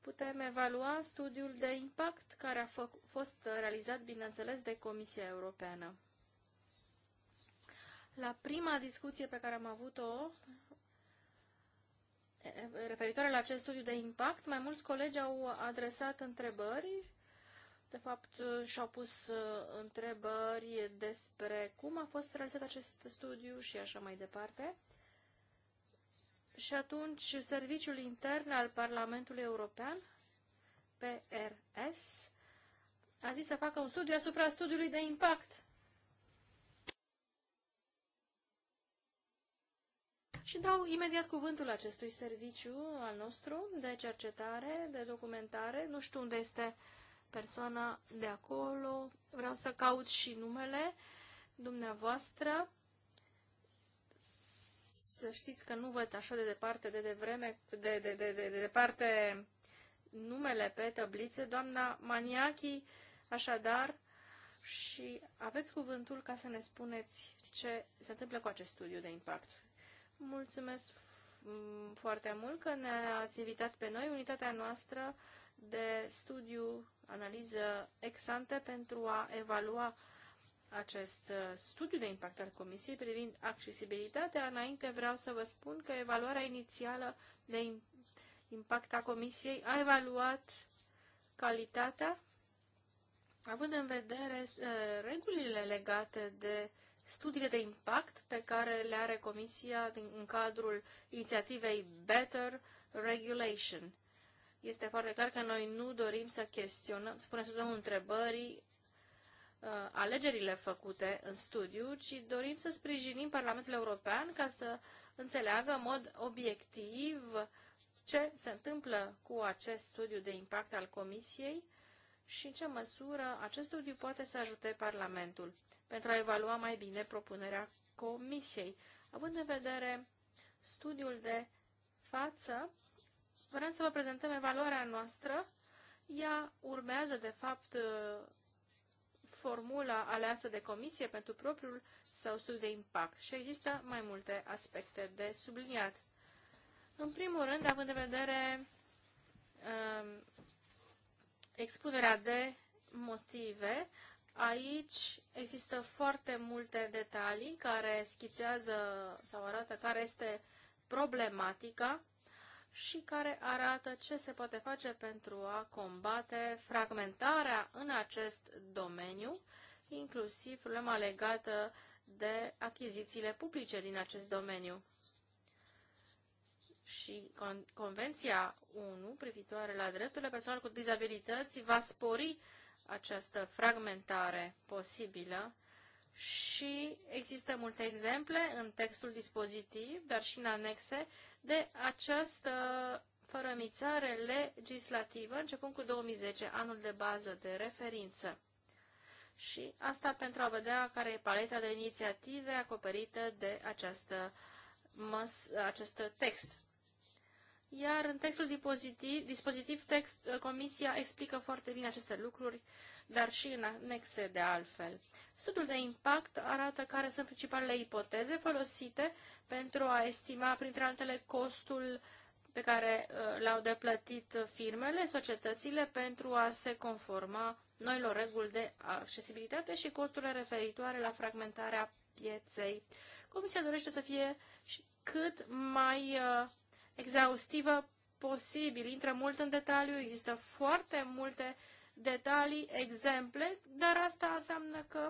putem evalua studiul de impact care a fost realizat, bineînțeles, de Comisia Europeană. La prima discuție pe care am avut-o referitoare la acest studiu de impact, mai mulți colegi au adresat întrebări, de fapt și-au pus uh, întrebări despre cum a fost realizat acest studiu și așa mai departe. Și atunci Serviciul Intern al Parlamentului European, PRS, a zis să facă un studiu asupra studiului de impact Și dau imediat cuvântul acestui serviciu al nostru de cercetare, de documentare. Nu știu unde este persoana de acolo. Vreau să caut și numele dumneavoastră. Să știți că nu văd așa de departe, de devreme, de, de, de, de, de, departe numele pe tablițe. doamna Maniachi, așadar, și aveți cuvântul ca să ne spuneți ce se întâmplă cu acest studiu de impact. Mulțumesc mm, foarte mult că ne-ați invitat pe noi, unitatea noastră de studiu, analiză ex-ante pentru a evalua acest uh, studiu de impact al Comisiei privind accesibilitatea. Înainte vreau să vă spun că evaluarea inițială de impact a Comisiei a evaluat calitatea, având în vedere uh, regulile legate de studiile de impact pe care le are Comisia în cadrul inițiativei Better Regulation. Este foarte clar că noi nu dorim să chestionăm, să punem sub semnul întrebării uh, alegerile făcute în studiu, ci dorim să sprijinim Parlamentul European ca să înțeleagă în mod obiectiv ce se întâmplă cu acest studiu de impact al Comisiei și în ce măsură acest studiu poate să ajute Parlamentul pentru a evalua mai bine propunerea Comisiei. Având în vedere studiul de față, vrem să vă prezentăm evaluarea noastră. Ea urmează, de fapt, formula aleasă de comisie pentru propriul sau studiu de impact și există mai multe aspecte de subliniat. În primul rând, având în vedere um, expunerea de motive, Aici există foarte multe detalii care schițează sau arată care este problematica și care arată ce se poate face pentru a combate fragmentarea în acest domeniu, inclusiv problema legată de achizițiile publice din acest domeniu. Și Convenția 1 privitoare la drepturile persoanelor cu dizabilități va spori această fragmentare posibilă și există multe exemple în textul dispozitiv, dar și în anexe, de această fărămițare legislativă, începând cu 2010, anul de bază de referință. Și asta pentru a vedea care e paleta de inițiative acoperită de această măs- acest text. Iar în textul dispozitiv, dispozitiv text, uh, Comisia explică foarte bine aceste lucruri, dar și în anexe de altfel. Studiul de impact arată care sunt principalele ipoteze folosite pentru a estima, printre altele, costul pe care uh, l-au deplătit firmele, societățile, pentru a se conforma noilor reguli de accesibilitate și costurile referitoare la fragmentarea pieței. Comisia dorește să fie cât mai uh, exhaustivă posibil. Intră mult în detaliu, există foarte multe detalii, exemple, dar asta înseamnă că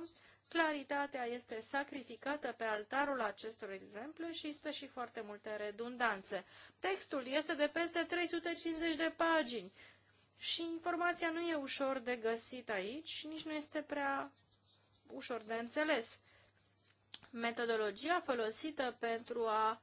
claritatea este sacrificată pe altarul acestor exemple și stă și foarte multe redundanțe. Textul este de peste 350 de pagini și informația nu e ușor de găsit aici, și nici nu este prea ușor de înțeles. Metodologia folosită pentru a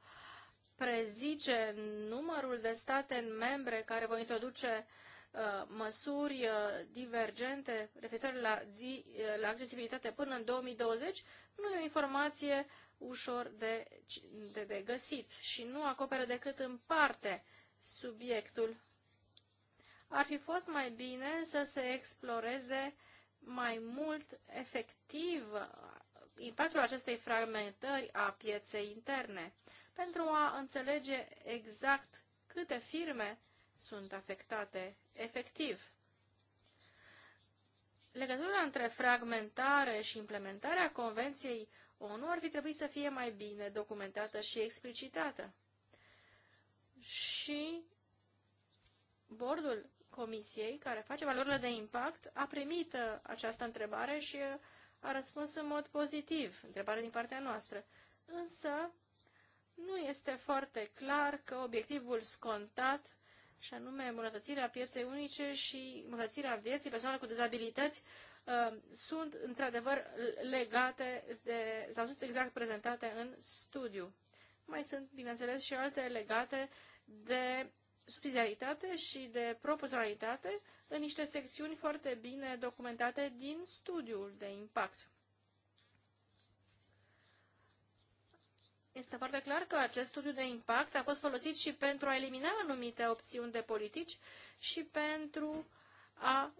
prezice numărul de state membre care vor introduce uh, măsuri uh, divergente referitoare la, uh, la accesibilitate până în 2020, nu e o informație ușor de, de, de găsit și nu acoperă decât în parte subiectul. Ar fi fost mai bine să se exploreze mai mult efectiv impactul acestei fragmentări a pieței interne pentru a înțelege exact câte firme sunt afectate efectiv. Legătura între fragmentare și implementarea Convenției ONU ar fi trebuit să fie mai bine documentată și explicitată. Și bordul Comisiei, care face valorile de impact, a primit uh, această întrebare și uh, a răspuns în mod pozitiv, întrebare din partea noastră. Însă, nu este foarte clar că obiectivul scontat, și anume îmbunătățirea pieței unice și îmbunătățirea vieții persoanelor cu dizabilități, uh, sunt într-adevăr legate de, sau sunt exact prezentate în studiu. Mai sunt, bineînțeles, și alte legate de subsidiaritate și de proporționalitate în niște secțiuni foarte bine documentate din studiul de impact. este foarte clar că acest studiu de impact a fost folosit și pentru a elimina anumite opțiuni de politici și pentru a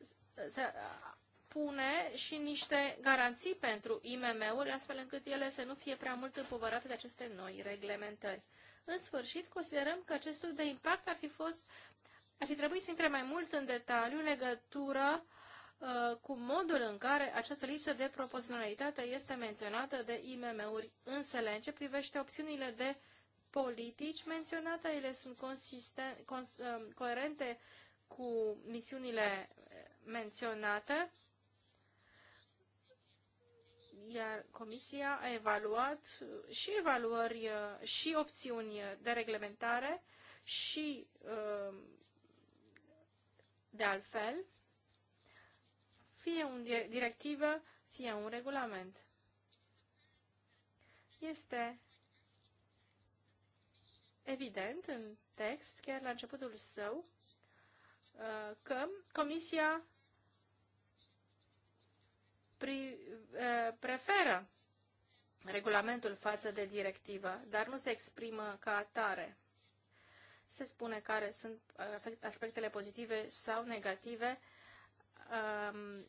pune și niște garanții pentru IMM-uri, astfel încât ele să nu fie prea mult împovărate de aceste noi reglementări. În sfârșit, considerăm că acest studiu de impact ar fi fost ar fi trebuit să intre mai mult în detaliu în legătură Uh, cu modul în care această lipsă de proporționalitate este menționată de IMM-uri însele. În ce privește opțiunile de politici menționate, ele sunt cons, uh, coerente cu misiunile menționate, iar Comisia a evaluat și evaluări uh, și opțiuni de reglementare și de altfel fie o directivă, fie un regulament. Este evident în text, chiar la începutul său, uh, că Comisia uh, preferă regulamentul față de directivă, dar nu se exprimă ca atare. Se spune care sunt uh, aspectele pozitive sau negative um,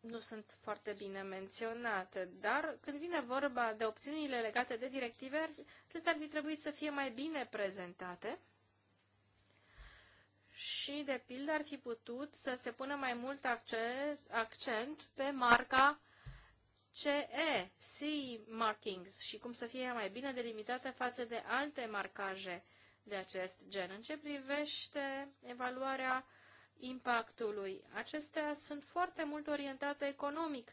nu sunt foarte bine menționate, dar când vine vorba de opțiunile legate de directive, acestea ar fi trebuit să fie mai bine prezentate și, de pildă, ar fi putut să se pună mai mult acces, accent pe marca CE, C Markings, și cum să fie mai bine delimitată față de alte marcaje de acest gen. În ce privește evaluarea impactului. Acestea sunt foarte mult orientate economic,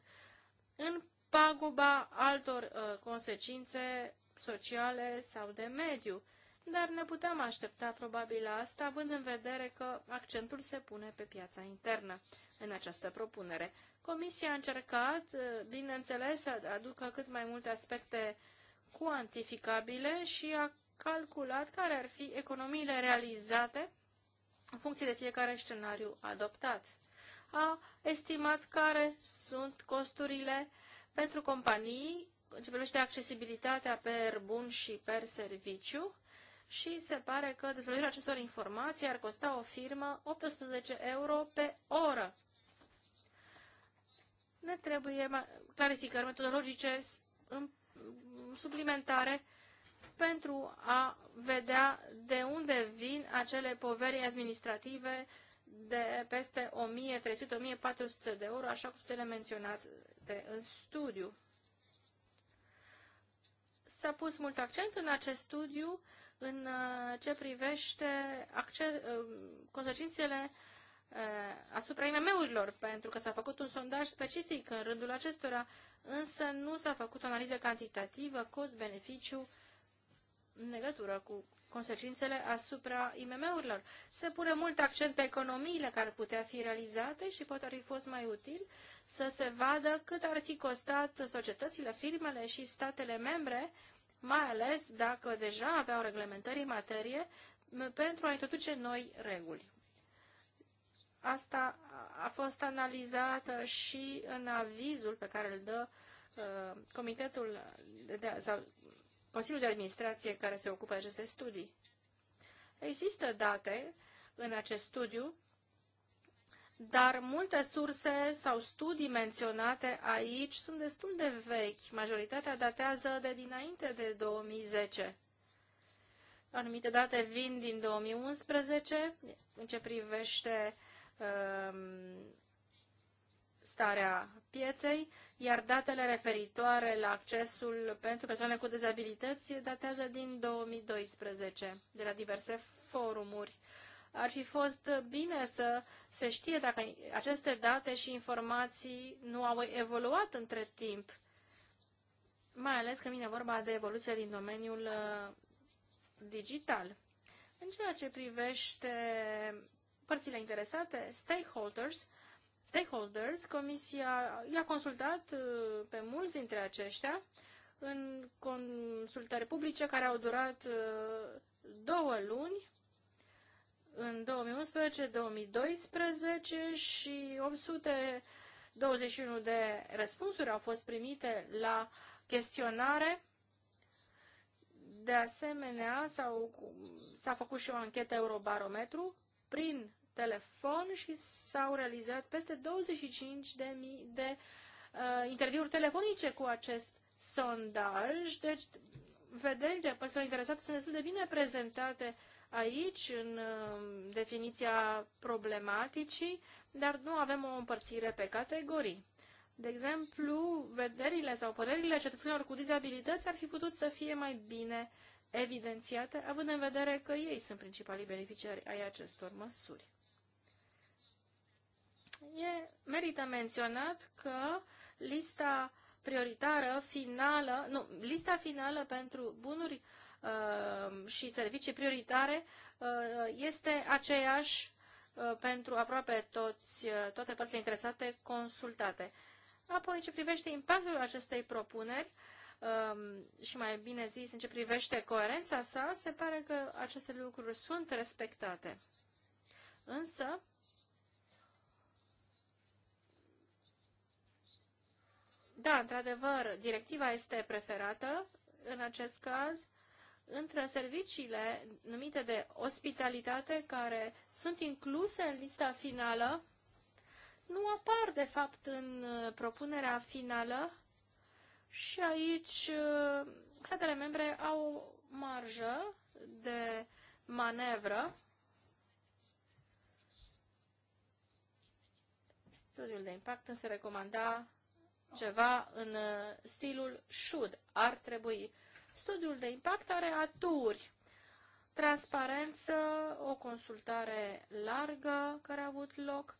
în paguba altor uh, consecințe sociale sau de mediu, dar ne putem aștepta probabil la asta, având în vedere că accentul se pune pe piața internă în această propunere. Comisia a încercat, uh, bineînțeles, să aducă cât mai multe aspecte cuantificabile și a calculat care ar fi economiile realizate în funcție de fiecare scenariu adoptat. A estimat care sunt costurile pentru companii în ce privește accesibilitatea per bun și per serviciu și se pare că dezvăluirea acestor informații ar costa o firmă 18 euro pe oră. Ne trebuie clarificări metodologice suplimentare pentru a vedea de unde vin acele poveri administrative de peste 1300-1400 de euro, așa cum sunt ele menționate în studiu. S-a pus mult accent în acest studiu în uh, ce privește uh, consecințele uh, asupra IMM-urilor, pentru că s-a făcut un sondaj specific în rândul acestora, însă nu s-a făcut o analiză cantitativă, cost-beneficiu în legătură cu consecințele asupra IMM-urilor. Se pune mult accent pe economiile care putea fi realizate și pot ar fi fost mai util să se vadă cât ar fi costat societățile, firmele și statele membre, mai ales dacă deja aveau reglementări în materie, pentru a introduce noi reguli. Asta a fost analizată și în avizul pe care îl dă uh, Comitetul de, de, sau Consiliul de Administrație care se ocupă de aceste studii. Există date în acest studiu, dar multe surse sau studii menționate aici sunt destul de vechi. Majoritatea datează de dinainte de 2010. Anumite date vin din 2011 în ce privește um, starea pieței, iar datele referitoare la accesul pentru persoane cu dezabilități datează din 2012, de la diverse forumuri. Ar fi fost bine să se știe dacă aceste date și informații nu au evoluat între timp, mai ales când vine vorba de evoluția din domeniul uh, digital. În ceea ce privește părțile interesate, stakeholders, stakeholders, Comisia i-a consultat uh, pe mulți dintre aceștia în consultări publice care au durat uh, două luni în 2011-2012 și 821 de răspunsuri au fost primite la chestionare. De asemenea, s-a făcut și o anchetă Eurobarometru prin telefon și s-au realizat peste 25.000 de, mii de uh, interviuri telefonice cu acest sondaj. Deci, că persoanele interesate sunt destul de bine prezentate aici, în uh, definiția problematicii, dar nu avem o împărțire pe categorii. De exemplu, vederile sau părerile cetățenilor cu dizabilități ar fi putut să fie mai bine evidențiate, având în vedere că ei sunt principalii beneficiari ai acestor măsuri. E, merită menționat că lista prioritară finală, nu, lista finală pentru bunuri uh, și servicii prioritare uh, este aceeași uh, pentru aproape toți, uh, toate părțile interesate consultate. Apoi, ce privește impactul acestei propuneri um, și mai bine zis, în ce privește coerența sa, se pare că aceste lucruri sunt respectate. Însă, Da, într-adevăr, directiva este preferată în acest caz între serviciile numite de ospitalitate care sunt incluse în lista finală nu apar, de fapt, în uh, propunerea finală și aici uh, statele membre au marjă de manevră. Studiul de impact însă recomanda ceva în uh, stilul should, ar trebui. Studiul de impact are aturi, transparență, o consultare largă care a avut loc,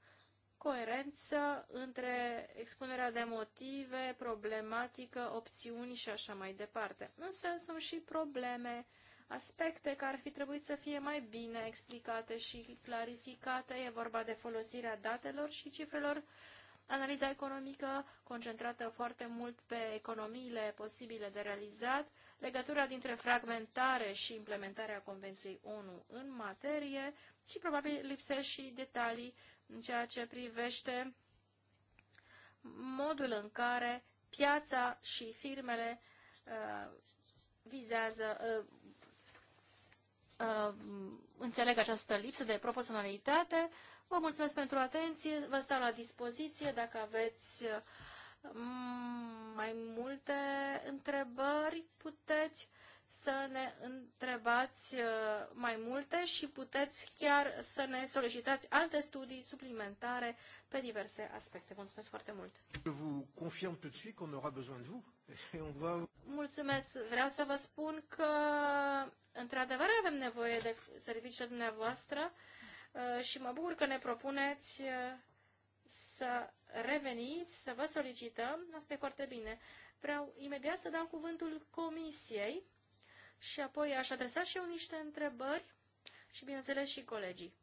coerență între expunerea de motive, problematică, opțiuni și așa mai departe. Însă sunt și probleme, aspecte care ar fi trebuit să fie mai bine explicate și clarificate. E vorba de folosirea datelor și cifrelor analiza economică concentrată foarte mult pe economiile posibile de realizat, legătura dintre fragmentare și implementarea Convenției ONU în materie și probabil lipsesc și detalii în ceea ce privește modul în care piața și firmele uh, vizează, uh, uh, înțeleg această lipsă de proporționalitate, uh, Vă mulțumesc pentru atenție, vă stau la dispoziție dacă aveți uh, mai multe întrebări, puteți să ne întrebați uh, mai multe și puteți chiar să ne solicitați alte studii suplimentare pe diverse aspecte. Vă mulțumesc foarte mult! Mulțumesc! Vreau să vă spun că într-adevăr avem nevoie de serviciile dumneavoastră Uh, și mă bucur că ne propuneți uh, să reveniți, să vă solicităm. Asta e foarte bine. Vreau imediat să dau cuvântul comisiei și apoi aș adresa și eu niște întrebări și, bineînțeles, și colegii.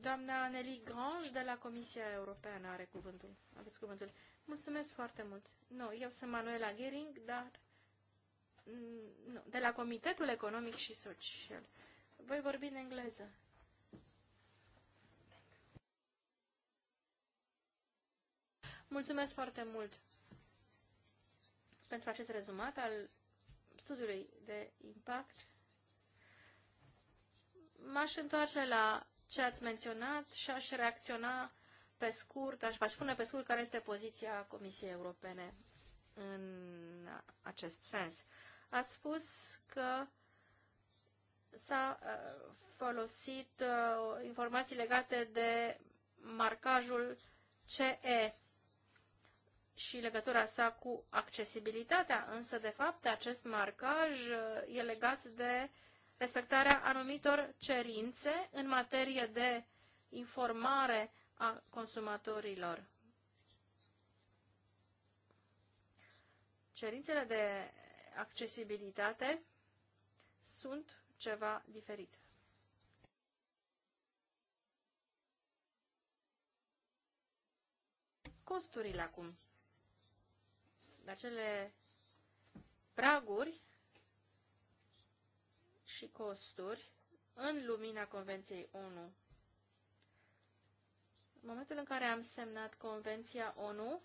Doamna Nelly Grange de la Comisia Europeană are cuvântul. Aveți cuvântul. Mulțumesc foarte mult. Nu, eu sunt Manuela Gering, dar Mm, nu, de la Comitetul Economic și Social. Voi vorbi în engleză. Mulțumesc foarte mult pentru acest rezumat al studiului de impact. M-aș întoarce la ce ați menționat și aș reacționa pe scurt, aș vă spune pe scurt care este poziția Comisiei Europene în acest sens. Ați spus că s-a uh, folosit uh, informații legate de marcajul CE și legătura sa cu accesibilitatea, însă, de fapt, acest marcaj uh, e legat de respectarea anumitor cerințe în materie de informare a consumatorilor. Cerințele de accesibilitate sunt ceva diferit. Costurile acum. Acele praguri și costuri în lumina Convenției ONU. În momentul în care am semnat Convenția ONU,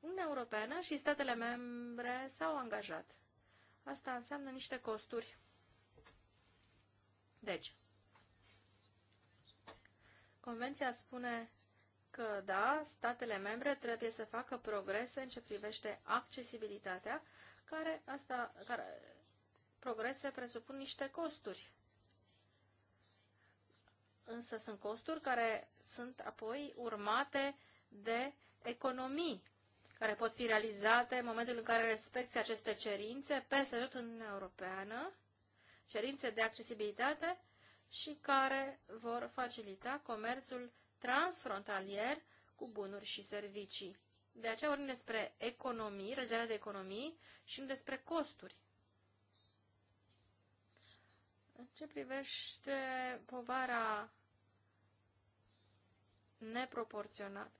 Uniunea Europeană și statele membre s-au angajat Asta înseamnă niște costuri. Deci, Convenția spune că, da, statele membre trebuie să facă progrese în ce privește accesibilitatea, care, asta, care progrese presupun niște costuri. Însă sunt costuri care sunt apoi urmate de economii care pot fi realizate în momentul în care respecti aceste cerințe peste tot în Uniunea Europeană, cerințe de accesibilitate și care vor facilita comerțul transfrontalier cu bunuri și servicii. De aceea vorbim despre economii, rezerve de economii și nu despre costuri. În ce privește povara neproporționată,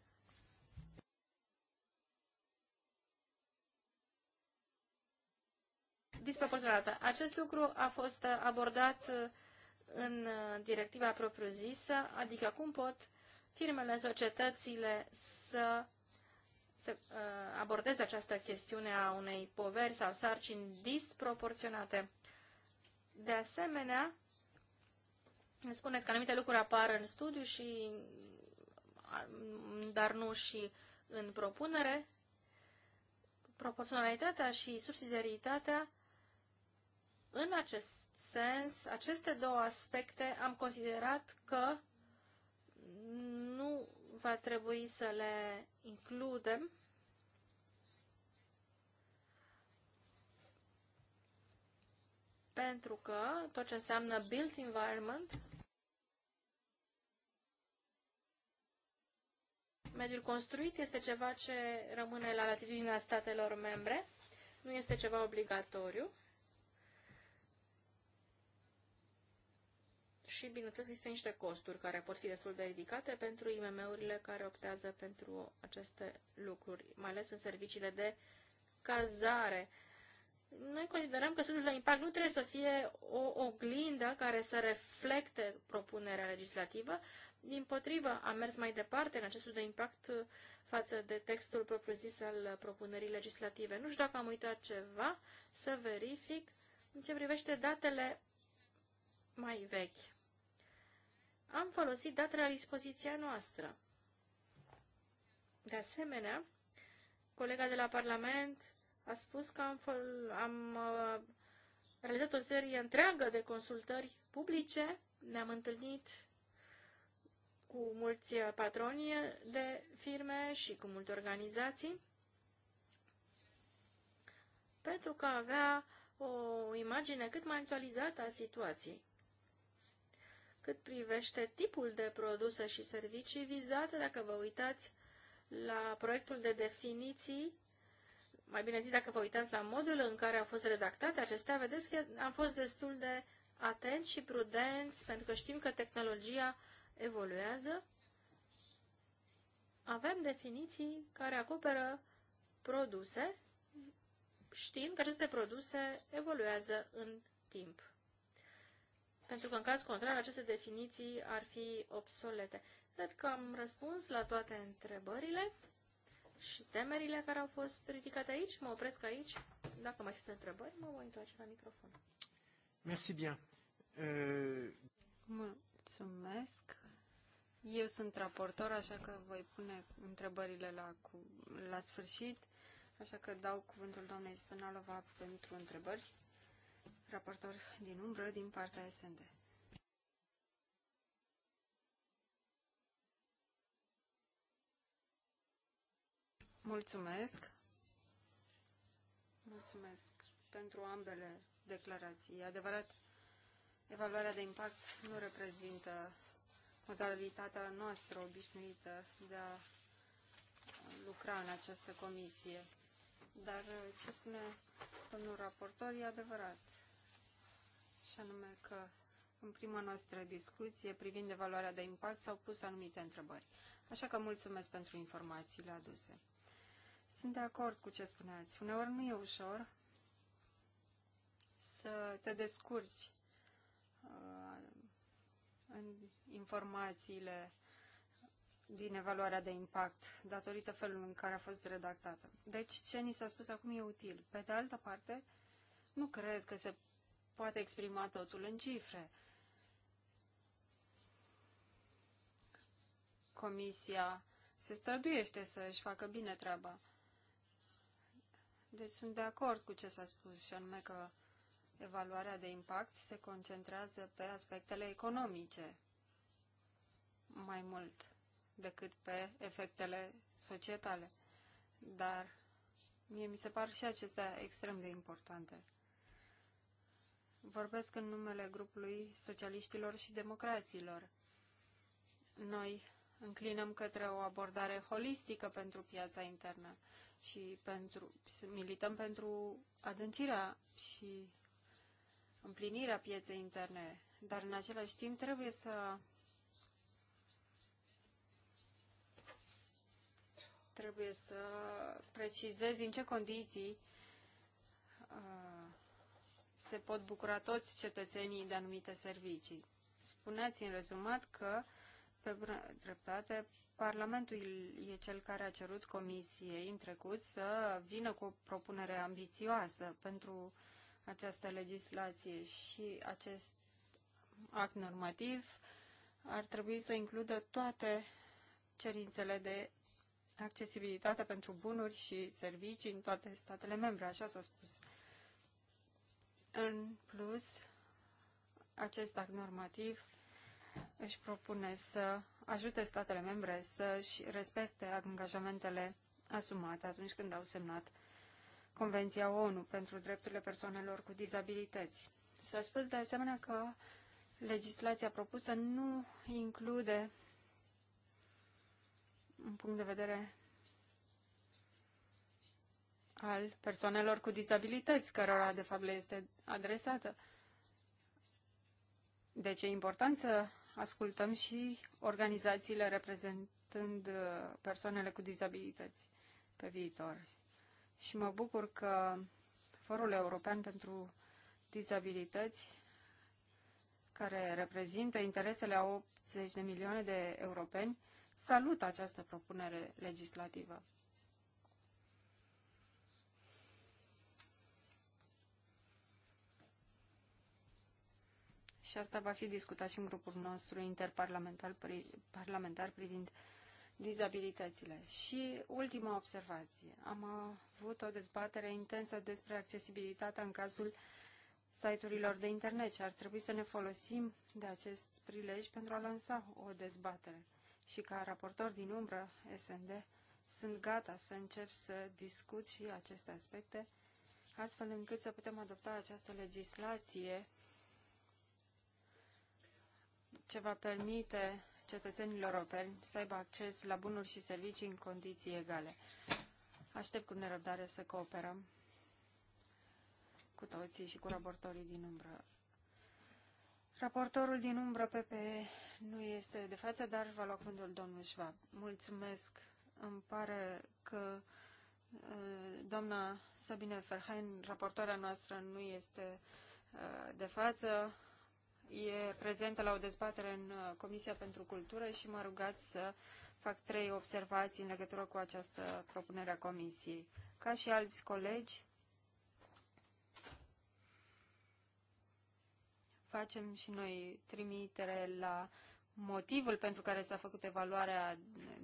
disproporționată. Acest lucru a fost uh, abordat uh, în uh, directiva propriu-zisă, adică cum pot firmele, societățile să, să abordeze această chestiune a unei poveri sau sarcini disproporționate. De asemenea, spuneți că anumite lucruri apar în studiu și dar nu și în propunere. Proporționalitatea și subsidiaritatea în acest sens, aceste două aspecte am considerat că nu va trebui să le includem pentru că tot ce înseamnă built environment, mediul construit este ceva ce rămâne la latitudinea statelor membre, nu este ceva obligatoriu. și, bineînțeles, există niște costuri care pot fi destul de ridicate pentru IMM-urile care optează pentru aceste lucruri, mai ales în serviciile de cazare. Noi considerăm că studiul de impact nu trebuie să fie o oglindă care să reflecte propunerea legislativă, din potrivă, am mers mai departe în acest studiu de impact față de textul propriu-zis al propunerii legislative. Nu știu dacă am uitat ceva, să verific în ce privește datele mai vechi am folosit datele la dispoziția noastră. De asemenea, colega de la Parlament a spus că am, am uh, realizat o serie întreagă de consultări publice, ne-am întâlnit cu mulți patroni de firme și cu multe organizații, pentru că avea o imagine cât mai actualizată a situației cât privește tipul de produse și servicii vizate, dacă vă uitați la proiectul de definiții, mai bine zis, dacă vă uitați la modul în care au fost redactate acestea, vedeți că am fost destul de atenți și prudenți, pentru că știm că tehnologia evoluează. Avem definiții care acoperă produse, știind că aceste produse evoluează în timp pentru că în caz contrar aceste definiții ar fi obsolete. Cred că am răspuns la toate întrebările și temerile care au fost ridicate aici. Mă opresc aici. Dacă mai sunt întrebări, mă voi întoarce la microfon. Merci bien. Uh... Mulțumesc. Eu sunt raportor, așa că voi pune întrebările la, la sfârșit. Așa că dau cuvântul doamnei Sănalova pentru întrebări raportor din umbră din partea SND. Mulțumesc! Mulțumesc pentru ambele declarații. E adevărat, evaluarea de impact nu reprezintă modalitatea noastră obișnuită de a lucra în această comisie. Dar ce spune domnul raportor e adevărat și anume că în prima noastră discuție privind evaluarea de impact s-au pus anumite întrebări. Așa că mulțumesc pentru informațiile aduse. Sunt de acord cu ce spuneați. Uneori nu e ușor să te descurci uh, în informațiile din evaluarea de impact, datorită felului în care a fost redactată. Deci, ce ni s-a spus acum e util. Pe de altă parte, nu cred că se poate exprima totul în cifre. Comisia se străduiește să își facă bine treaba. Deci sunt de acord cu ce s-a spus și anume că evaluarea de impact se concentrează pe aspectele economice mai mult decât pe efectele societale. Dar mie mi se par și acestea extrem de importante. Vorbesc în numele grupului socialiștilor și democraților. Noi înclinăm către o abordare holistică pentru piața internă și pentru, milităm pentru adâncirea și împlinirea pieței interne, dar în același timp trebuie să trebuie să precizezi în ce condiții uh, se pot bucura toți cetățenii de anumite servicii. Spuneați în rezumat că, pe dreptate, Parlamentul e cel care a cerut Comisiei în trecut să vină cu o propunere ambițioasă pentru această legislație și acest act normativ ar trebui să includă toate cerințele de accesibilitate pentru bunuri și servicii în toate statele membre, așa s-a spus. În plus, acest act normativ își propune să ajute statele membre să-și respecte angajamentele asumate atunci când au semnat Convenția ONU pentru drepturile persoanelor cu dizabilități. S-a spus de asemenea că legislația propusă nu include în punct de vedere al persoanelor cu dizabilități, cărora de fapt le este adresată. Deci e important să ascultăm și organizațiile reprezentând uh, persoanele cu dizabilități pe viitor. Și mă bucur că Forul European pentru Dizabilități, care reprezintă interesele a 80 de milioane de europeni, salută această propunere legislativă. și asta va fi discutat și în grupul nostru interparlamentar pri, parlamentar privind dizabilitățile. Și ultima observație. Am avut o dezbatere intensă despre accesibilitatea în cazul site-urilor de internet și ar trebui să ne folosim de acest prilej pentru a lansa o dezbatere. Și ca raportor din umbră SND sunt gata să încep să discut și aceste aspecte, astfel încât să putem adopta această legislație ce va permite cetățenilor europeni să aibă acces la bunuri și servicii în condiții egale. Aștept cu nerăbdare să cooperăm cu toții și cu raportorii din umbră. Raportorul din umbră PPE nu este de față, dar va lua cuvântul domnul Schwab. Mulțumesc. Îmi pare că uh, doamna Sabine Ferhain, raportoarea noastră, nu este uh, de față e prezentă la o dezbatere în uh, Comisia pentru Cultură și m-a rugat să fac trei observații în legătură cu această propunere a Comisiei. Ca și alți colegi, facem și noi trimitere la motivul pentru care s-a făcut evaluarea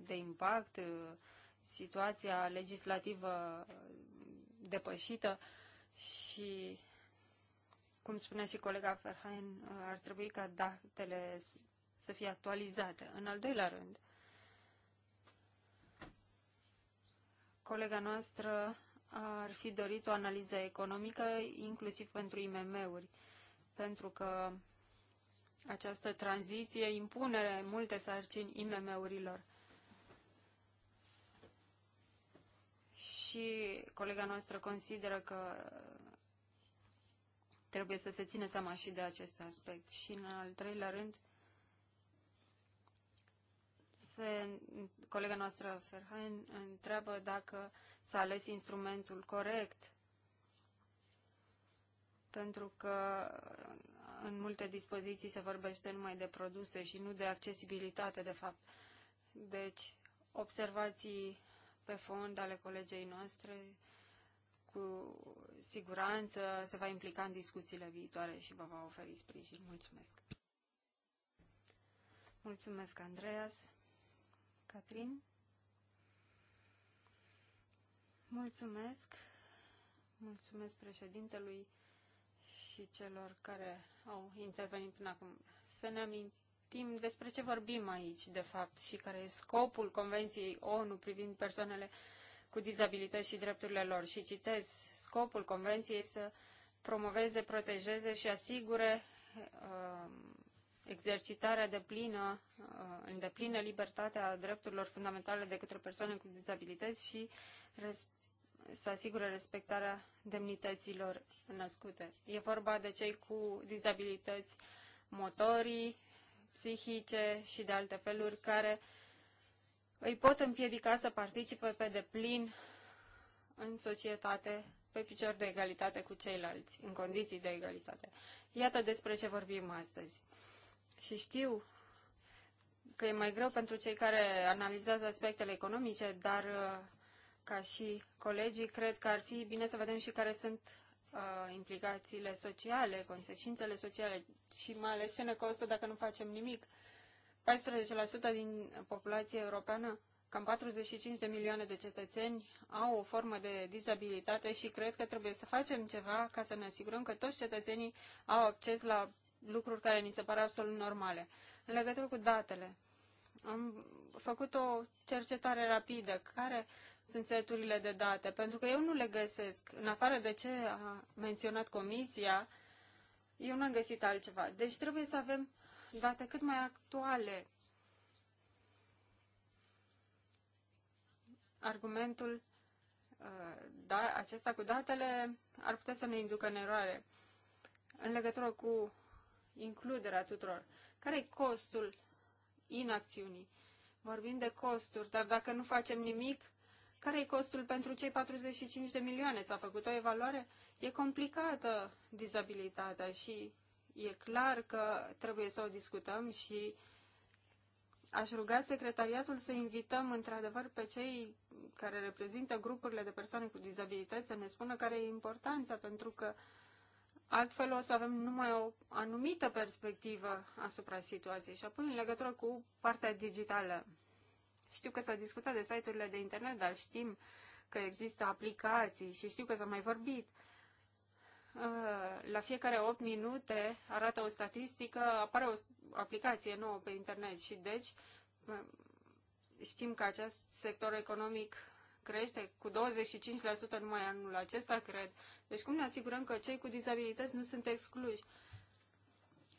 de impact, uh, situația legislativă depășită și cum spunea și colega Ferhain, uh, ar trebui ca datele să fie actualizate. În al doilea rând, colega noastră ar fi dorit o analiză economică, inclusiv pentru IMM-uri, pentru că această tranziție impune multe sarcini IMM-urilor. Și colega noastră consideră că trebuie să se țină seama și de acest aspect. Și în al treilea rând, se, colega noastră Ferhain întreabă dacă s-a ales instrumentul corect, pentru că în multe dispoziții se vorbește numai de produse și nu de accesibilitate, de fapt. Deci, observații pe fond ale colegei noastre cu siguranță se va implica în discuțiile viitoare și vă va oferi sprijin. Mulțumesc! Mulțumesc, Andreas. Catrin? Mulțumesc. Mulțumesc președintelui și celor care au intervenit până acum. Să ne amintim despre ce vorbim aici, de fapt, și care e scopul Convenției ONU privind persoanele uh, cu dizabilități și drepturile lor. Și citez, scopul convenției să promoveze, protejeze și asigure um, uh, exercitarea de plină, în deplină libertate a drepturilor fundamentale de către persoane cu dizabilități și să asigure respectarea demnităților născute. E vorba de cei cu dizabilități motorii, psihice și de alte feluri care uh, îi pot împiedica să participe pe deplin în societate pe picior de egalitate cu ceilalți, în condiții de egalitate. Iată despre ce vorbim astăzi. Și știu că e mai greu pentru cei care analizează aspectele economice, dar uh, ca și colegii, cred că ar fi bine să vedem și care sunt uh, implicațiile sociale, consecințele sociale și mai ales ce ne costă dacă nu facem nimic. Uh, 14% din populația europeană, cam 45 de milioane de cetățeni, au o formă de dizabilitate și cred că trebuie să facem ceva ca să ne asigurăm că toți cetățenii au acces la lucruri care ni se par absolut normale. În legătură cu datele, am făcut o cercetare rapidă. Care sunt seturile de date? Pentru că eu nu le găsesc. În afară de ce a menționat comisia, eu n-am găsit altceva. Deci trebuie să avem date cât mai actuale. Argumentul uh, da, acesta cu datele ar putea să ne inducă în eroare în legătură cu includerea tuturor. Care e costul inacțiunii? Vorbim de costuri, dar dacă nu facem nimic, care e costul pentru cei 45 de milioane? S-a făcut o evaluare? E complicată dizabilitatea și E clar că trebuie să o discutăm și aș ruga secretariatul să invităm într-adevăr pe cei care reprezintă grupurile de persoane cu dizabilități să ne spună care e importanța, pentru că altfel o să avem numai o anumită perspectivă asupra situației. Și apoi în legătură cu partea digitală. Știu că s-a discutat de site-urile de internet, dar știm că există aplicații și știu că s-a mai vorbit Eh, la fiecare 8 minute arată o statistică, apare o aplicație nouă pe internet și deci eh, știm că acest sector economic crește cu 25% numai anul acesta, cred. Deci cum ne asigurăm că cei cu dizabilități nu sunt excluși?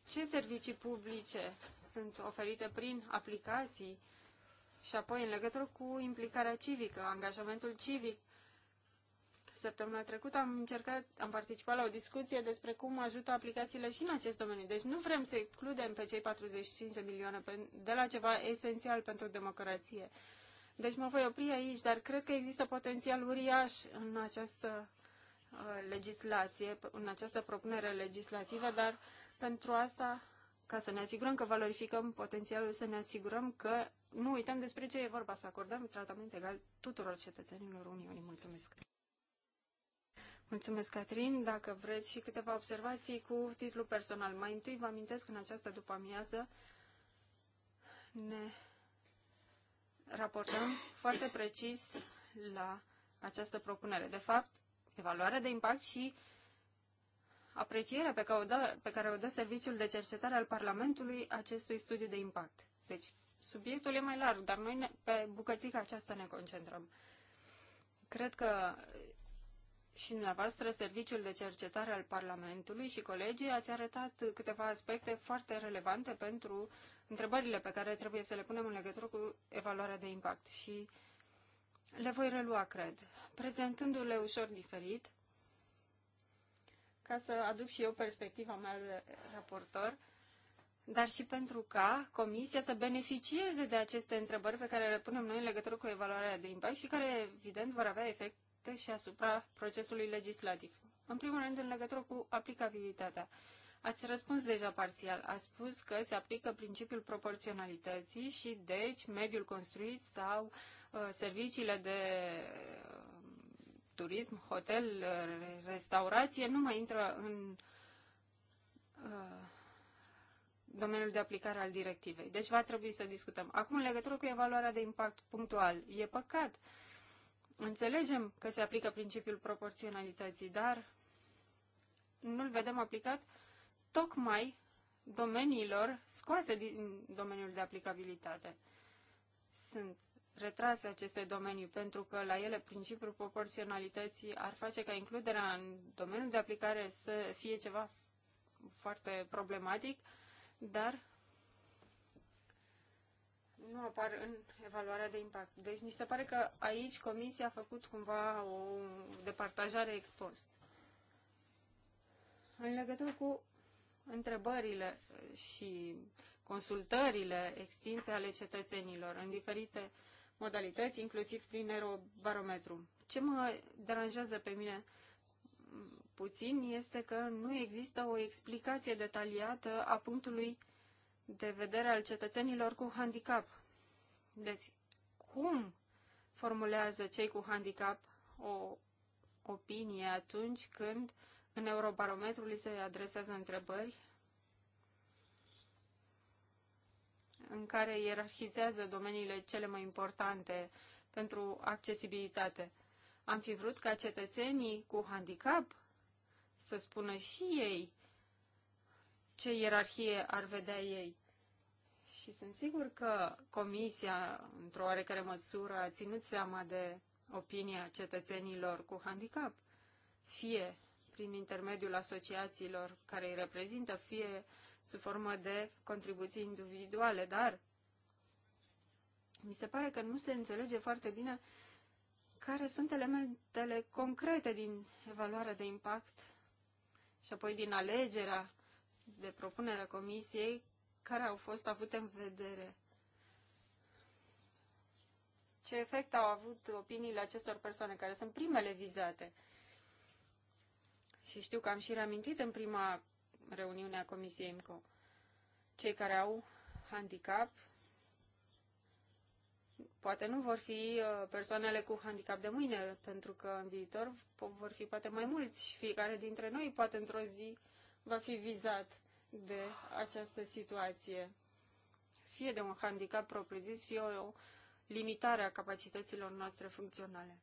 Ce servicii publice sunt oferite prin aplicații? Și apoi, în legătură cu implicarea civică, angajamentul civic, Săptămâna trecută am încercat, am participat la o discuție despre cum ajută aplicațiile și în acest domeniu. Deci nu vrem să excludem pe cei 45 de milioane de la ceva esențial pentru democrație. Deci mă voi opri aici, dar cred că există potențial uriaș în această uh, legislație, în această propunere legislativă, dar pentru asta, ca să ne asigurăm că valorificăm potențialul, să ne asigurăm că nu uităm despre ce e vorba, să acordăm tratament egal tuturor cetățenilor Uniunii. Mulțumesc! Mulțumesc, Catrin. Dacă vreți și câteva observații cu titlu personal. Mai întâi vă amintesc în această după-amiază ne raportăm foarte precis la această propunere. De fapt, evaluarea de impact și aprecierea pe care, o dă, pe care o dă Serviciul de Cercetare al Parlamentului acestui studiu de impact. Deci, subiectul e mai larg, dar noi ne, pe bucățica aceasta ne concentrăm. Cred că și dumneavoastră, Serviciul de Cercetare al Parlamentului și colegii ați arătat câteva aspecte foarte relevante pentru întrebările pe care trebuie să le punem în legătură cu evaluarea de impact și le voi relua, cred, prezentându-le ușor diferit, ca să aduc și eu perspectiva mea de raportor, dar și pentru ca Comisia să beneficieze de aceste întrebări pe care le punem noi în legătură cu evaluarea de impact și care, evident, vor avea efect impacte și asupra procesului legislativ. În primul rând, în legătură cu aplicabilitatea. Ați răspuns deja parțial. A spus că se aplică principiul proporționalității și, deci, mediul construit sau uh, serviciile de uh, turism, hotel, uh, restaurație nu mai intră în uh, domeniul de aplicare al directivei. Deci va trebui să discutăm. Acum, în legătură cu evaluarea de impact punctual, e păcat uh, Înțelegem că se aplică principiul proporționalității, dar nu-l vedem aplicat tocmai domeniilor scoase din domeniul de aplicabilitate. Sunt retrase aceste domenii pentru că la ele principiul proporționalității ar face ca includerea în domeniul de aplicare să fie ceva foarte problematic, dar nu apar în evaluarea de impact. Deci ni se pare că aici Comisia a făcut cumva o departajare ex post. În legătură cu întrebările și consultările extinse ale cetățenilor în diferite modalități, inclusiv prin aerobarometru. Ce mă deranjează pe mine puțin este că nu există o explicație detaliată a punctului de vedere al cetățenilor cu handicap deci, cum formulează cei cu handicap o opinie atunci când în Eurobarometru li se adresează întrebări în care ierarhizează domeniile cele mai importante pentru accesibilitate. Am fi vrut ca cetățenii cu handicap să spună și ei ce ierarhie ar vedea ei. Și sunt sigur că Comisia, într-o oarecare măsură, a ținut seama de opinia cetățenilor cu handicap, fie prin intermediul asociațiilor care îi reprezintă, fie sub formă de contribuții individuale, dar mi se pare că nu se înțelege foarte bine care sunt elementele concrete din evaluarea de impact și apoi din alegerea de propunerea comisiei care au fost avute în vedere. Ce efect au avut opiniile acestor persoane care sunt primele vizate? Și știu că am și reamintit în prima reuniune a Comisiei IMCO. Cei care au handicap poate nu vor fi uh, persoanele cu handicap de mâine, pentru că în viitor vor fi poate mai mulți și fiecare dintre noi poate într-o zi va fi vizat de această situație, fie de un handicap propriu-zis, fie o limitare a capacităților noastre funcționale.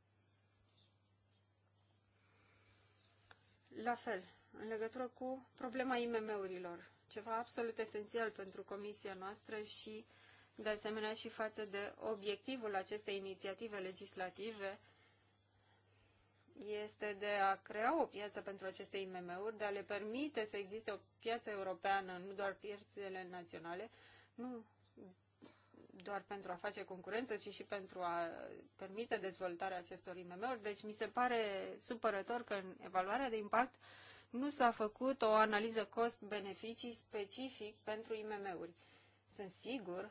La fel, în legătură cu problema IMM-urilor, ceva absolut esențial pentru comisia noastră și, de asemenea, și față de obiectivul acestei inițiative legislative, este de a crea o piață pentru aceste IMM-uri, de a le permite să existe o piață europeană, nu doar piețele naționale, nu doar pentru a face concurență, ci și pentru a permite dezvoltarea acestor IMM-uri. Deci mi se pare supărător că în evaluarea de impact nu s-a făcut o analiză cost-beneficii specific pentru IMM-uri. Sunt sigur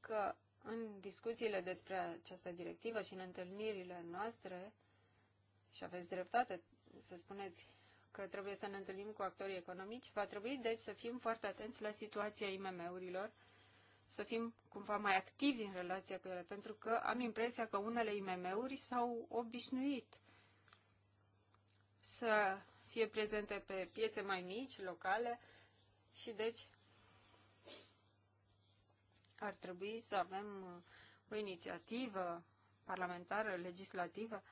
că în discuțiile despre această directivă și în întâlnirile noastre, și aveți dreptate să spuneți că trebuie să ne întâlnim cu actorii economici, va trebui deci să fim foarte atenți la situația IMM-urilor, să fim cumva mai activi în relația cu ele, pentru că am impresia că unele IMM-uri s-au obișnuit să fie prezente pe piețe mai mici, locale, și deci ar trebui să avem uh, o inițiativă parlamentară, legislativă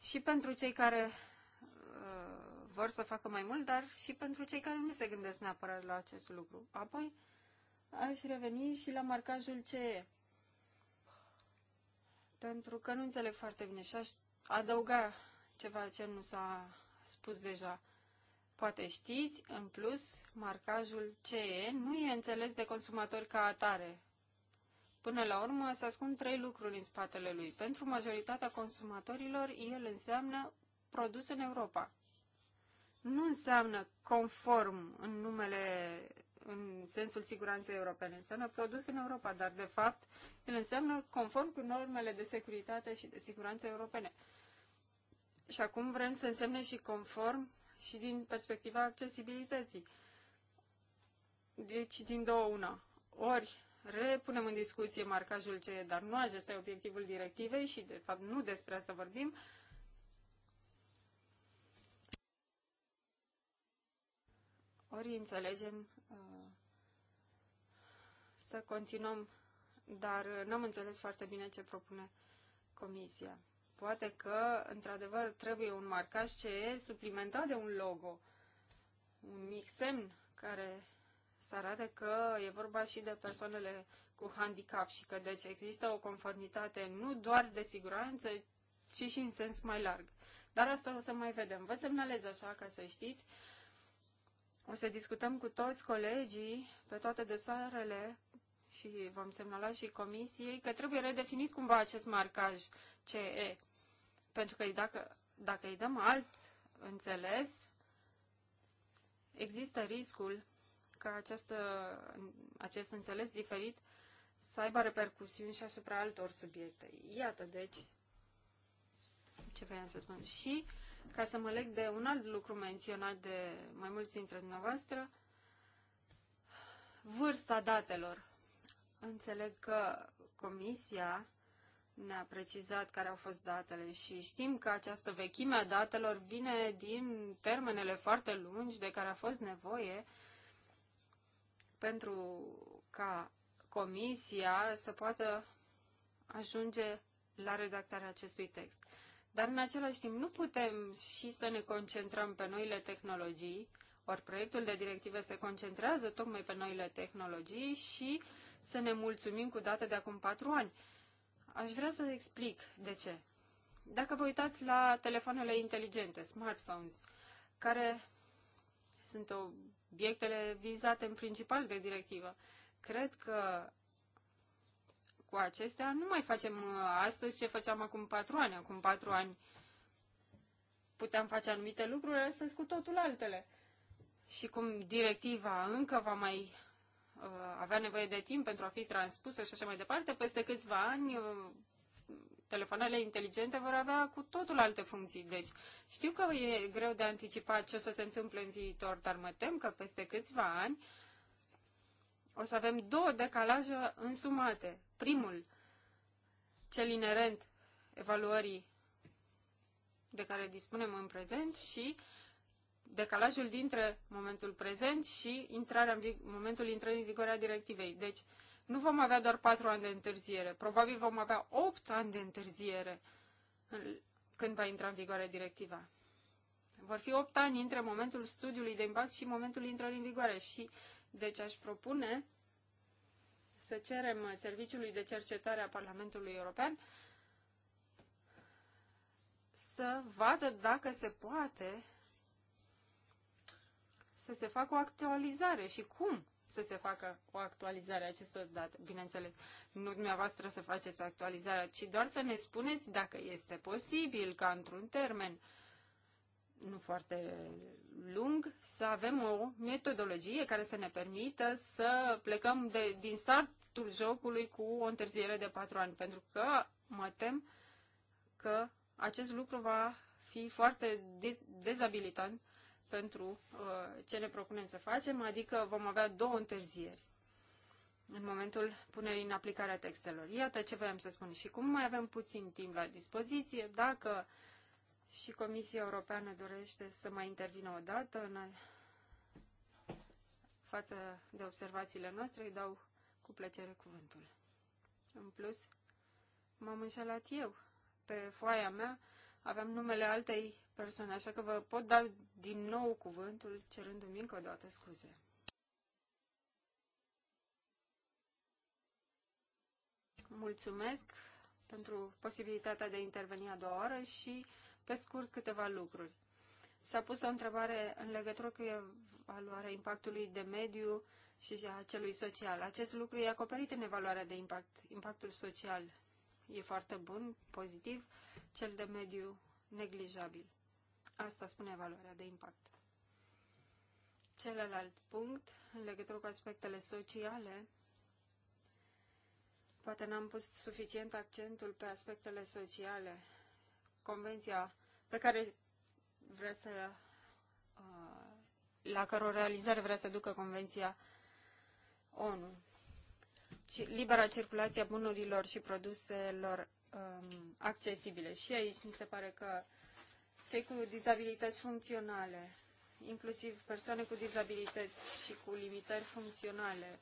și pentru cei care uh, vor să facă mai mult, dar și pentru cei care nu se gândesc neapărat la acest lucru. Apoi aș reveni și la marcajul CE, pentru că nu înțeleg foarte bine și aș adăuga ceva ce nu s-a spus deja. Poate știți, în plus, marcajul CE nu e înțeles de consumatori ca atare. Până la urmă, se ascund trei lucruri în spatele lui. Pentru majoritatea consumatorilor, el înseamnă produs în Europa. Nu înseamnă conform în numele, în sensul siguranței europene. Înseamnă produs în Europa, dar de fapt el înseamnă conform cu normele de securitate și de siguranță europene. Și acum vrem să însemne și conform și din perspectiva accesibilității. Deci, din două una. Ori repunem în discuție marcajul CE, dar nu acesta e obiectivul directivei și, de fapt, nu despre asta vorbim, ori înțelegem uh, să continuăm, dar uh, n-am înțeles foarte bine ce propune Comisia. Poate că, într-adevăr, trebuie un marcaj CE suplimentat de un logo, un mic semn care să arate că e vorba și de persoanele cu handicap și că deci există o conformitate nu doar de siguranță, ci și în sens mai larg. Dar asta o să mai vedem. Vă semnalez așa ca să știți. O să discutăm cu toți colegii pe toate dosarele și vom semnala și comisiei că trebuie redefinit cumva acest marcaj CE pentru că dacă, dacă îi dăm alt înțeles, există riscul ca această, acest înțeles diferit să aibă repercusiuni și asupra altor subiecte. Iată, deci, ce voiam să spun. Și, ca să mă leg de un alt lucru menționat de mai mulți dintre dumneavoastră, vârsta datelor. Înțeleg că Comisia ne-a precizat care au fost datele și știm că această vechime a datelor vine din termenele foarte lungi de care a fost nevoie pentru ca comisia să poată ajunge la redactarea acestui text. Dar în același timp nu putem și să ne concentrăm pe noile tehnologii, ori proiectul de directivă se concentrează tocmai pe noile tehnologii și să ne mulțumim cu date de acum patru ani. Aș vrea să explic de ce. Dacă vă uitați la telefoanele inteligente, smartphones, care sunt obiectele vizate în principal de directivă, cred că cu acestea nu mai facem uh, astăzi ce făceam acum patru ani. Acum patru ani puteam face anumite lucruri, astăzi cu totul altele. Și cum directiva încă va mai Uh, avea nevoie de timp pentru a fi transpusă și așa mai departe, peste câțiva ani uh, telefoanele inteligente vor avea cu totul alte funcții. Deci știu că e greu de anticipat ce o să se întâmple în viitor, dar mă tem că peste câțiva ani o să avem două decalaje însumate. Primul, cel inerent evaluării de care dispunem în prezent și uh, decalajul dintre momentul prezent și intrarea în vig- momentul intrării în vigoare a directivei. Deci nu vom avea doar 4 ani de întârziere, probabil vom avea 8 ani de întârziere când va intra în vigoare directiva. Vor fi 8 ani între momentul studiului de impact și momentul intrării în vigoare și deci aș propune să cerem Serviciului de Cercetare a Parlamentului European să vadă dacă se poate să se facă o actualizare și cum să se facă o actualizare a acestor date. Bineînțeles, nu dumneavoastră să faceți actualizarea, ci doar să ne spuneți dacă este posibil ca într-un termen nu foarte lung, să avem o metodologie care să ne permită să plecăm de, din startul jocului cu o întârziere de patru ani, pentru că mă tem că acest lucru va fi foarte dez- dezabilitant pentru uh, ce ne propunem să facem, adică vom avea două întârzieri în momentul punerii în aplicare a textelor. Iată ce voiam să spun. Și cum mai avem puțin timp la dispoziție, dacă și Comisia Europeană dorește să mai intervină o dată în față de observațiile noastre, îi dau cu plăcere cuvântul. În plus, m-am înșelat eu. Pe foaia mea aveam numele altei persoane, așa că vă pot da din nou cuvântul, cerându-mi încă o dată scuze. Mulțumesc pentru posibilitatea de a interveni a doua oră și, pe scurt, câteva lucruri. S-a pus o întrebare în legătură cu evaluarea impactului de mediu și a celui social. Acest lucru e acoperit în evaluarea de impact. Impactul social e foarte bun, pozitiv, cel de mediu neglijabil. Asta spune evaluarea de impact. Celălalt punct, în legătură cu aspectele sociale, poate n-am pus suficient accentul pe aspectele sociale. Convenția pe care vrea să uh, la căror realizare vrea să ducă Convenția ONU. Libera circulație a bunurilor și produselor um, accesibile. Și aici mi se pare că cei cu dizabilități funcționale, inclusiv persoane cu dizabilități și cu limitări funcționale.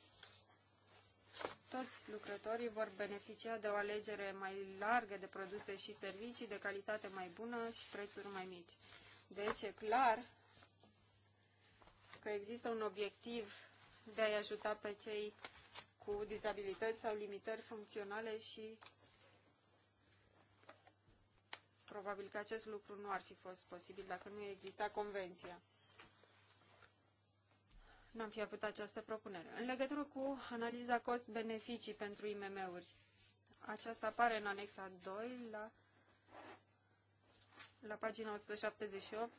Toți lucrătorii vor beneficia de o alegere mai largă de produse și servicii, de calitate mai bună și prețuri mai mici. Deci e clar că există un obiectiv de a-i ajuta pe cei cu dizabilități sau limitări funcționale și Probabil că acest lucru nu ar fi fost posibil dacă nu exista convenția. N-am fi avut această propunere. În legătură cu analiza cost-beneficii pentru IMM-uri, aceasta apare în anexa 2 la, la pagina 178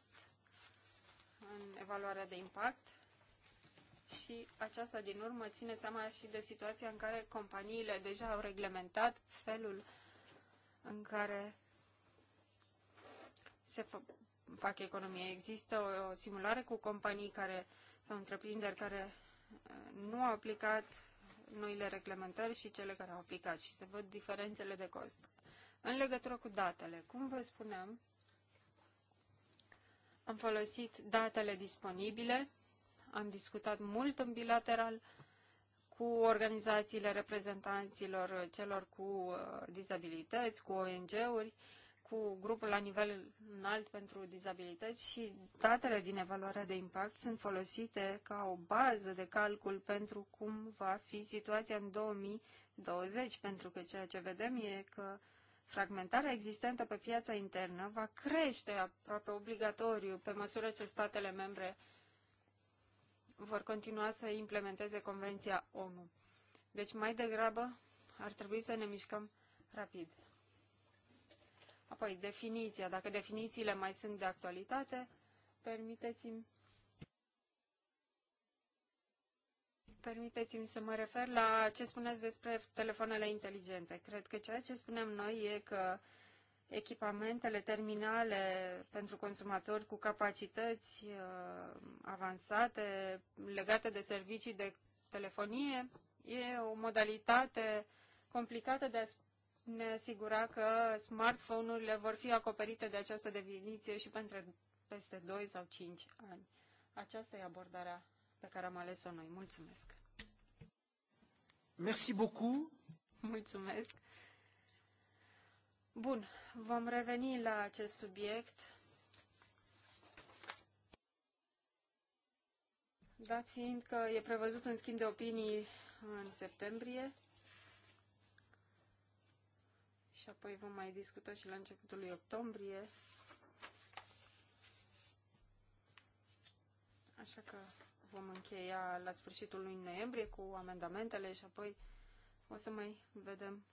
în evaluarea de impact și aceasta din urmă ține seama și de situația în care companiile deja au reglementat felul în care se fă, fac economie. Există o, o simulare cu companii care sau întreprinderi care uh, nu au aplicat noile reglementări și cele care au aplicat și se văd diferențele de cost. În legătură cu datele, cum vă spuneam, am folosit datele disponibile, am discutat mult în bilateral cu organizațiile reprezentanților celor cu uh, dizabilități, cu ONG-uri cu grupul la nivel înalt pentru dizabilități și datele din evaluarea de impact sunt folosite ca o bază de calcul pentru cum va fi situația în 2020, pentru că ceea ce vedem e că fragmentarea existentă pe piața internă va crește aproape obligatoriu pe măsură ce statele membre vor continua să implementeze Convenția ONU. Deci mai degrabă ar trebui să ne mișcăm rapid. Apoi, definiția. Dacă definițiile mai sunt de actualitate, permiteți-mi permiteți-mi să mă refer la ce spuneți despre telefoanele inteligente. Cred că ceea ce spuneam noi e că echipamentele terminale pentru consumatori cu capacități uh, avansate legate de servicii de telefonie e o modalitate complicată de a ne asigura că smartphone-urile vor fi acoperite de această definiție și pentru peste 2 sau 5 ani. Aceasta e abordarea pe care am ales-o noi. Mulțumesc! Merci beaucoup! Mulțumesc! Bun, vom reveni la acest subiect. Dat fiind că e prevăzut un schimb de opinii în septembrie, și apoi vom mai discuta și la începutul lui octombrie. Așa că vom încheia la sfârșitul lui noiembrie cu amendamentele și apoi o să mai vedem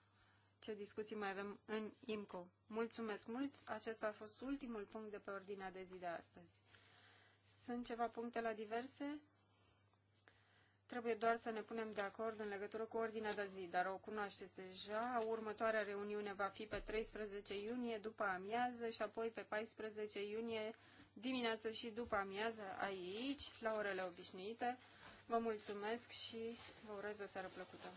ce discuții mai avem în IMCO. Mulțumesc mult! Acesta a fost ultimul punct de pe ordinea de zi de astăzi. Sunt ceva puncte la diverse. Trebuie doar să ne punem de acord în legătură cu ordinea de zi, dar o cunoașteți deja. Următoarea reuniune va fi pe 13 iunie după amiază și apoi pe 14 iunie dimineață și după amiază aici, la orele obișnuite. Vă mulțumesc și vă urez o seară plăcută!